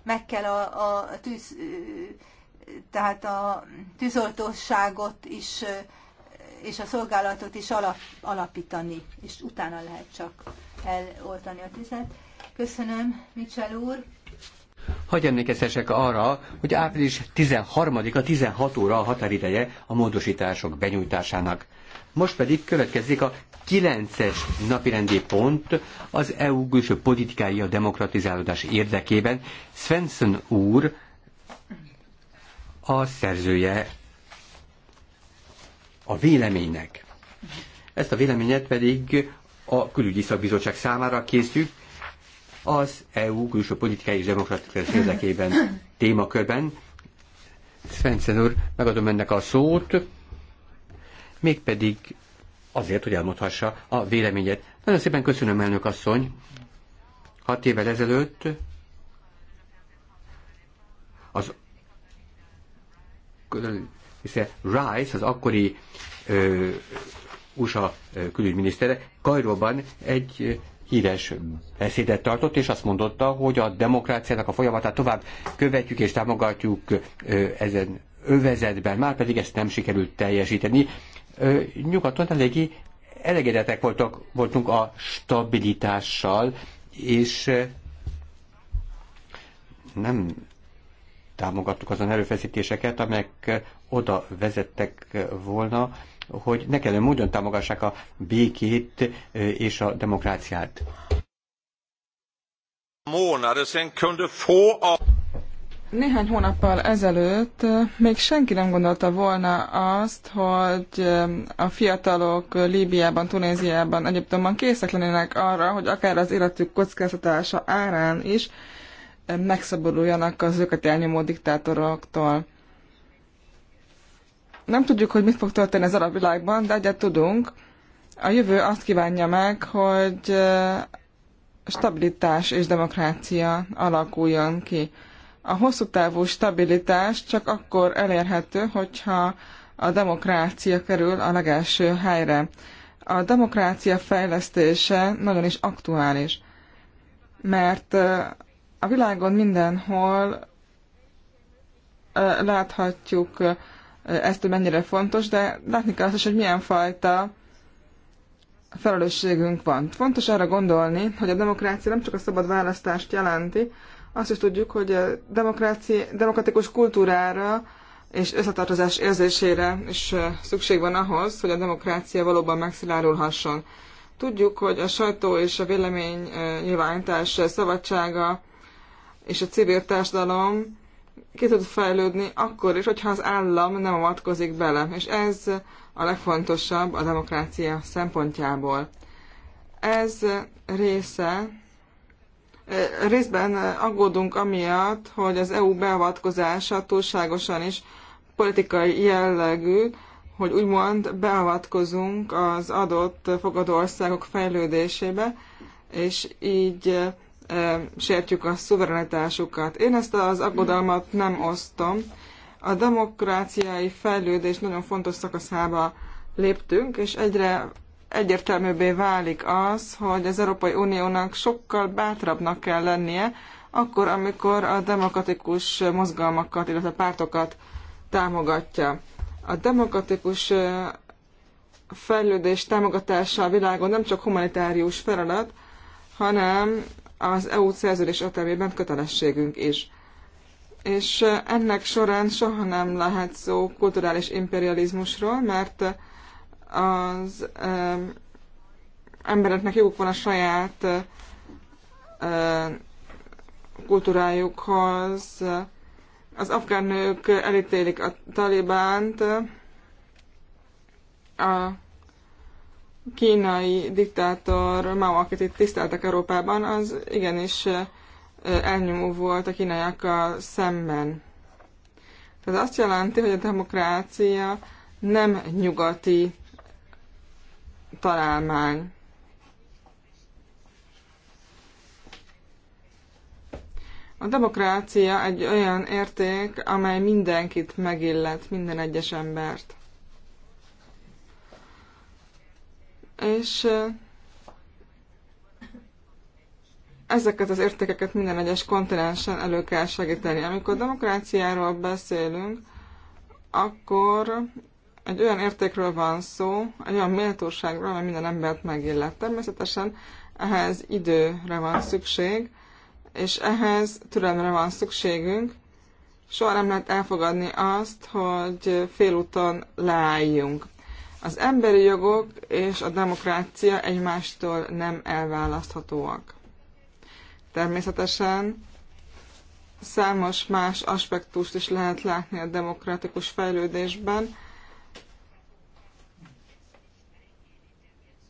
meg kell a, a tűz, tehát a tűzoltóságot is, és a szolgálatot is alap, alapítani, és utána lehet csak eloltani a tüzet. Köszönöm, Mitchell úr. Hagy emlékeztessek arra, hogy április 13-a 16 óra a határideje a módosítások benyújtásának. Most pedig következik a kilences napirendi pont az EU külső politikája a demokratizálódás érdekében. Svensson úr a szerzője a véleménynek. Ezt a véleményet pedig a külügyi szakbizottság számára készítjük az EU külső politikai és demokratikus érdekében témakörben. Svensson úr, megadom ennek a szót, mégpedig azért, hogy elmondhassa a véleményét. Nagyon szépen köszönöm, elnök asszony. Hat évvel ezelőtt az hiszen Rice, az akkori ö, USA külügyminisztere, Kajróban egy híres beszédet tartott, és azt mondotta, hogy a demokráciának a folyamatát tovább követjük és támogatjuk ezen övezetben, már pedig ezt nem sikerült teljesíteni nyugaton eléggé elegedetek voltak, voltunk a stabilitással, és nem támogattuk azon erőfeszítéseket, amelyek oda vezettek volna, hogy ne kellene módon támogassák a békét és a demokráciát. Månader sedan kunde få av néhány hónappal ezelőtt még senki nem gondolta volna azt, hogy a fiatalok Líbiában, Tunéziában, Egyiptomban készek lennének arra, hogy akár az életük kockáztatása árán is megszabaduljanak az őket elnyomó diktátoroktól. Nem tudjuk, hogy mit fog történni az arab világban, de egyet tudunk. A jövő azt kívánja meg, hogy stabilitás és demokrácia alakuljon ki. A hosszú távú stabilitás csak akkor elérhető, hogyha a demokrácia kerül a legelső helyre. A demokrácia fejlesztése nagyon is aktuális, mert a világon mindenhol láthatjuk ezt, hogy mennyire fontos, de látni kell azt is, hogy milyen fajta felelősségünk van. Fontos arra gondolni, hogy a demokrácia nem csak a szabad választást jelenti, azt is tudjuk, hogy a demokratikus kultúrára és összetartozás érzésére is szükség van ahhoz, hogy a demokrácia valóban megszilárulhasson. Tudjuk, hogy a sajtó és a vélemény nyilvánítás szabadsága és a civil társadalom ki tud fejlődni akkor is, hogyha az állam nem avatkozik bele, és ez a legfontosabb a demokrácia szempontjából. Ez része Részben aggódunk amiatt, hogy az EU beavatkozása túlságosan is politikai jellegű, hogy úgymond beavatkozunk az adott fogadó országok fejlődésébe, és így e, sértjük a szuverenitásukat. Én ezt az aggodalmat nem osztom. A demokráciai fejlődés nagyon fontos szakaszába léptünk, és egyre egyértelműbbé válik az, hogy az Európai Uniónak sokkal bátrabbnak kell lennie, akkor, amikor a demokratikus mozgalmakat, illetve pártokat támogatja. A demokratikus fejlődés támogatása a világon nem csak humanitárius feladat, hanem az EU szerződés értelmében kötelességünk is. És ennek során soha nem lehet szó kulturális imperializmusról, mert az um, embereknek joguk van a saját uh, kultúrájukhoz. Az afgán nők elítélik a talibánt, a kínai diktátor Mao, akit itt tiszteltek Európában, az igenis eh, elnyomó volt a kínaiakkal szemben. Tehát azt jelenti, hogy a demokrácia nem nyugati találmány. A demokrácia egy olyan érték, amely mindenkit megillet, minden egyes embert. És eh, ezeket az értékeket minden egyes kontinensen elő kell segíteni. Amikor demokráciáról beszélünk, akkor egy olyan értékről van szó, egy olyan méltóságról, amely minden embert megillet. Természetesen ehhez időre van szükség, és ehhez türelemre van szükségünk. Soha nem lehet elfogadni azt, hogy félúton leálljunk. Az emberi jogok és a demokrácia egymástól nem elválaszthatóak. Természetesen számos más aspektust is lehet látni a demokratikus fejlődésben,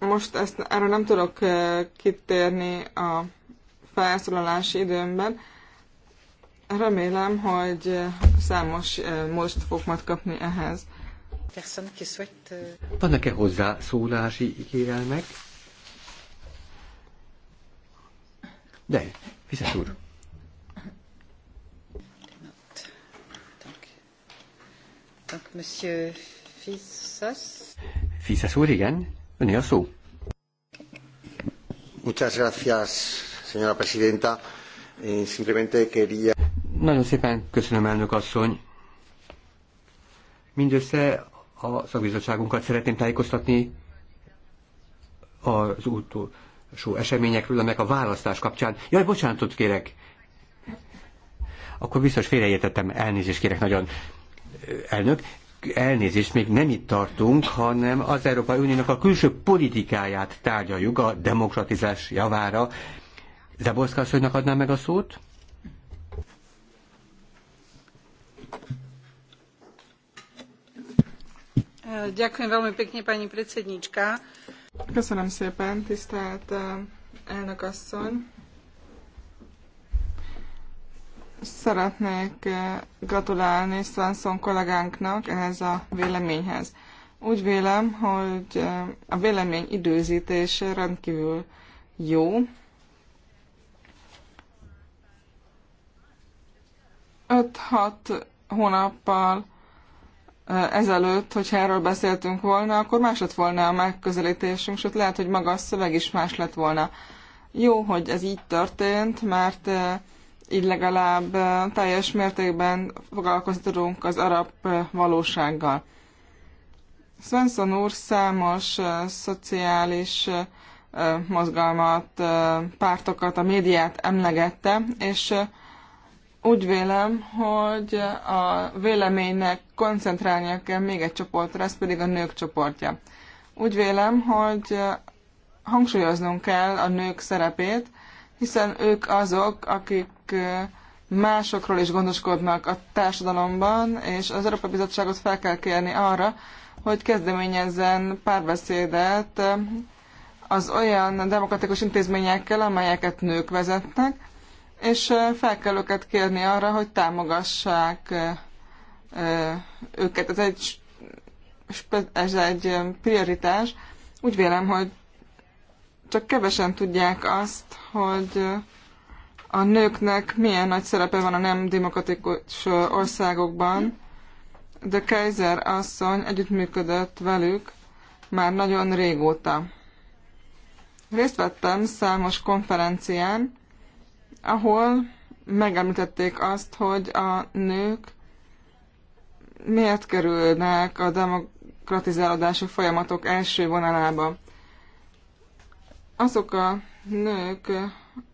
Most ezt, erről nem tudok kitérni a felszólalási időmben. Remélem, hogy számos most fog majd kapni ehhez. Euh, Vannak-e hozzá szólási kérelmek? De, Fizet úr. Donc, monsieur Fizas. Fizas úr, igen. Önél a szó. Muchas gracias, señora presidenta. Eh, simplemente quería... Nagyon szépen köszönöm, elnök asszony. Mindössze a szakbizottságunkat szeretném tájékoztatni az utolsó eseményekről, amelyek a választás kapcsán... Jaj, bocsánatot kérek! Akkor biztos félreértettem, elnézést kérek nagyon. Elnök, elnézést, még nem itt tartunk, hanem az Európai Uniónak a külső politikáját tárgyaljuk a demokratizás javára. Zaborszka asszonynak adnám meg a szót? Ďakujem veľmi pekne, pani predsednička. Köszönöm szépen, tisztelt eh, elnök asszony. Szeretnék eh, gratulálni Swanson kollégánknak ehhez a véleményhez. Úgy vélem, hogy eh, a vélemény időzítése rendkívül jó. Öt-hat hónappal eh, ezelőtt, hogyha erről beszéltünk volna, akkor más lett volna a megközelítésünk, sőt lehet, hogy maga a szöveg is más lett volna. Jó, hogy ez így történt, mert így legalább teljes mértékben foglalkozni az arab valósággal. Svensson úr számos szociális mozgalmat, pártokat, a médiát emlegette, és úgy vélem, hogy a véleménynek koncentrálnia kell még egy csoportra, ez pedig a nők csoportja. Úgy vélem, hogy hangsúlyoznunk kell a nők szerepét, hiszen ők azok, akik másokról is gondoskodnak a társadalomban, és az Európai Bizottságot fel kell kérni arra, hogy kezdeményezzen párbeszédet az olyan demokratikus intézményekkel, amelyeket nők vezetnek, és fel kell őket kérni arra, hogy támogassák őket. Ez egy, ez egy prioritás. Úgy vélem, hogy csak kevesen tudják azt, hogy a nőknek milyen nagy szerepe van a nem demokratikus országokban, de Kaiser asszony együttműködött velük már nagyon régóta. Részt vettem számos konferencián, ahol megemlítették azt, hogy a nők miért kerülnek a demokratizálódási folyamatok első vonalába azok a nők,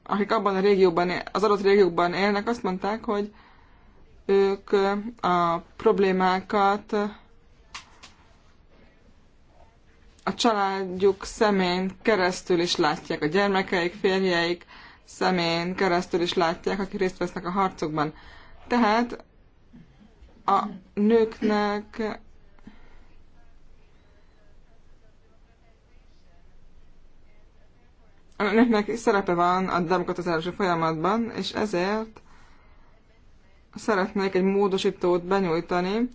akik abban a régióban, az adott régióban élnek, azt mondták, hogy ők a problémákat a családjuk szemén keresztül is látják, a gyermekeik, férjeik szemén keresztül is látják, akik részt vesznek a harcokban. Tehát a nőknek önöknek szerepe van a demokratizálási folyamatban, és ezért szeretnék egy módosítót benyújtani,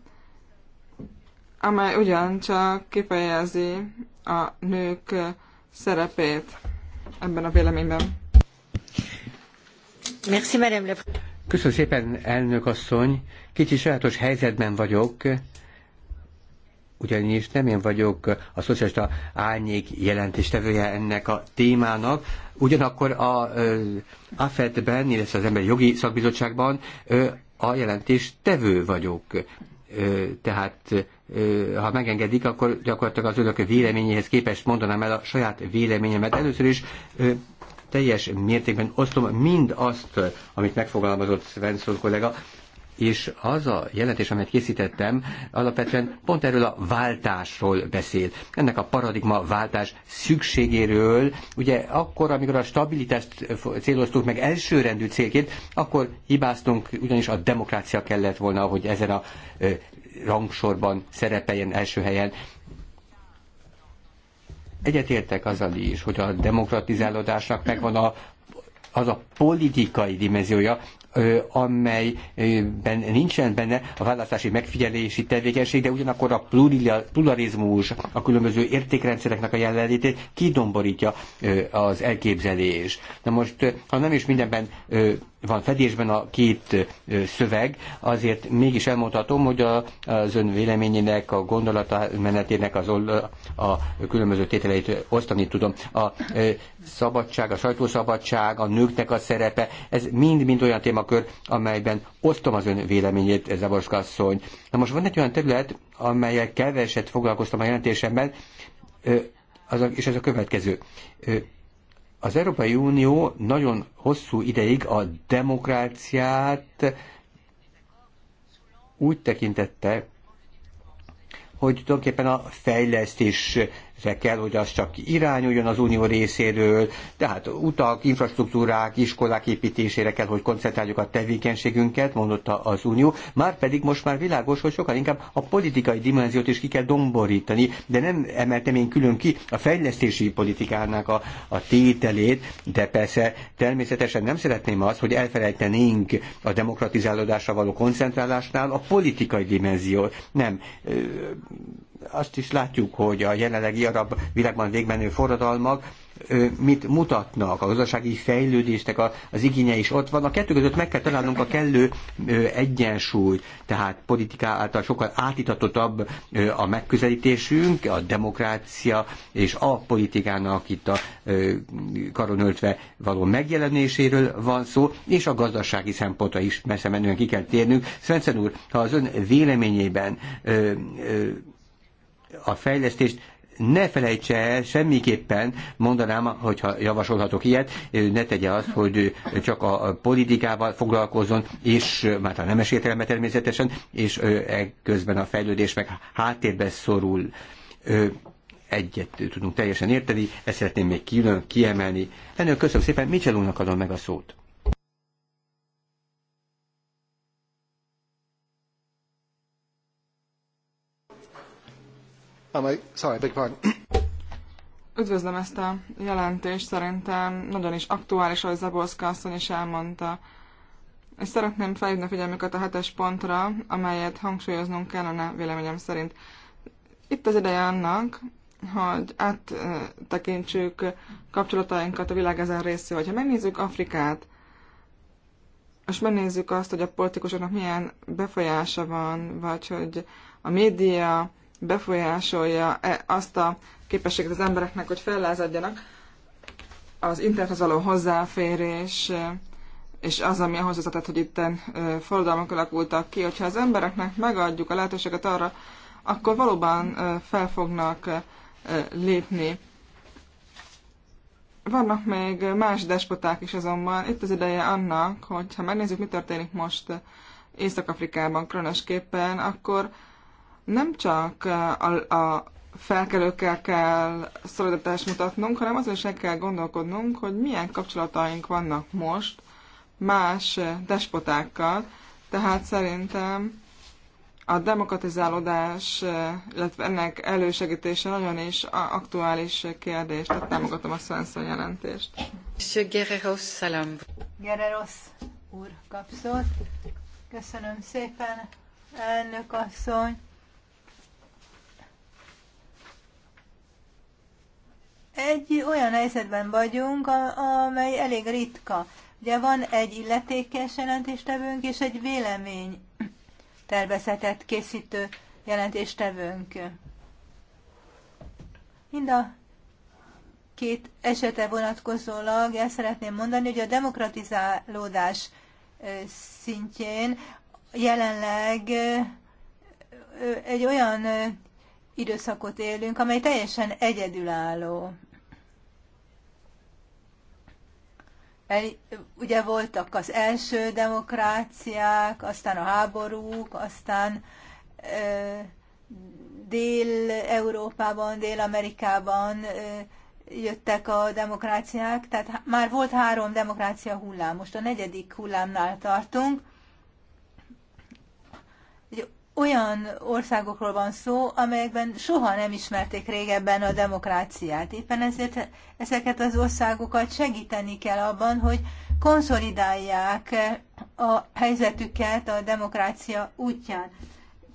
amely ugyancsak kifejezi a nők szerepét ebben a véleményben. Köszönöm szépen, elnök asszony. Kicsi sajátos helyzetben vagyok, ugyanis nem én vagyok a szocialista árnyék jelentéstevője ennek a témának, ugyanakkor a AFED-ben, illetve az Emberi Jogi Szakbizottságban a jelentéstevő vagyok. Tehát, ha megengedik, akkor gyakorlatilag az önök véleményéhez képest mondanám el a saját véleményemet. Először is teljes mértékben osztom mind azt, amit megfogalmazott Svensson kollega, és az a jelentés, amelyet készítettem, alapvetően pont erről a váltásról beszél. Ennek a paradigma váltás szükségéről, ugye akkor, amikor a stabilitást céloztuk meg elsőrendű célként, akkor hibáztunk, ugyanis a demokrácia kellett volna, hogy ezen a rangsorban szerepeljen első helyen. Egyetértek azzal is, hogy a demokratizálódásnak megvan a az a politikai dimenziója, amelyben nincsen benne a választási megfigyelési tevékenység, de ugyanakkor a pluralizmus, a különböző értékrendszereknek a jelenlétét kidomborítja az elképzelés. Na most, ha nem is mindenben van fedésben a két szöveg, azért mégis elmondhatom, hogy a, az ön véleményének, a menetének az a különböző tételeit osztani tudom. A szabadság, a sajtószabadság, a nőknek a szerepe, ez mind-mind olyan téma, témakör, amelyben osztom az ön véleményét, Zaborska asszony. Na most van egy olyan terület, amelyek keveset foglalkoztam a jelentésemben, és ez a következő. Az Európai Unió nagyon hosszú ideig a demokráciát úgy tekintette, hogy tulajdonképpen a fejlesztés se kell, hogy az csak irányuljon az unió részéről, tehát utak, infrastruktúrák, iskolák építésére kell, hogy koncentráljuk a tevékenységünket, mondotta az unió, már pedig most már világos, hogy sokkal inkább a politikai dimenziót is ki kell domborítani, de nem emeltem én külön ki a fejlesztési politikának a, a tételét, de persze természetesen nem szeretném azt, hogy elfelejtenénk a demokratizálódásra való koncentrálásnál a politikai dimenziót. Nem azt is látjuk, hogy a jelenlegi arab világban végmenő forradalmak mit mutatnak, a gazdasági fejlődésnek az igénye is ott van. A kettő között meg kell találnunk a kellő egyensúly, tehát politiká által sokkal átitatottabb a megközelítésünk, a demokrácia és a politikának itt a karonöltve való megjelenéséről van szó, és a gazdasági szempontra is messze menően ki kell térnünk. Svensson úr, ha az ön véleményében a fejlesztést ne felejtse el semmiképpen, mondanám, hogyha javasolhatok ilyet, ne tegye azt, hogy csak a politikával foglalkozzon, és már hát a nemes értelme természetesen, és közben a fejlődés meg háttérbe szorul. Egyet tudunk teljesen érteni, ezt szeretném még külön kiemelni. Ennél köszönöm szépen, Michelónak adom meg a szót. Ah, Üdvözlöm ezt a jelentést, szerintem nagyon is aktuális, ahogy Zabolszka asszony is elmondta. És szeretném felhívni a figyelmüket a hetes pontra, amelyet hangsúlyoznunk kellene véleményem szerint. Itt az ideje annak, hogy áttekintsük kapcsolatainkat a világ ezen részével. Ha megnézzük Afrikát, és megnézzük azt, hogy a politikusoknak milyen befolyása van, vagy hogy a média, befolyásolja -e azt a képességet az embereknek, hogy fellázadjanak. Az internethez való hozzáférés, és az, ami ahhoz vezetett, hogy itten forradalmak alakultak ki, hogyha az embereknek megadjuk a lehetőséget arra, akkor valóban fel fognak lépni. Vannak még más despoták is azonban. Itt az ideje annak, hogy ha megnézzük, mi történik most Észak-Afrikában különösképpen, akkor nem csak eh, a, a felkelőkkel kell szolidaritást mutatnunk, hanem azon is el kell gondolkodnunk, hogy milyen kapcsolataink vannak most más eh, despotákkal. Tehát szerintem a demokratizálódás, eh, illetve ennek elősegítése nagyon is aktuális kérdés, tehát támogatom a Svensson jelentést. Guerrero Salam. Guerrero úr kapszott. Köszönöm szépen, elnök asszony. egy olyan helyzetben vagyunk, amely elég ritka. Ugye van egy illetékes jelentéstevőnk és egy vélemény tervezetet készítő jelentéstevőnk. Mind a két esete vonatkozólag el szeretném mondani, hogy a demokratizálódás szintjén jelenleg egy olyan időszakot élünk, amely teljesen egyedülálló. ugye voltak az első demokráciák, aztán a háborúk, aztán Dél-Európában, Dél-Amerikában jöttek a demokráciák, tehát már volt három demokrácia hullám, most a negyedik hullámnál tartunk olyan országokról van szó, amelyekben soha nem ismerték régebben a demokráciát. Éppen ezért ezeket az országokat segíteni kell abban, hogy konszolidálják a helyzetüket a demokrácia útján.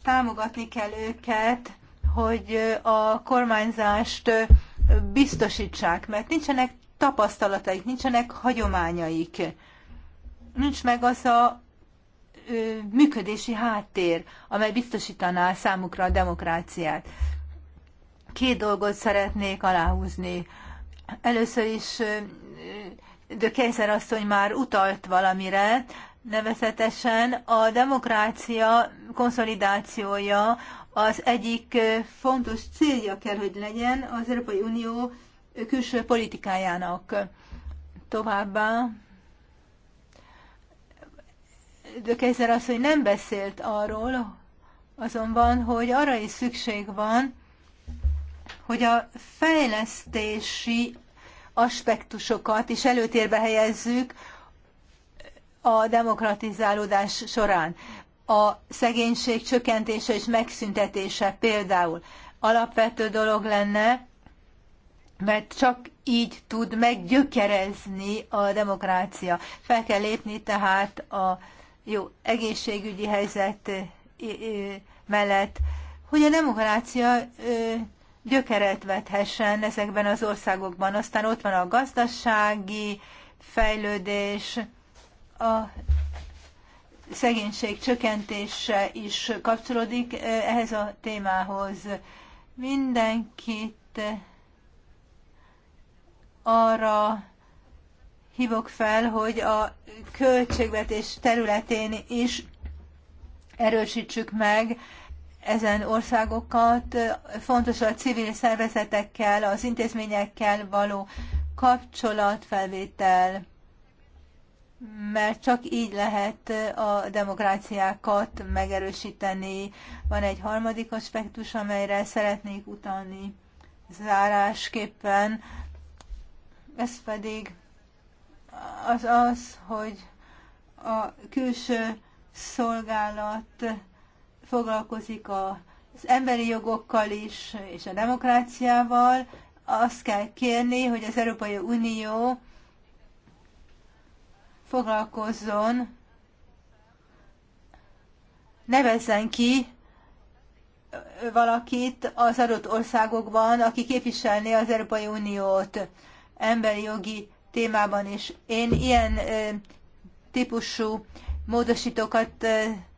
Támogatni kell őket, hogy a kormányzást biztosítsák, mert nincsenek tapasztalataik, nincsenek hagyományaik. Nincs meg az a működési háttér, amely biztosítaná számukra a demokráciát. Két dolgot szeretnék aláhúzni. Először is de azt asszony már utalt valamire, nevezetesen a demokrácia konszolidációja az egyik fontos célja kell, hogy legyen az Európai Unió külső politikájának. Továbbá de az, hogy nem beszélt arról, azonban, hogy arra is szükség van, hogy a fejlesztési aspektusokat is előtérbe helyezzük a demokratizálódás során. A szegénység csökkentése és megszüntetése például alapvető dolog lenne, mert csak így tud meggyökerezni a demokrácia. Fel kell lépni tehát a jó egészségügyi helyzet mellett, hogy a demokrácia gyökeret vethessen ezekben az országokban. Aztán ott van a gazdasági fejlődés, a szegénység csökkentése is kapcsolódik ehhez a témához. Mindenkit arra hívok fel, hogy a költségvetés területén is erősítsük meg ezen országokat. Fontos a civil szervezetekkel, az intézményekkel való kapcsolatfelvétel, mert csak így lehet a demokráciákat megerősíteni. Van egy harmadik aspektus, amelyre szeretnék utalni zárásképpen, ez pedig az az, hogy a külső szolgálat foglalkozik az emberi jogokkal is, és a demokráciával. Azt kell kérni, hogy az Európai Unió foglalkozzon, nevezzen ki valakit az adott országokban, aki képviselné az Európai Uniót emberi jogi témában is. Én ilyen típusú módosítókat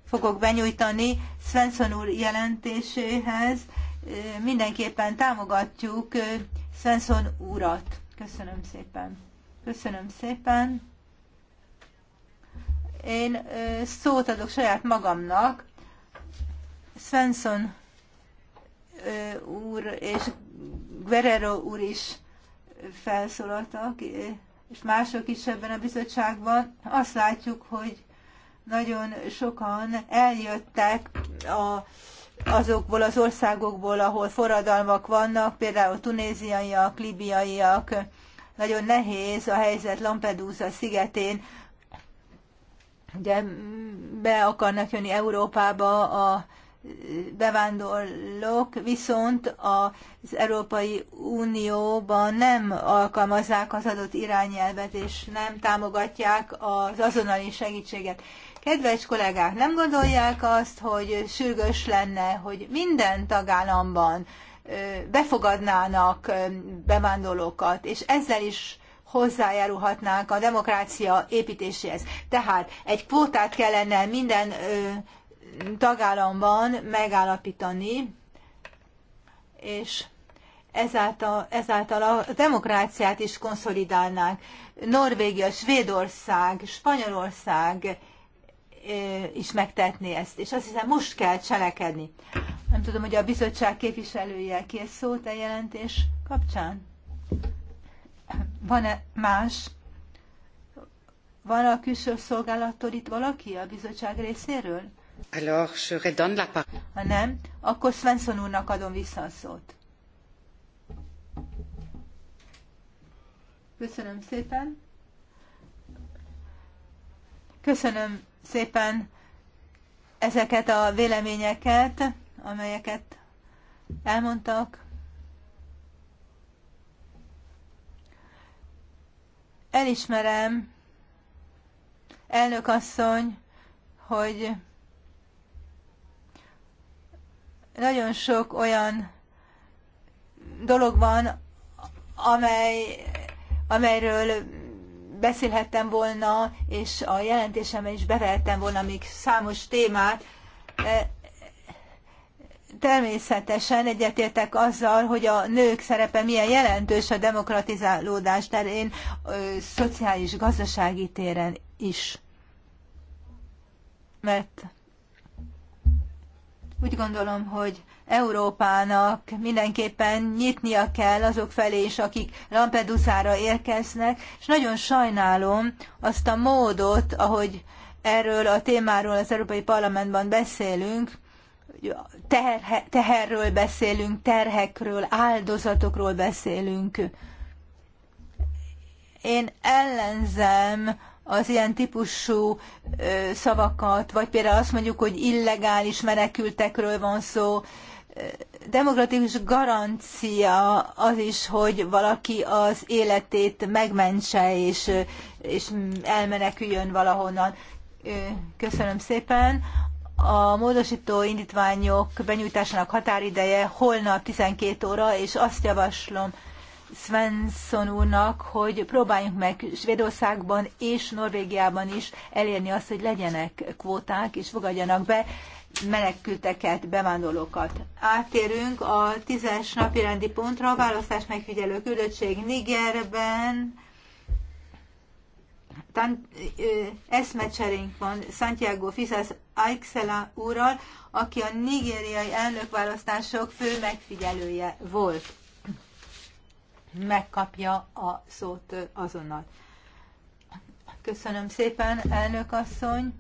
fogok benyújtani Svensson úr jelentéséhez. Mindenképpen támogatjuk Svensson úrat. Köszönöm szépen. Köszönöm szépen. Én szót adok saját magamnak. Svensson úr és Guerrero úr is felszólaltak, és mások is ebben a bizottságban, azt látjuk, hogy nagyon sokan eljöttek a, azokból az országokból, ahol forradalmak vannak, például tunéziaiak, libiaiak, nagyon nehéz a helyzet Lampedusa szigetén, ugye be akarnak jönni Európába a bevándorlók viszont az Európai Unióban nem alkalmazzák az adott irányelvet, és nem támogatják az azonnali segítséget. Kedves kollégák, nem gondolják azt, hogy sürgős lenne, hogy minden tagállamban befogadnának bevándorlókat, és ezzel is hozzájárulhatnánk a demokrácia építéséhez. Tehát egy kvótát kellene minden tagállamban megállapítani, és ezáltal, ezáltal a demokráciát is konszolidálnák. Norvégia, Svédország, Spanyolország is megtetné ezt, és azt hiszem most kell cselekedni. Nem tudom, hogy a bizottság képviselője kész szót a jelentés kapcsán. Van-e más? Van a külső szolgálattól itt valaki a bizottság részéről? Alors, je redonne la parole. Ha nem, akkor Svensson úrnak adom vissza a szót. Köszönöm szépen. Köszönöm szépen ezeket a véleményeket, amelyeket elmondtak. Elismerem, elnök asszony, hogy nagyon sok olyan dolog van, amely, amelyről beszélhettem volna, és a jelentésemben is bevehettem volna még számos témát. E, természetesen egyetértek azzal, hogy a nők szerepe milyen jelentős a demokratizálódás terén, szociális-gazdasági téren is. Mert úgy gondolom, hogy Európának mindenképpen nyitnia kell azok felé is, akik Lampedusára érkeznek, és nagyon sajnálom azt a módot, ahogy erről a témáról az Európai Parlamentben beszélünk, terhe, teherről beszélünk, terhekről, áldozatokról beszélünk. Én ellenzem az ilyen típusú szavakat, vagy például azt mondjuk, hogy illegális menekültekről van szó. Demokratikus garancia az is, hogy valaki az életét megmentse és, és elmeneküljön valahonnan. Köszönöm szépen. A módosító indítványok benyújtásának határideje holnap 12 óra, és azt javaslom, Svensson úrnak, hogy próbáljunk meg Svédországban és Norvégiában is elérni azt, hogy legyenek kvóták, és fogadjanak be menekülteket, bevándorlókat. Átérünk a tízes napi rendi pontra, a választás megfigyelő küldöttség Nigerben. Tan, ö, eszmecserénk van Santiago Fizas Aixela úrral, aki a nigériai elnökválasztások fő megfigyelője volt megkapja a szót azonnal. Köszönöm szépen, elnök asszony.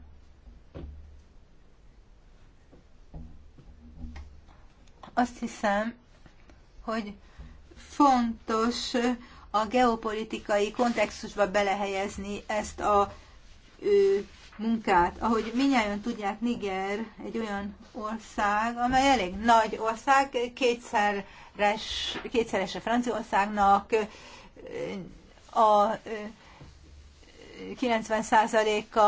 Azt hiszem, hogy fontos a geopolitikai kontextusba belehelyezni ezt a munkát. Ahogy minnyáján tudják, Niger egy olyan ország, amely elég nagy ország, kétszeres, kétszeres a Franciaországnak, a 90%-a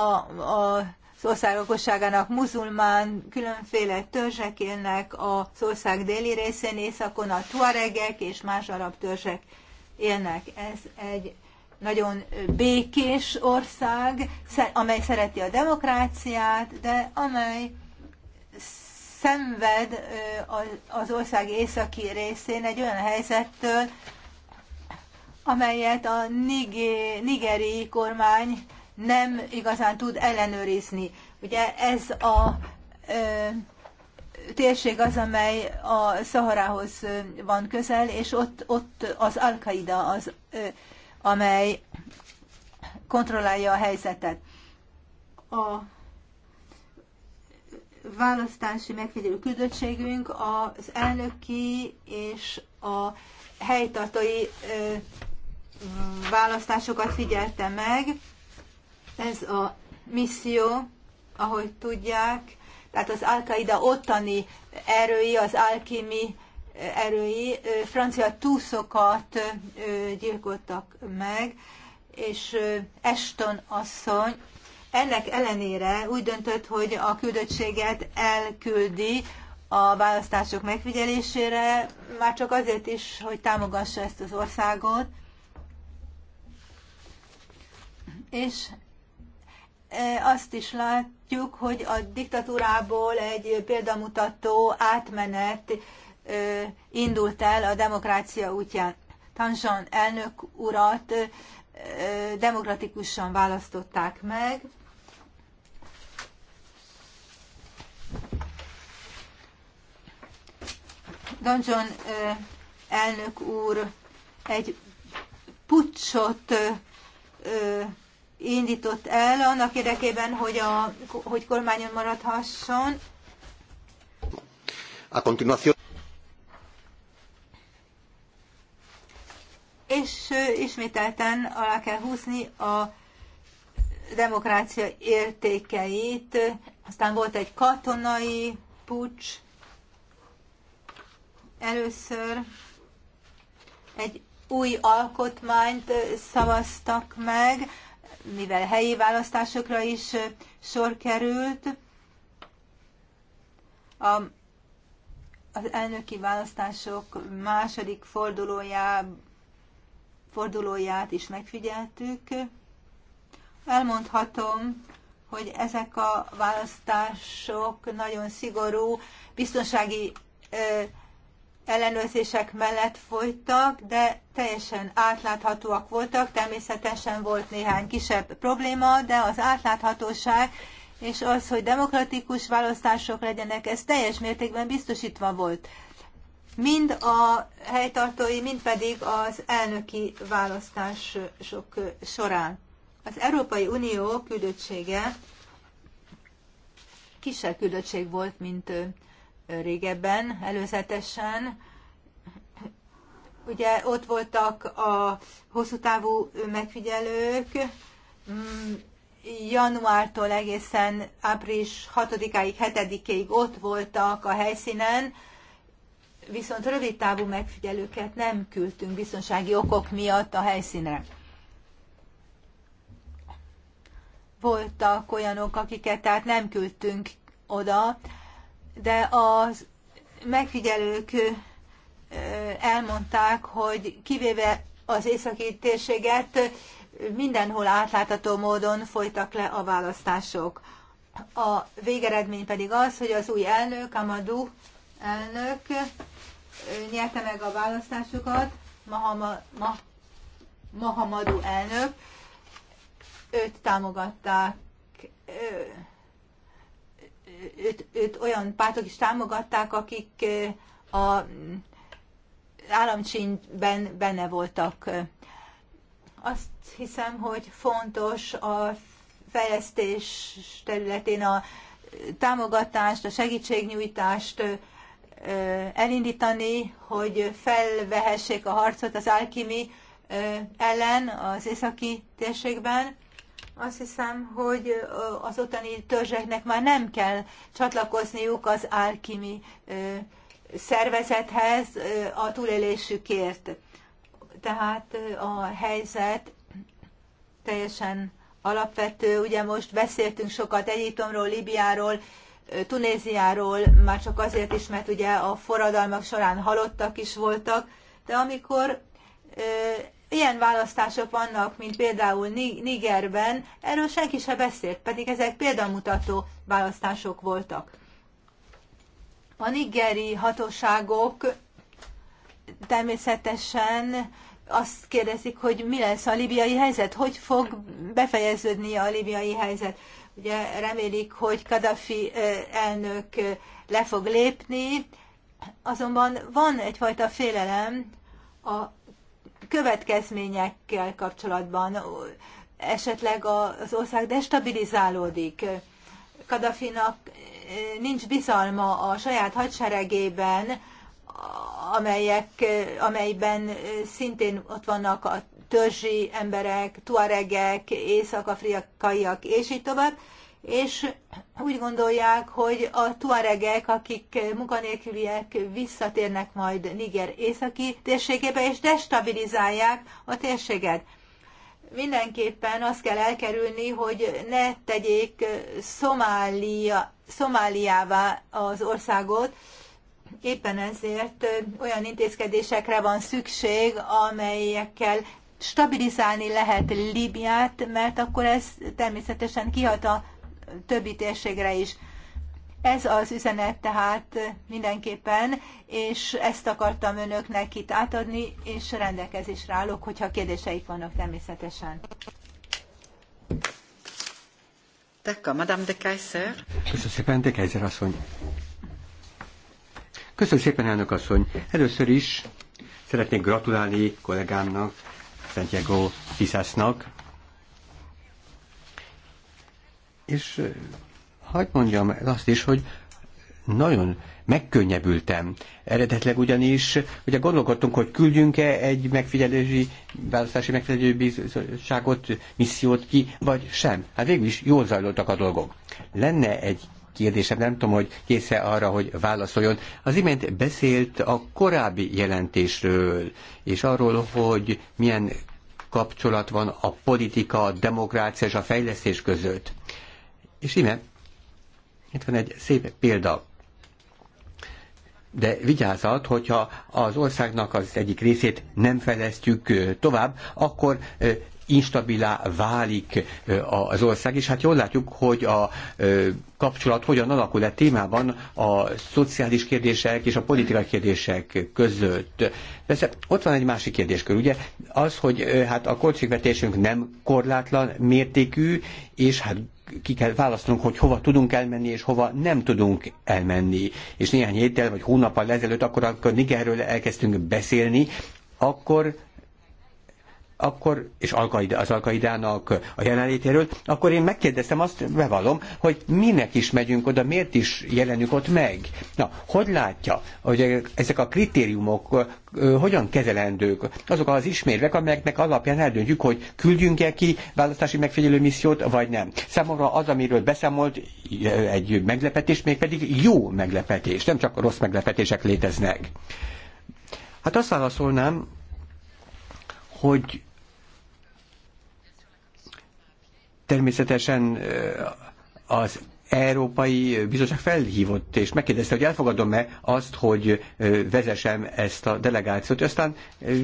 a, a az ország lakosságának muzulmán, különféle törzsek élnek az ország déli részén, északon a tuaregek és más arab törzsek élnek. Ez egy nagyon békés ország, amely szereti a demokráciát, de amely szenved az ország északi részén egy olyan helyzettől, amelyet a nigeri kormány nem igazán tud ellenőrizni. Ugye ez a ö, térség az, amely a Szaharához van közel, és ott, ott az Al-Qaida az ö, amely kontrollálja a helyzetet. A választási megfigyelő küldöttségünk az elnöki és a helytartói választásokat figyelte meg. Ez a misszió, ahogy tudják, tehát az al qaeda ottani erői, az Al-Kimi erői francia túszokat gyilkoltak meg, és Eston asszony ennek ellenére úgy döntött, hogy a küldöttséget elküldi a választások megfigyelésére, már csak azért is, hogy támogassa ezt az országot. És azt is látjuk, hogy a diktatúrából egy példamutató átmenet indult el a demokrácia útján. Tanzsan elnök urat demokratikusan választották meg. Donjon elnök úr egy pucsot indított el annak érdekében, hogy, a, hogy kormányon maradhasson. A continuación és ismételten alá kell húzni a demokrácia értékeit. Aztán volt egy katonai pucs először, egy új alkotmányt szavaztak meg, mivel helyi választásokra is sor került. A, az elnöki választások második fordulójában fordulóját is megfigyeltük. Elmondhatom, hogy ezek a választások nagyon szigorú biztonsági ellenőrzések mellett folytak, de teljesen átláthatóak voltak. Természetesen volt néhány kisebb probléma, de az átláthatóság és az, hogy demokratikus választások legyenek, ez teljes mértékben biztosítva volt mind a helytartói, mind pedig az elnöki választások során. Az Európai Unió küldöttsége kisebb küldöttség volt, mint régebben, előzetesen. Ugye ott voltak a hosszú távú megfigyelők, mm, januártól egészen április 6-ig, 7-ig ott voltak a helyszínen, viszont rövid távú megfigyelőket nem küldtünk biztonsági okok miatt a helyszínre. Voltak olyanok, akiket tehát nem küldtünk oda, de a megfigyelők elmondták, hogy kivéve az északi térséget mindenhol átlátható módon folytak le a választások. A végeredmény pedig az, hogy az új elnök, Amadou elnök nyerte meg a választásokat, Mahama, ma, Mahamadu elnök, őt támogatták, ö, őt, őt olyan pártok is támogatták, akik a államcsínyben benne voltak. Azt hiszem, hogy fontos a fejlesztés területén a támogatást, a segítségnyújtást elindítani, hogy felvehessék a harcot az alkimi ellen az északi térségben. Azt hiszem, hogy az ottani törzseknek már nem kell csatlakozniuk az alkimi szervezethez a túlélésükért. Tehát a helyzet teljesen alapvető. Ugye most beszéltünk sokat Egyiptomról, Libiáról, Tunéziáról, már csak azért is, mert ugye a forradalmak során halottak is voltak, de amikor ilyen választások vannak, mint például Nigerben, erről senki se beszélt, pedig ezek példamutató választások voltak. A nigeri hatóságok természetesen azt kérdezik, hogy mi lesz a libiai helyzet, hogy fog befejeződni a libiai helyzet. Ugye remélik, hogy Kadafi elnök le fog lépni, azonban van egyfajta félelem a következményekkel kapcsolatban. Esetleg az ország destabilizálódik. Kadafinak nincs bizalma a saját hadseregében, amelyek, amelyben szintén ott vannak a törzsi emberek, tuaregek, észak-afrikaiak, és így tovább, és úgy gondolják, hogy a tuaregek, akik munkanélküliek visszatérnek majd Niger északi térségébe, és destabilizálják a térséget. Mindenképpen azt kell elkerülni, hogy ne tegyék Szomália, Szomáliává az országot, Éppen ezért olyan intézkedésekre van szükség, amelyekkel stabilizálni lehet Líbiát, mert akkor ez természetesen kihat a többi térségre is. Ez az üzenet tehát mindenképpen, és ezt akartam önöknek itt átadni, és rendelkezésre állok, hogyha kérdéseik vannak természetesen. D'accord, Madame de Kaiser. Köszönöm szépen, de Kaiser asszony. Köszönöm szépen, elnök asszony. Először is szeretnék gratulálni kollégámnak, Santiago Fiszásznak. És hagyd mondjam azt is, hogy nagyon megkönnyebbültem. Eredetleg ugyanis, ugye gondolkodtunk, hogy küldjünk-e egy megfigyelési, választási megfigyelő bizottságot, missziót ki, vagy sem. Hát végül is jól zajlottak a dolgok. Lenne egy kérdésem, nem tudom, hogy készen arra, hogy válaszoljon. Az imént beszélt a korábbi jelentésről, és arról, hogy milyen kapcsolat van a politika, a demokrácia és a fejlesztés között. És ime, itt van egy szép példa. De vigyázat, hogyha az országnak az egyik részét nem fejlesztjük tovább, akkor instabilá válik az ország, és hát jól látjuk, hogy a kapcsolat hogyan alakul-e témában a szociális kérdések és a politikai kérdések között. Persze ott van egy másik kérdéskör, ugye? Az, hogy hát a költségvetésünk nem korlátlan mértékű, és hát ki kell választanunk, hogy hova tudunk elmenni, és hova nem tudunk elmenni. És néhány héttel vagy hónappal ezelőtt, akkor, amikor Nigerről elkezdtünk beszélni, akkor akkor, és az alkaidának a jelenlétéről, akkor én megkérdeztem azt, bevallom, hogy minek is megyünk oda, miért is jelenünk ott meg. Na, hogy látja, hogy ezek a kritériumok hogyan kezelendők? Azok az ismérvek, amelyeknek alapján eldöntjük, hogy küldjünk-e ki választási megfigyelő missziót, vagy nem. Számomra az, amiről beszámolt, egy meglepetés, mégpedig jó meglepetés, nem csak rossz meglepetések léteznek. Hát azt válaszolnám, hogy természetesen az Európai Bizottság felhívott, és megkérdezte, hogy elfogadom-e azt, hogy vezessem ezt a delegációt. Aztán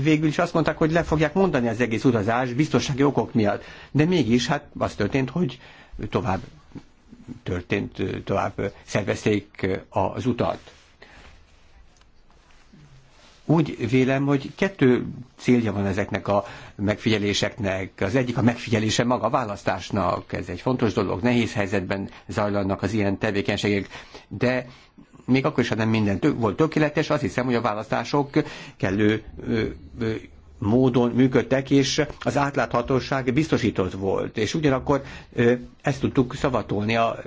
végül is azt mondták, hogy le fogják mondani az egész utazás biztonsági okok miatt. De mégis, hát az történt, hogy tovább történt, tovább szervezték az utat. Úgy vélem, hogy kettő célja van ezeknek a megfigyeléseknek. Az egyik a megfigyelése maga a választásnak. Ez egy fontos dolog. Nehéz helyzetben zajlanak az ilyen tevékenységek, de még akkor is, ha nem minden volt tökéletes, azt hiszem, hogy a választások kellő ö, ö, módon működtek, és az átláthatóság biztosított volt, és ugyanakkor ezt tudtuk szavatolni a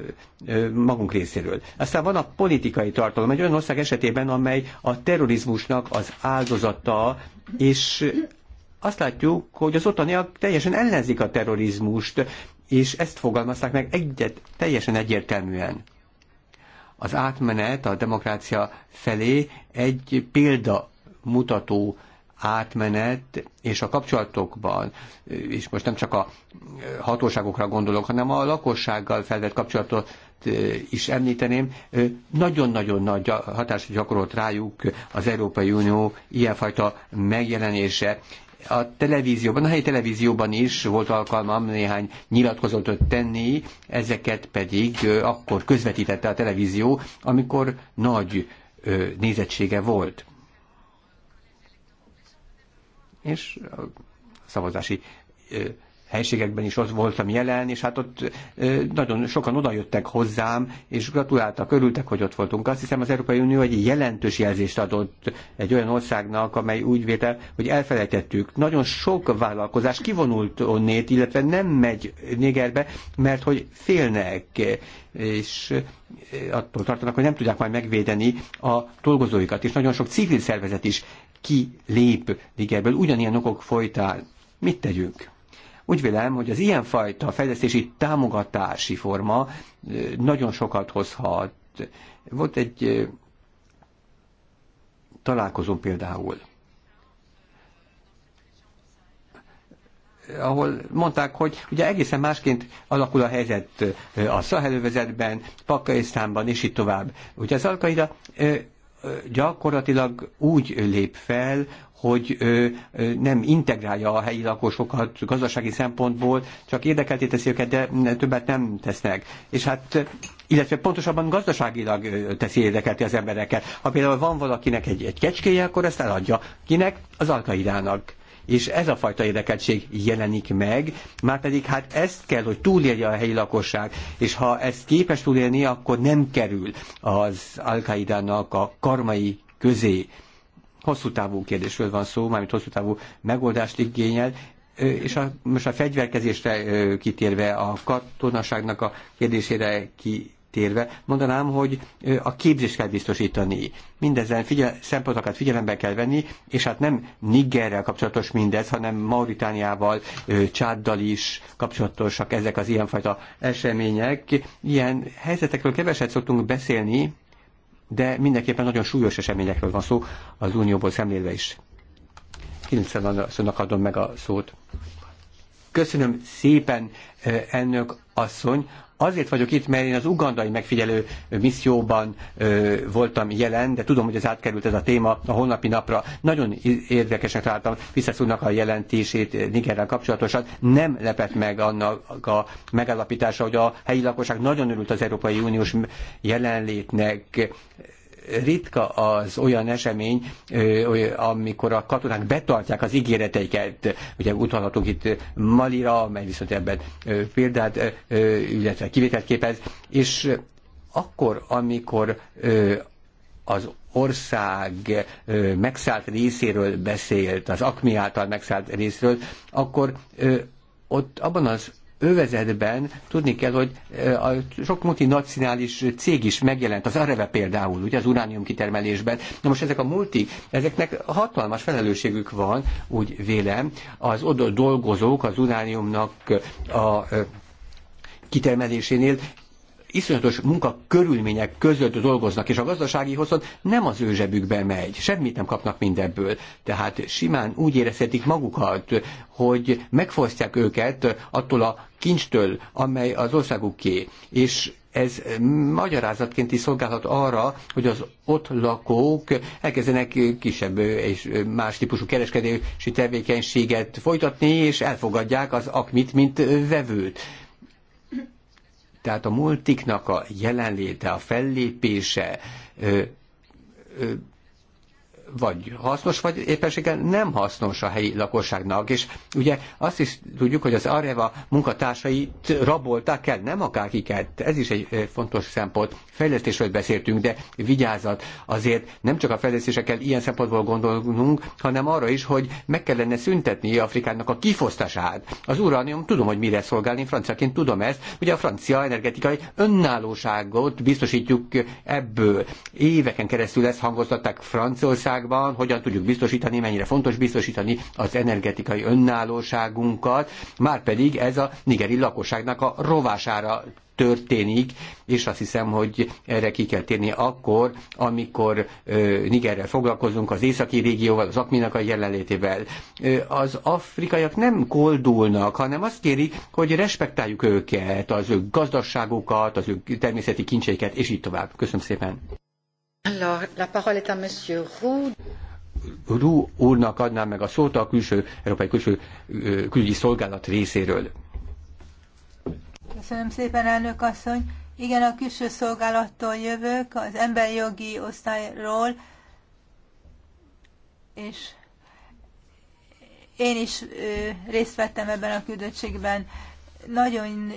magunk részéről. Aztán van a politikai tartalom, egy olyan ország esetében, amely a terrorizmusnak az áldozata, és azt látjuk, hogy az ottaniak teljesen ellenzik a terrorizmust, és ezt fogalmazták meg egyet, teljesen egyértelműen. Az átmenet a demokrácia felé egy példa mutató átmenet és a kapcsolatokban, és most nem csak a hatóságokra gondolok, hanem a lakossággal felvett kapcsolatot is említeném, nagyon-nagyon nagy hatást gyakorolt rájuk az Európai Unió ilyenfajta megjelenése. A televízióban, a helyi televízióban is volt alkalmam néhány nyilatkozatot tenni, ezeket pedig akkor közvetítette a televízió, amikor nagy nézettsége volt és a szavazási helységekben is ott voltam jelen, és hát ott nagyon sokan odajöttek hozzám, és gratuláltak, örültek, hogy ott voltunk. Azt hiszem az Európai Unió egy jelentős jelzést adott egy olyan országnak, amely úgy vélte, hogy elfelejtettük. Nagyon sok vállalkozás kivonult onnét, illetve nem megy Négerbe, mert hogy félnek, és attól tartanak, hogy nem tudják majd megvédeni a dolgozóikat, és nagyon sok civil szervezet is ki lép Nigerből ugyanilyen okok folytán. Mit tegyünk? Úgy vélem, hogy az ilyenfajta fejlesztési támogatási forma nagyon sokat hozhat. Volt egy találkozom például, ahol mondták, hogy ugye egészen másként alakul a helyzet a Szahelővezetben, Pakisztánban és így tovább. Ugye az alkaida gyakorlatilag úgy lép fel, hogy nem integrálja a helyi lakosokat gazdasági szempontból, csak érdekelté teszi őket, de többet nem tesznek. És hát illetve pontosabban gazdaságilag teszi érdekelté az embereket. Ha például van valakinek egy, egy kecskéje, akkor ezt eladja. Kinek? Az alkaidának és ez a fajta érdekeltség jelenik meg, pedig hát ezt kell, hogy túlélje a helyi lakosság, és ha ezt képes túlélni, akkor nem kerül az al a karmai közé. Hosszú távú kérdésről van szó, mármint hosszú távú megoldást igényel, és a, most a fegyverkezésre kitérve a katonaságnak a kérdésére ki térve, mondanám, hogy a képzést kell biztosítani. Mindezen figyel, szempontokat figyelembe kell venni, és hát nem Nigerrel kapcsolatos mindez, hanem Mauritániával, Csáddal is kapcsolatosak ezek az ilyenfajta események. Ilyen helyzetekről keveset szoktunk beszélni, de mindenképpen nagyon súlyos eseményekről van szó az Unióból szemlélve is. Kilincszennak adom meg a szót. Köszönöm szépen, elnök asszony, Azért vagyok itt, mert én az ugandai megfigyelő misszióban ö, voltam jelen, de tudom, hogy ez átkerült ez a téma a holnapi napra. Nagyon érdekesen találtam visszaszúrnak a jelentését Nigerrel kapcsolatosan. Nem lepett meg annak a megállapítása, hogy a helyi lakosság nagyon örült az Európai Uniós jelenlétnek ritka az olyan esemény, amikor a katonák betartják az ígéreteiket. Ugye utalhatunk itt Malira, amely viszont ebben példát, illetve kivételt képez, és akkor, amikor az ország megszállt részéről beszélt, az akmi által megszállt részről, akkor ott abban az övezetben tudni kell, hogy a sok multinacionális cég is megjelent, az Areve például, ugye az uránium kitermelésben. Na most ezek a multik, ezeknek hatalmas felelősségük van, úgy vélem, az oda dolgozók az urániumnak a kitermelésénél iszonyatos munkakörülmények között dolgoznak, és a gazdasági hozon nem az ő zsebükbe megy, semmit nem kapnak mindebből. Tehát simán úgy érezhetik magukat, hogy megfosztják őket attól a kincstől, amely az országuké. És ez magyarázatként is szolgálhat arra, hogy az ott lakók elkezdenek kisebb és más típusú kereskedési tevékenységet folytatni, és elfogadják az akmit, mint vevőt. Tehát a multiknak a jelenléte, a fellépése ö, ö, vagy hasznos, vagy éppenséggel nem hasznos a helyi lakosságnak. És ugye azt is tudjuk, hogy az Areva munkatársait rabolták el, nem akárkiket. Ez is egy fontos szempont fejlesztésről beszéltünk, de vigyázat, azért nem csak a fejlesztésekkel ilyen szempontból gondolnunk, hanem arra is, hogy meg kellene szüntetni Afrikának a kifosztását. Az uránium tudom, hogy mire szolgál, én franciaként tudom ezt, ugye a francia energetikai önállóságot biztosítjuk ebből. Éveken keresztül ezt hangoztatták Franciaországban, hogyan tudjuk biztosítani, mennyire fontos biztosítani az energetikai önállóságunkat, már pedig ez a nigeri lakosságnak a rovására történik, és azt hiszem, hogy erre ki kell térni akkor, amikor Nigerrel foglalkozunk, az északi régióval, az akminak a jelenlétével. Az afrikaiak nem koldulnak, hanem azt kérik, hogy respektáljuk őket, az ő gazdaságukat, az ő természeti kincseiket, és így tovább. Köszönöm szépen. Alors, la parole est à monsieur Roux. Rú úrnak adnám meg a szót a külső, Európai Külső Külügyi Szolgálat részéről. Köszönöm szépen, elnök asszony. Igen, a külső szolgálattól jövök, az emberi jogi osztályról, és én is részt vettem ebben a küldöttségben. Nagyon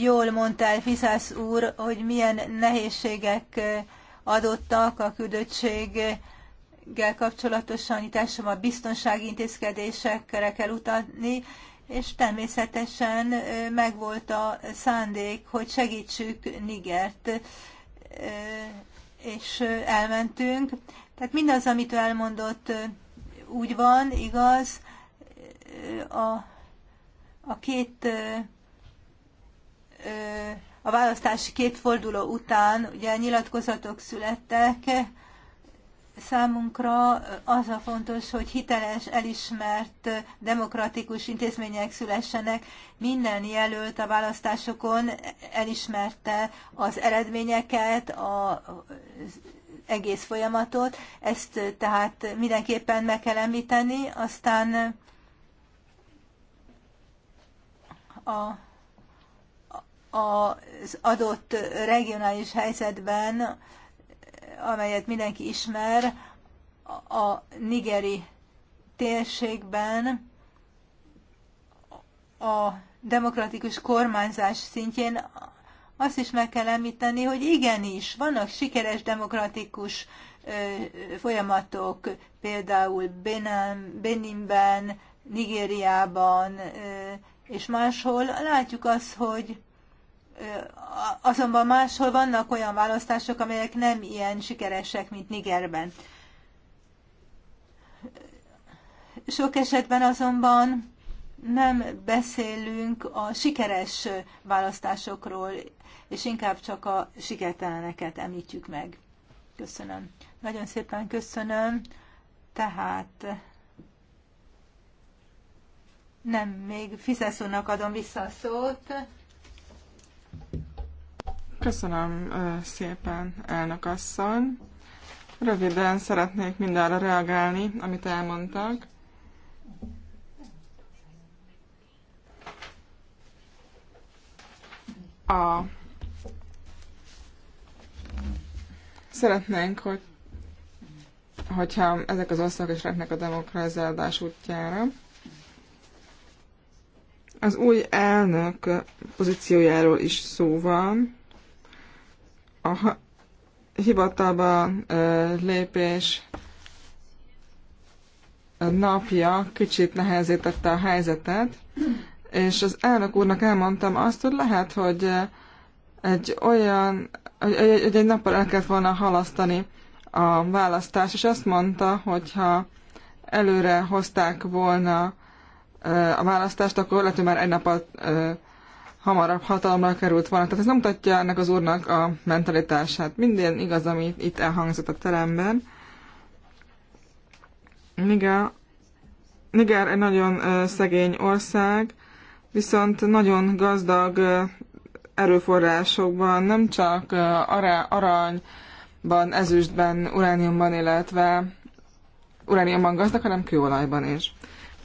jól mondta el Fiszász úr, hogy milyen nehézségek adottak a küldöttséggel kapcsolatosan, itt a biztonsági intézkedésekre kell utalni, és természetesen megvolt a szándék, hogy segítsük Nigert, és elmentünk. Tehát mindaz, amit ő elmondott, úgy van, igaz, a, a két a választási két forduló után ugye nyilatkozatok születtek, Számunkra az a fontos, hogy hiteles, elismert, demokratikus intézmények szülessenek. Minden jelölt a választásokon elismerte az eredményeket, a egész folyamatot, ezt tehát mindenképpen meg kell említeni, aztán a, az adott regionális helyzetben amelyet mindenki ismer, a nigeri térségben a demokratikus kormányzás szintjén azt is meg kell említeni, hogy igenis, vannak sikeres demokratikus folyamatok, például Benin, Beninben, Nigériában és máshol. Látjuk azt, hogy Azonban máshol vannak olyan választások, amelyek nem ilyen sikeresek, mint Nigerben. Sok esetben azonban nem beszélünk a sikeres választásokról, és inkább csak a sikerteleneket említjük meg. Köszönöm. Nagyon szépen köszönöm. Tehát nem, még Fiszeszónak adom vissza a szót. Köszönöm szépen, elnök asszony. Röviden szeretnék mindenre reagálni, amit elmondtak. A... Szeretnénk, hogy hogyha ezek az országok is raknak a demokratizálás útjára, az új elnök pozíciójáról is szó van. A hivatalba lépés napja kicsit nehezítette a helyzetet, és az elnök úrnak elmondtam azt, hogy lehet, hogy egy olyan, hogy egy, nappal el kellett volna halasztani a választás, és azt mondta, hogyha előre hozták volna a választást, akkor lehet, hogy már egy nap hamarabb hatalomra került volna. Tehát ez nem mutatja ennek az úrnak a mentalitását. Minden igaz, ami itt elhangzott a teremben. Niger, Niger egy nagyon szegény ország, viszont nagyon gazdag erőforrásokban, nem csak aranyban, ezüstben, urániumban, illetve urániumban gazdag, hanem kőolajban is.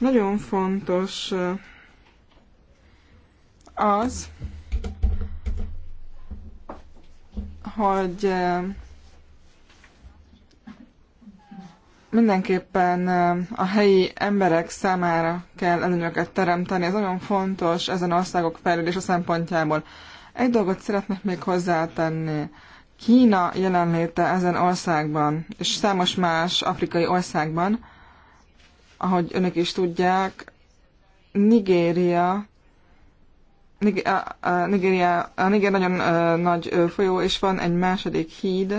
Nagyon fontos eh, az, hogy eh, mindenképpen eh, a helyi emberek számára kell előnyöket teremteni. Ez nagyon fontos ezen országok fejlődése szempontjából. Egy dolgot szeretnék még hozzátenni. Kína jelenléte ezen országban, és számos más afrikai országban ahogy önök is tudják, Nigéria Nigéria, a Niger nagyon nagy folyó, és van egy második híd,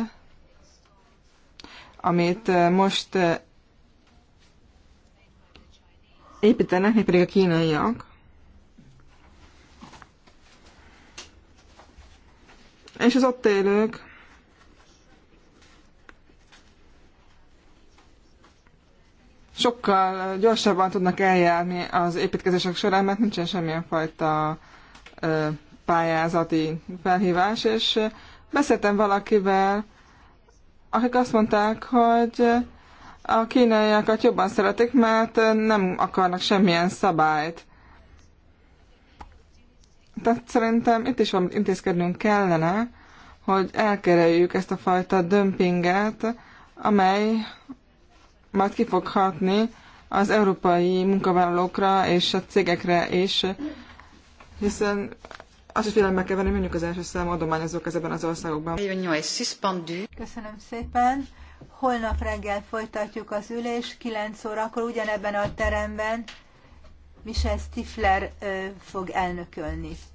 amit most építenek, még pedig a kínaiak. És az ott élők sokkal gyorsabban tudnak eljárni az építkezések során, mert nincsen semmilyen fajta pályázati felhívás, és beszéltem valakivel, akik azt mondták, hogy a kínaiakat jobban szeretik, mert nem akarnak semmilyen szabályt. Tehát szerintem itt is valamit intézkednünk kellene, hogy elkerüljük ezt a fajta dömpinget, amely majd ki fog hatni az európai munkavállalókra és a cégekre is, hiszen azt is figyelembe kell venni, mondjuk az első számú adományozók ezekben az országokban. Köszönöm szépen. Holnap reggel folytatjuk az ülés, 9 órakor ugyanebben a teremben Michel Stifler fog elnökölni.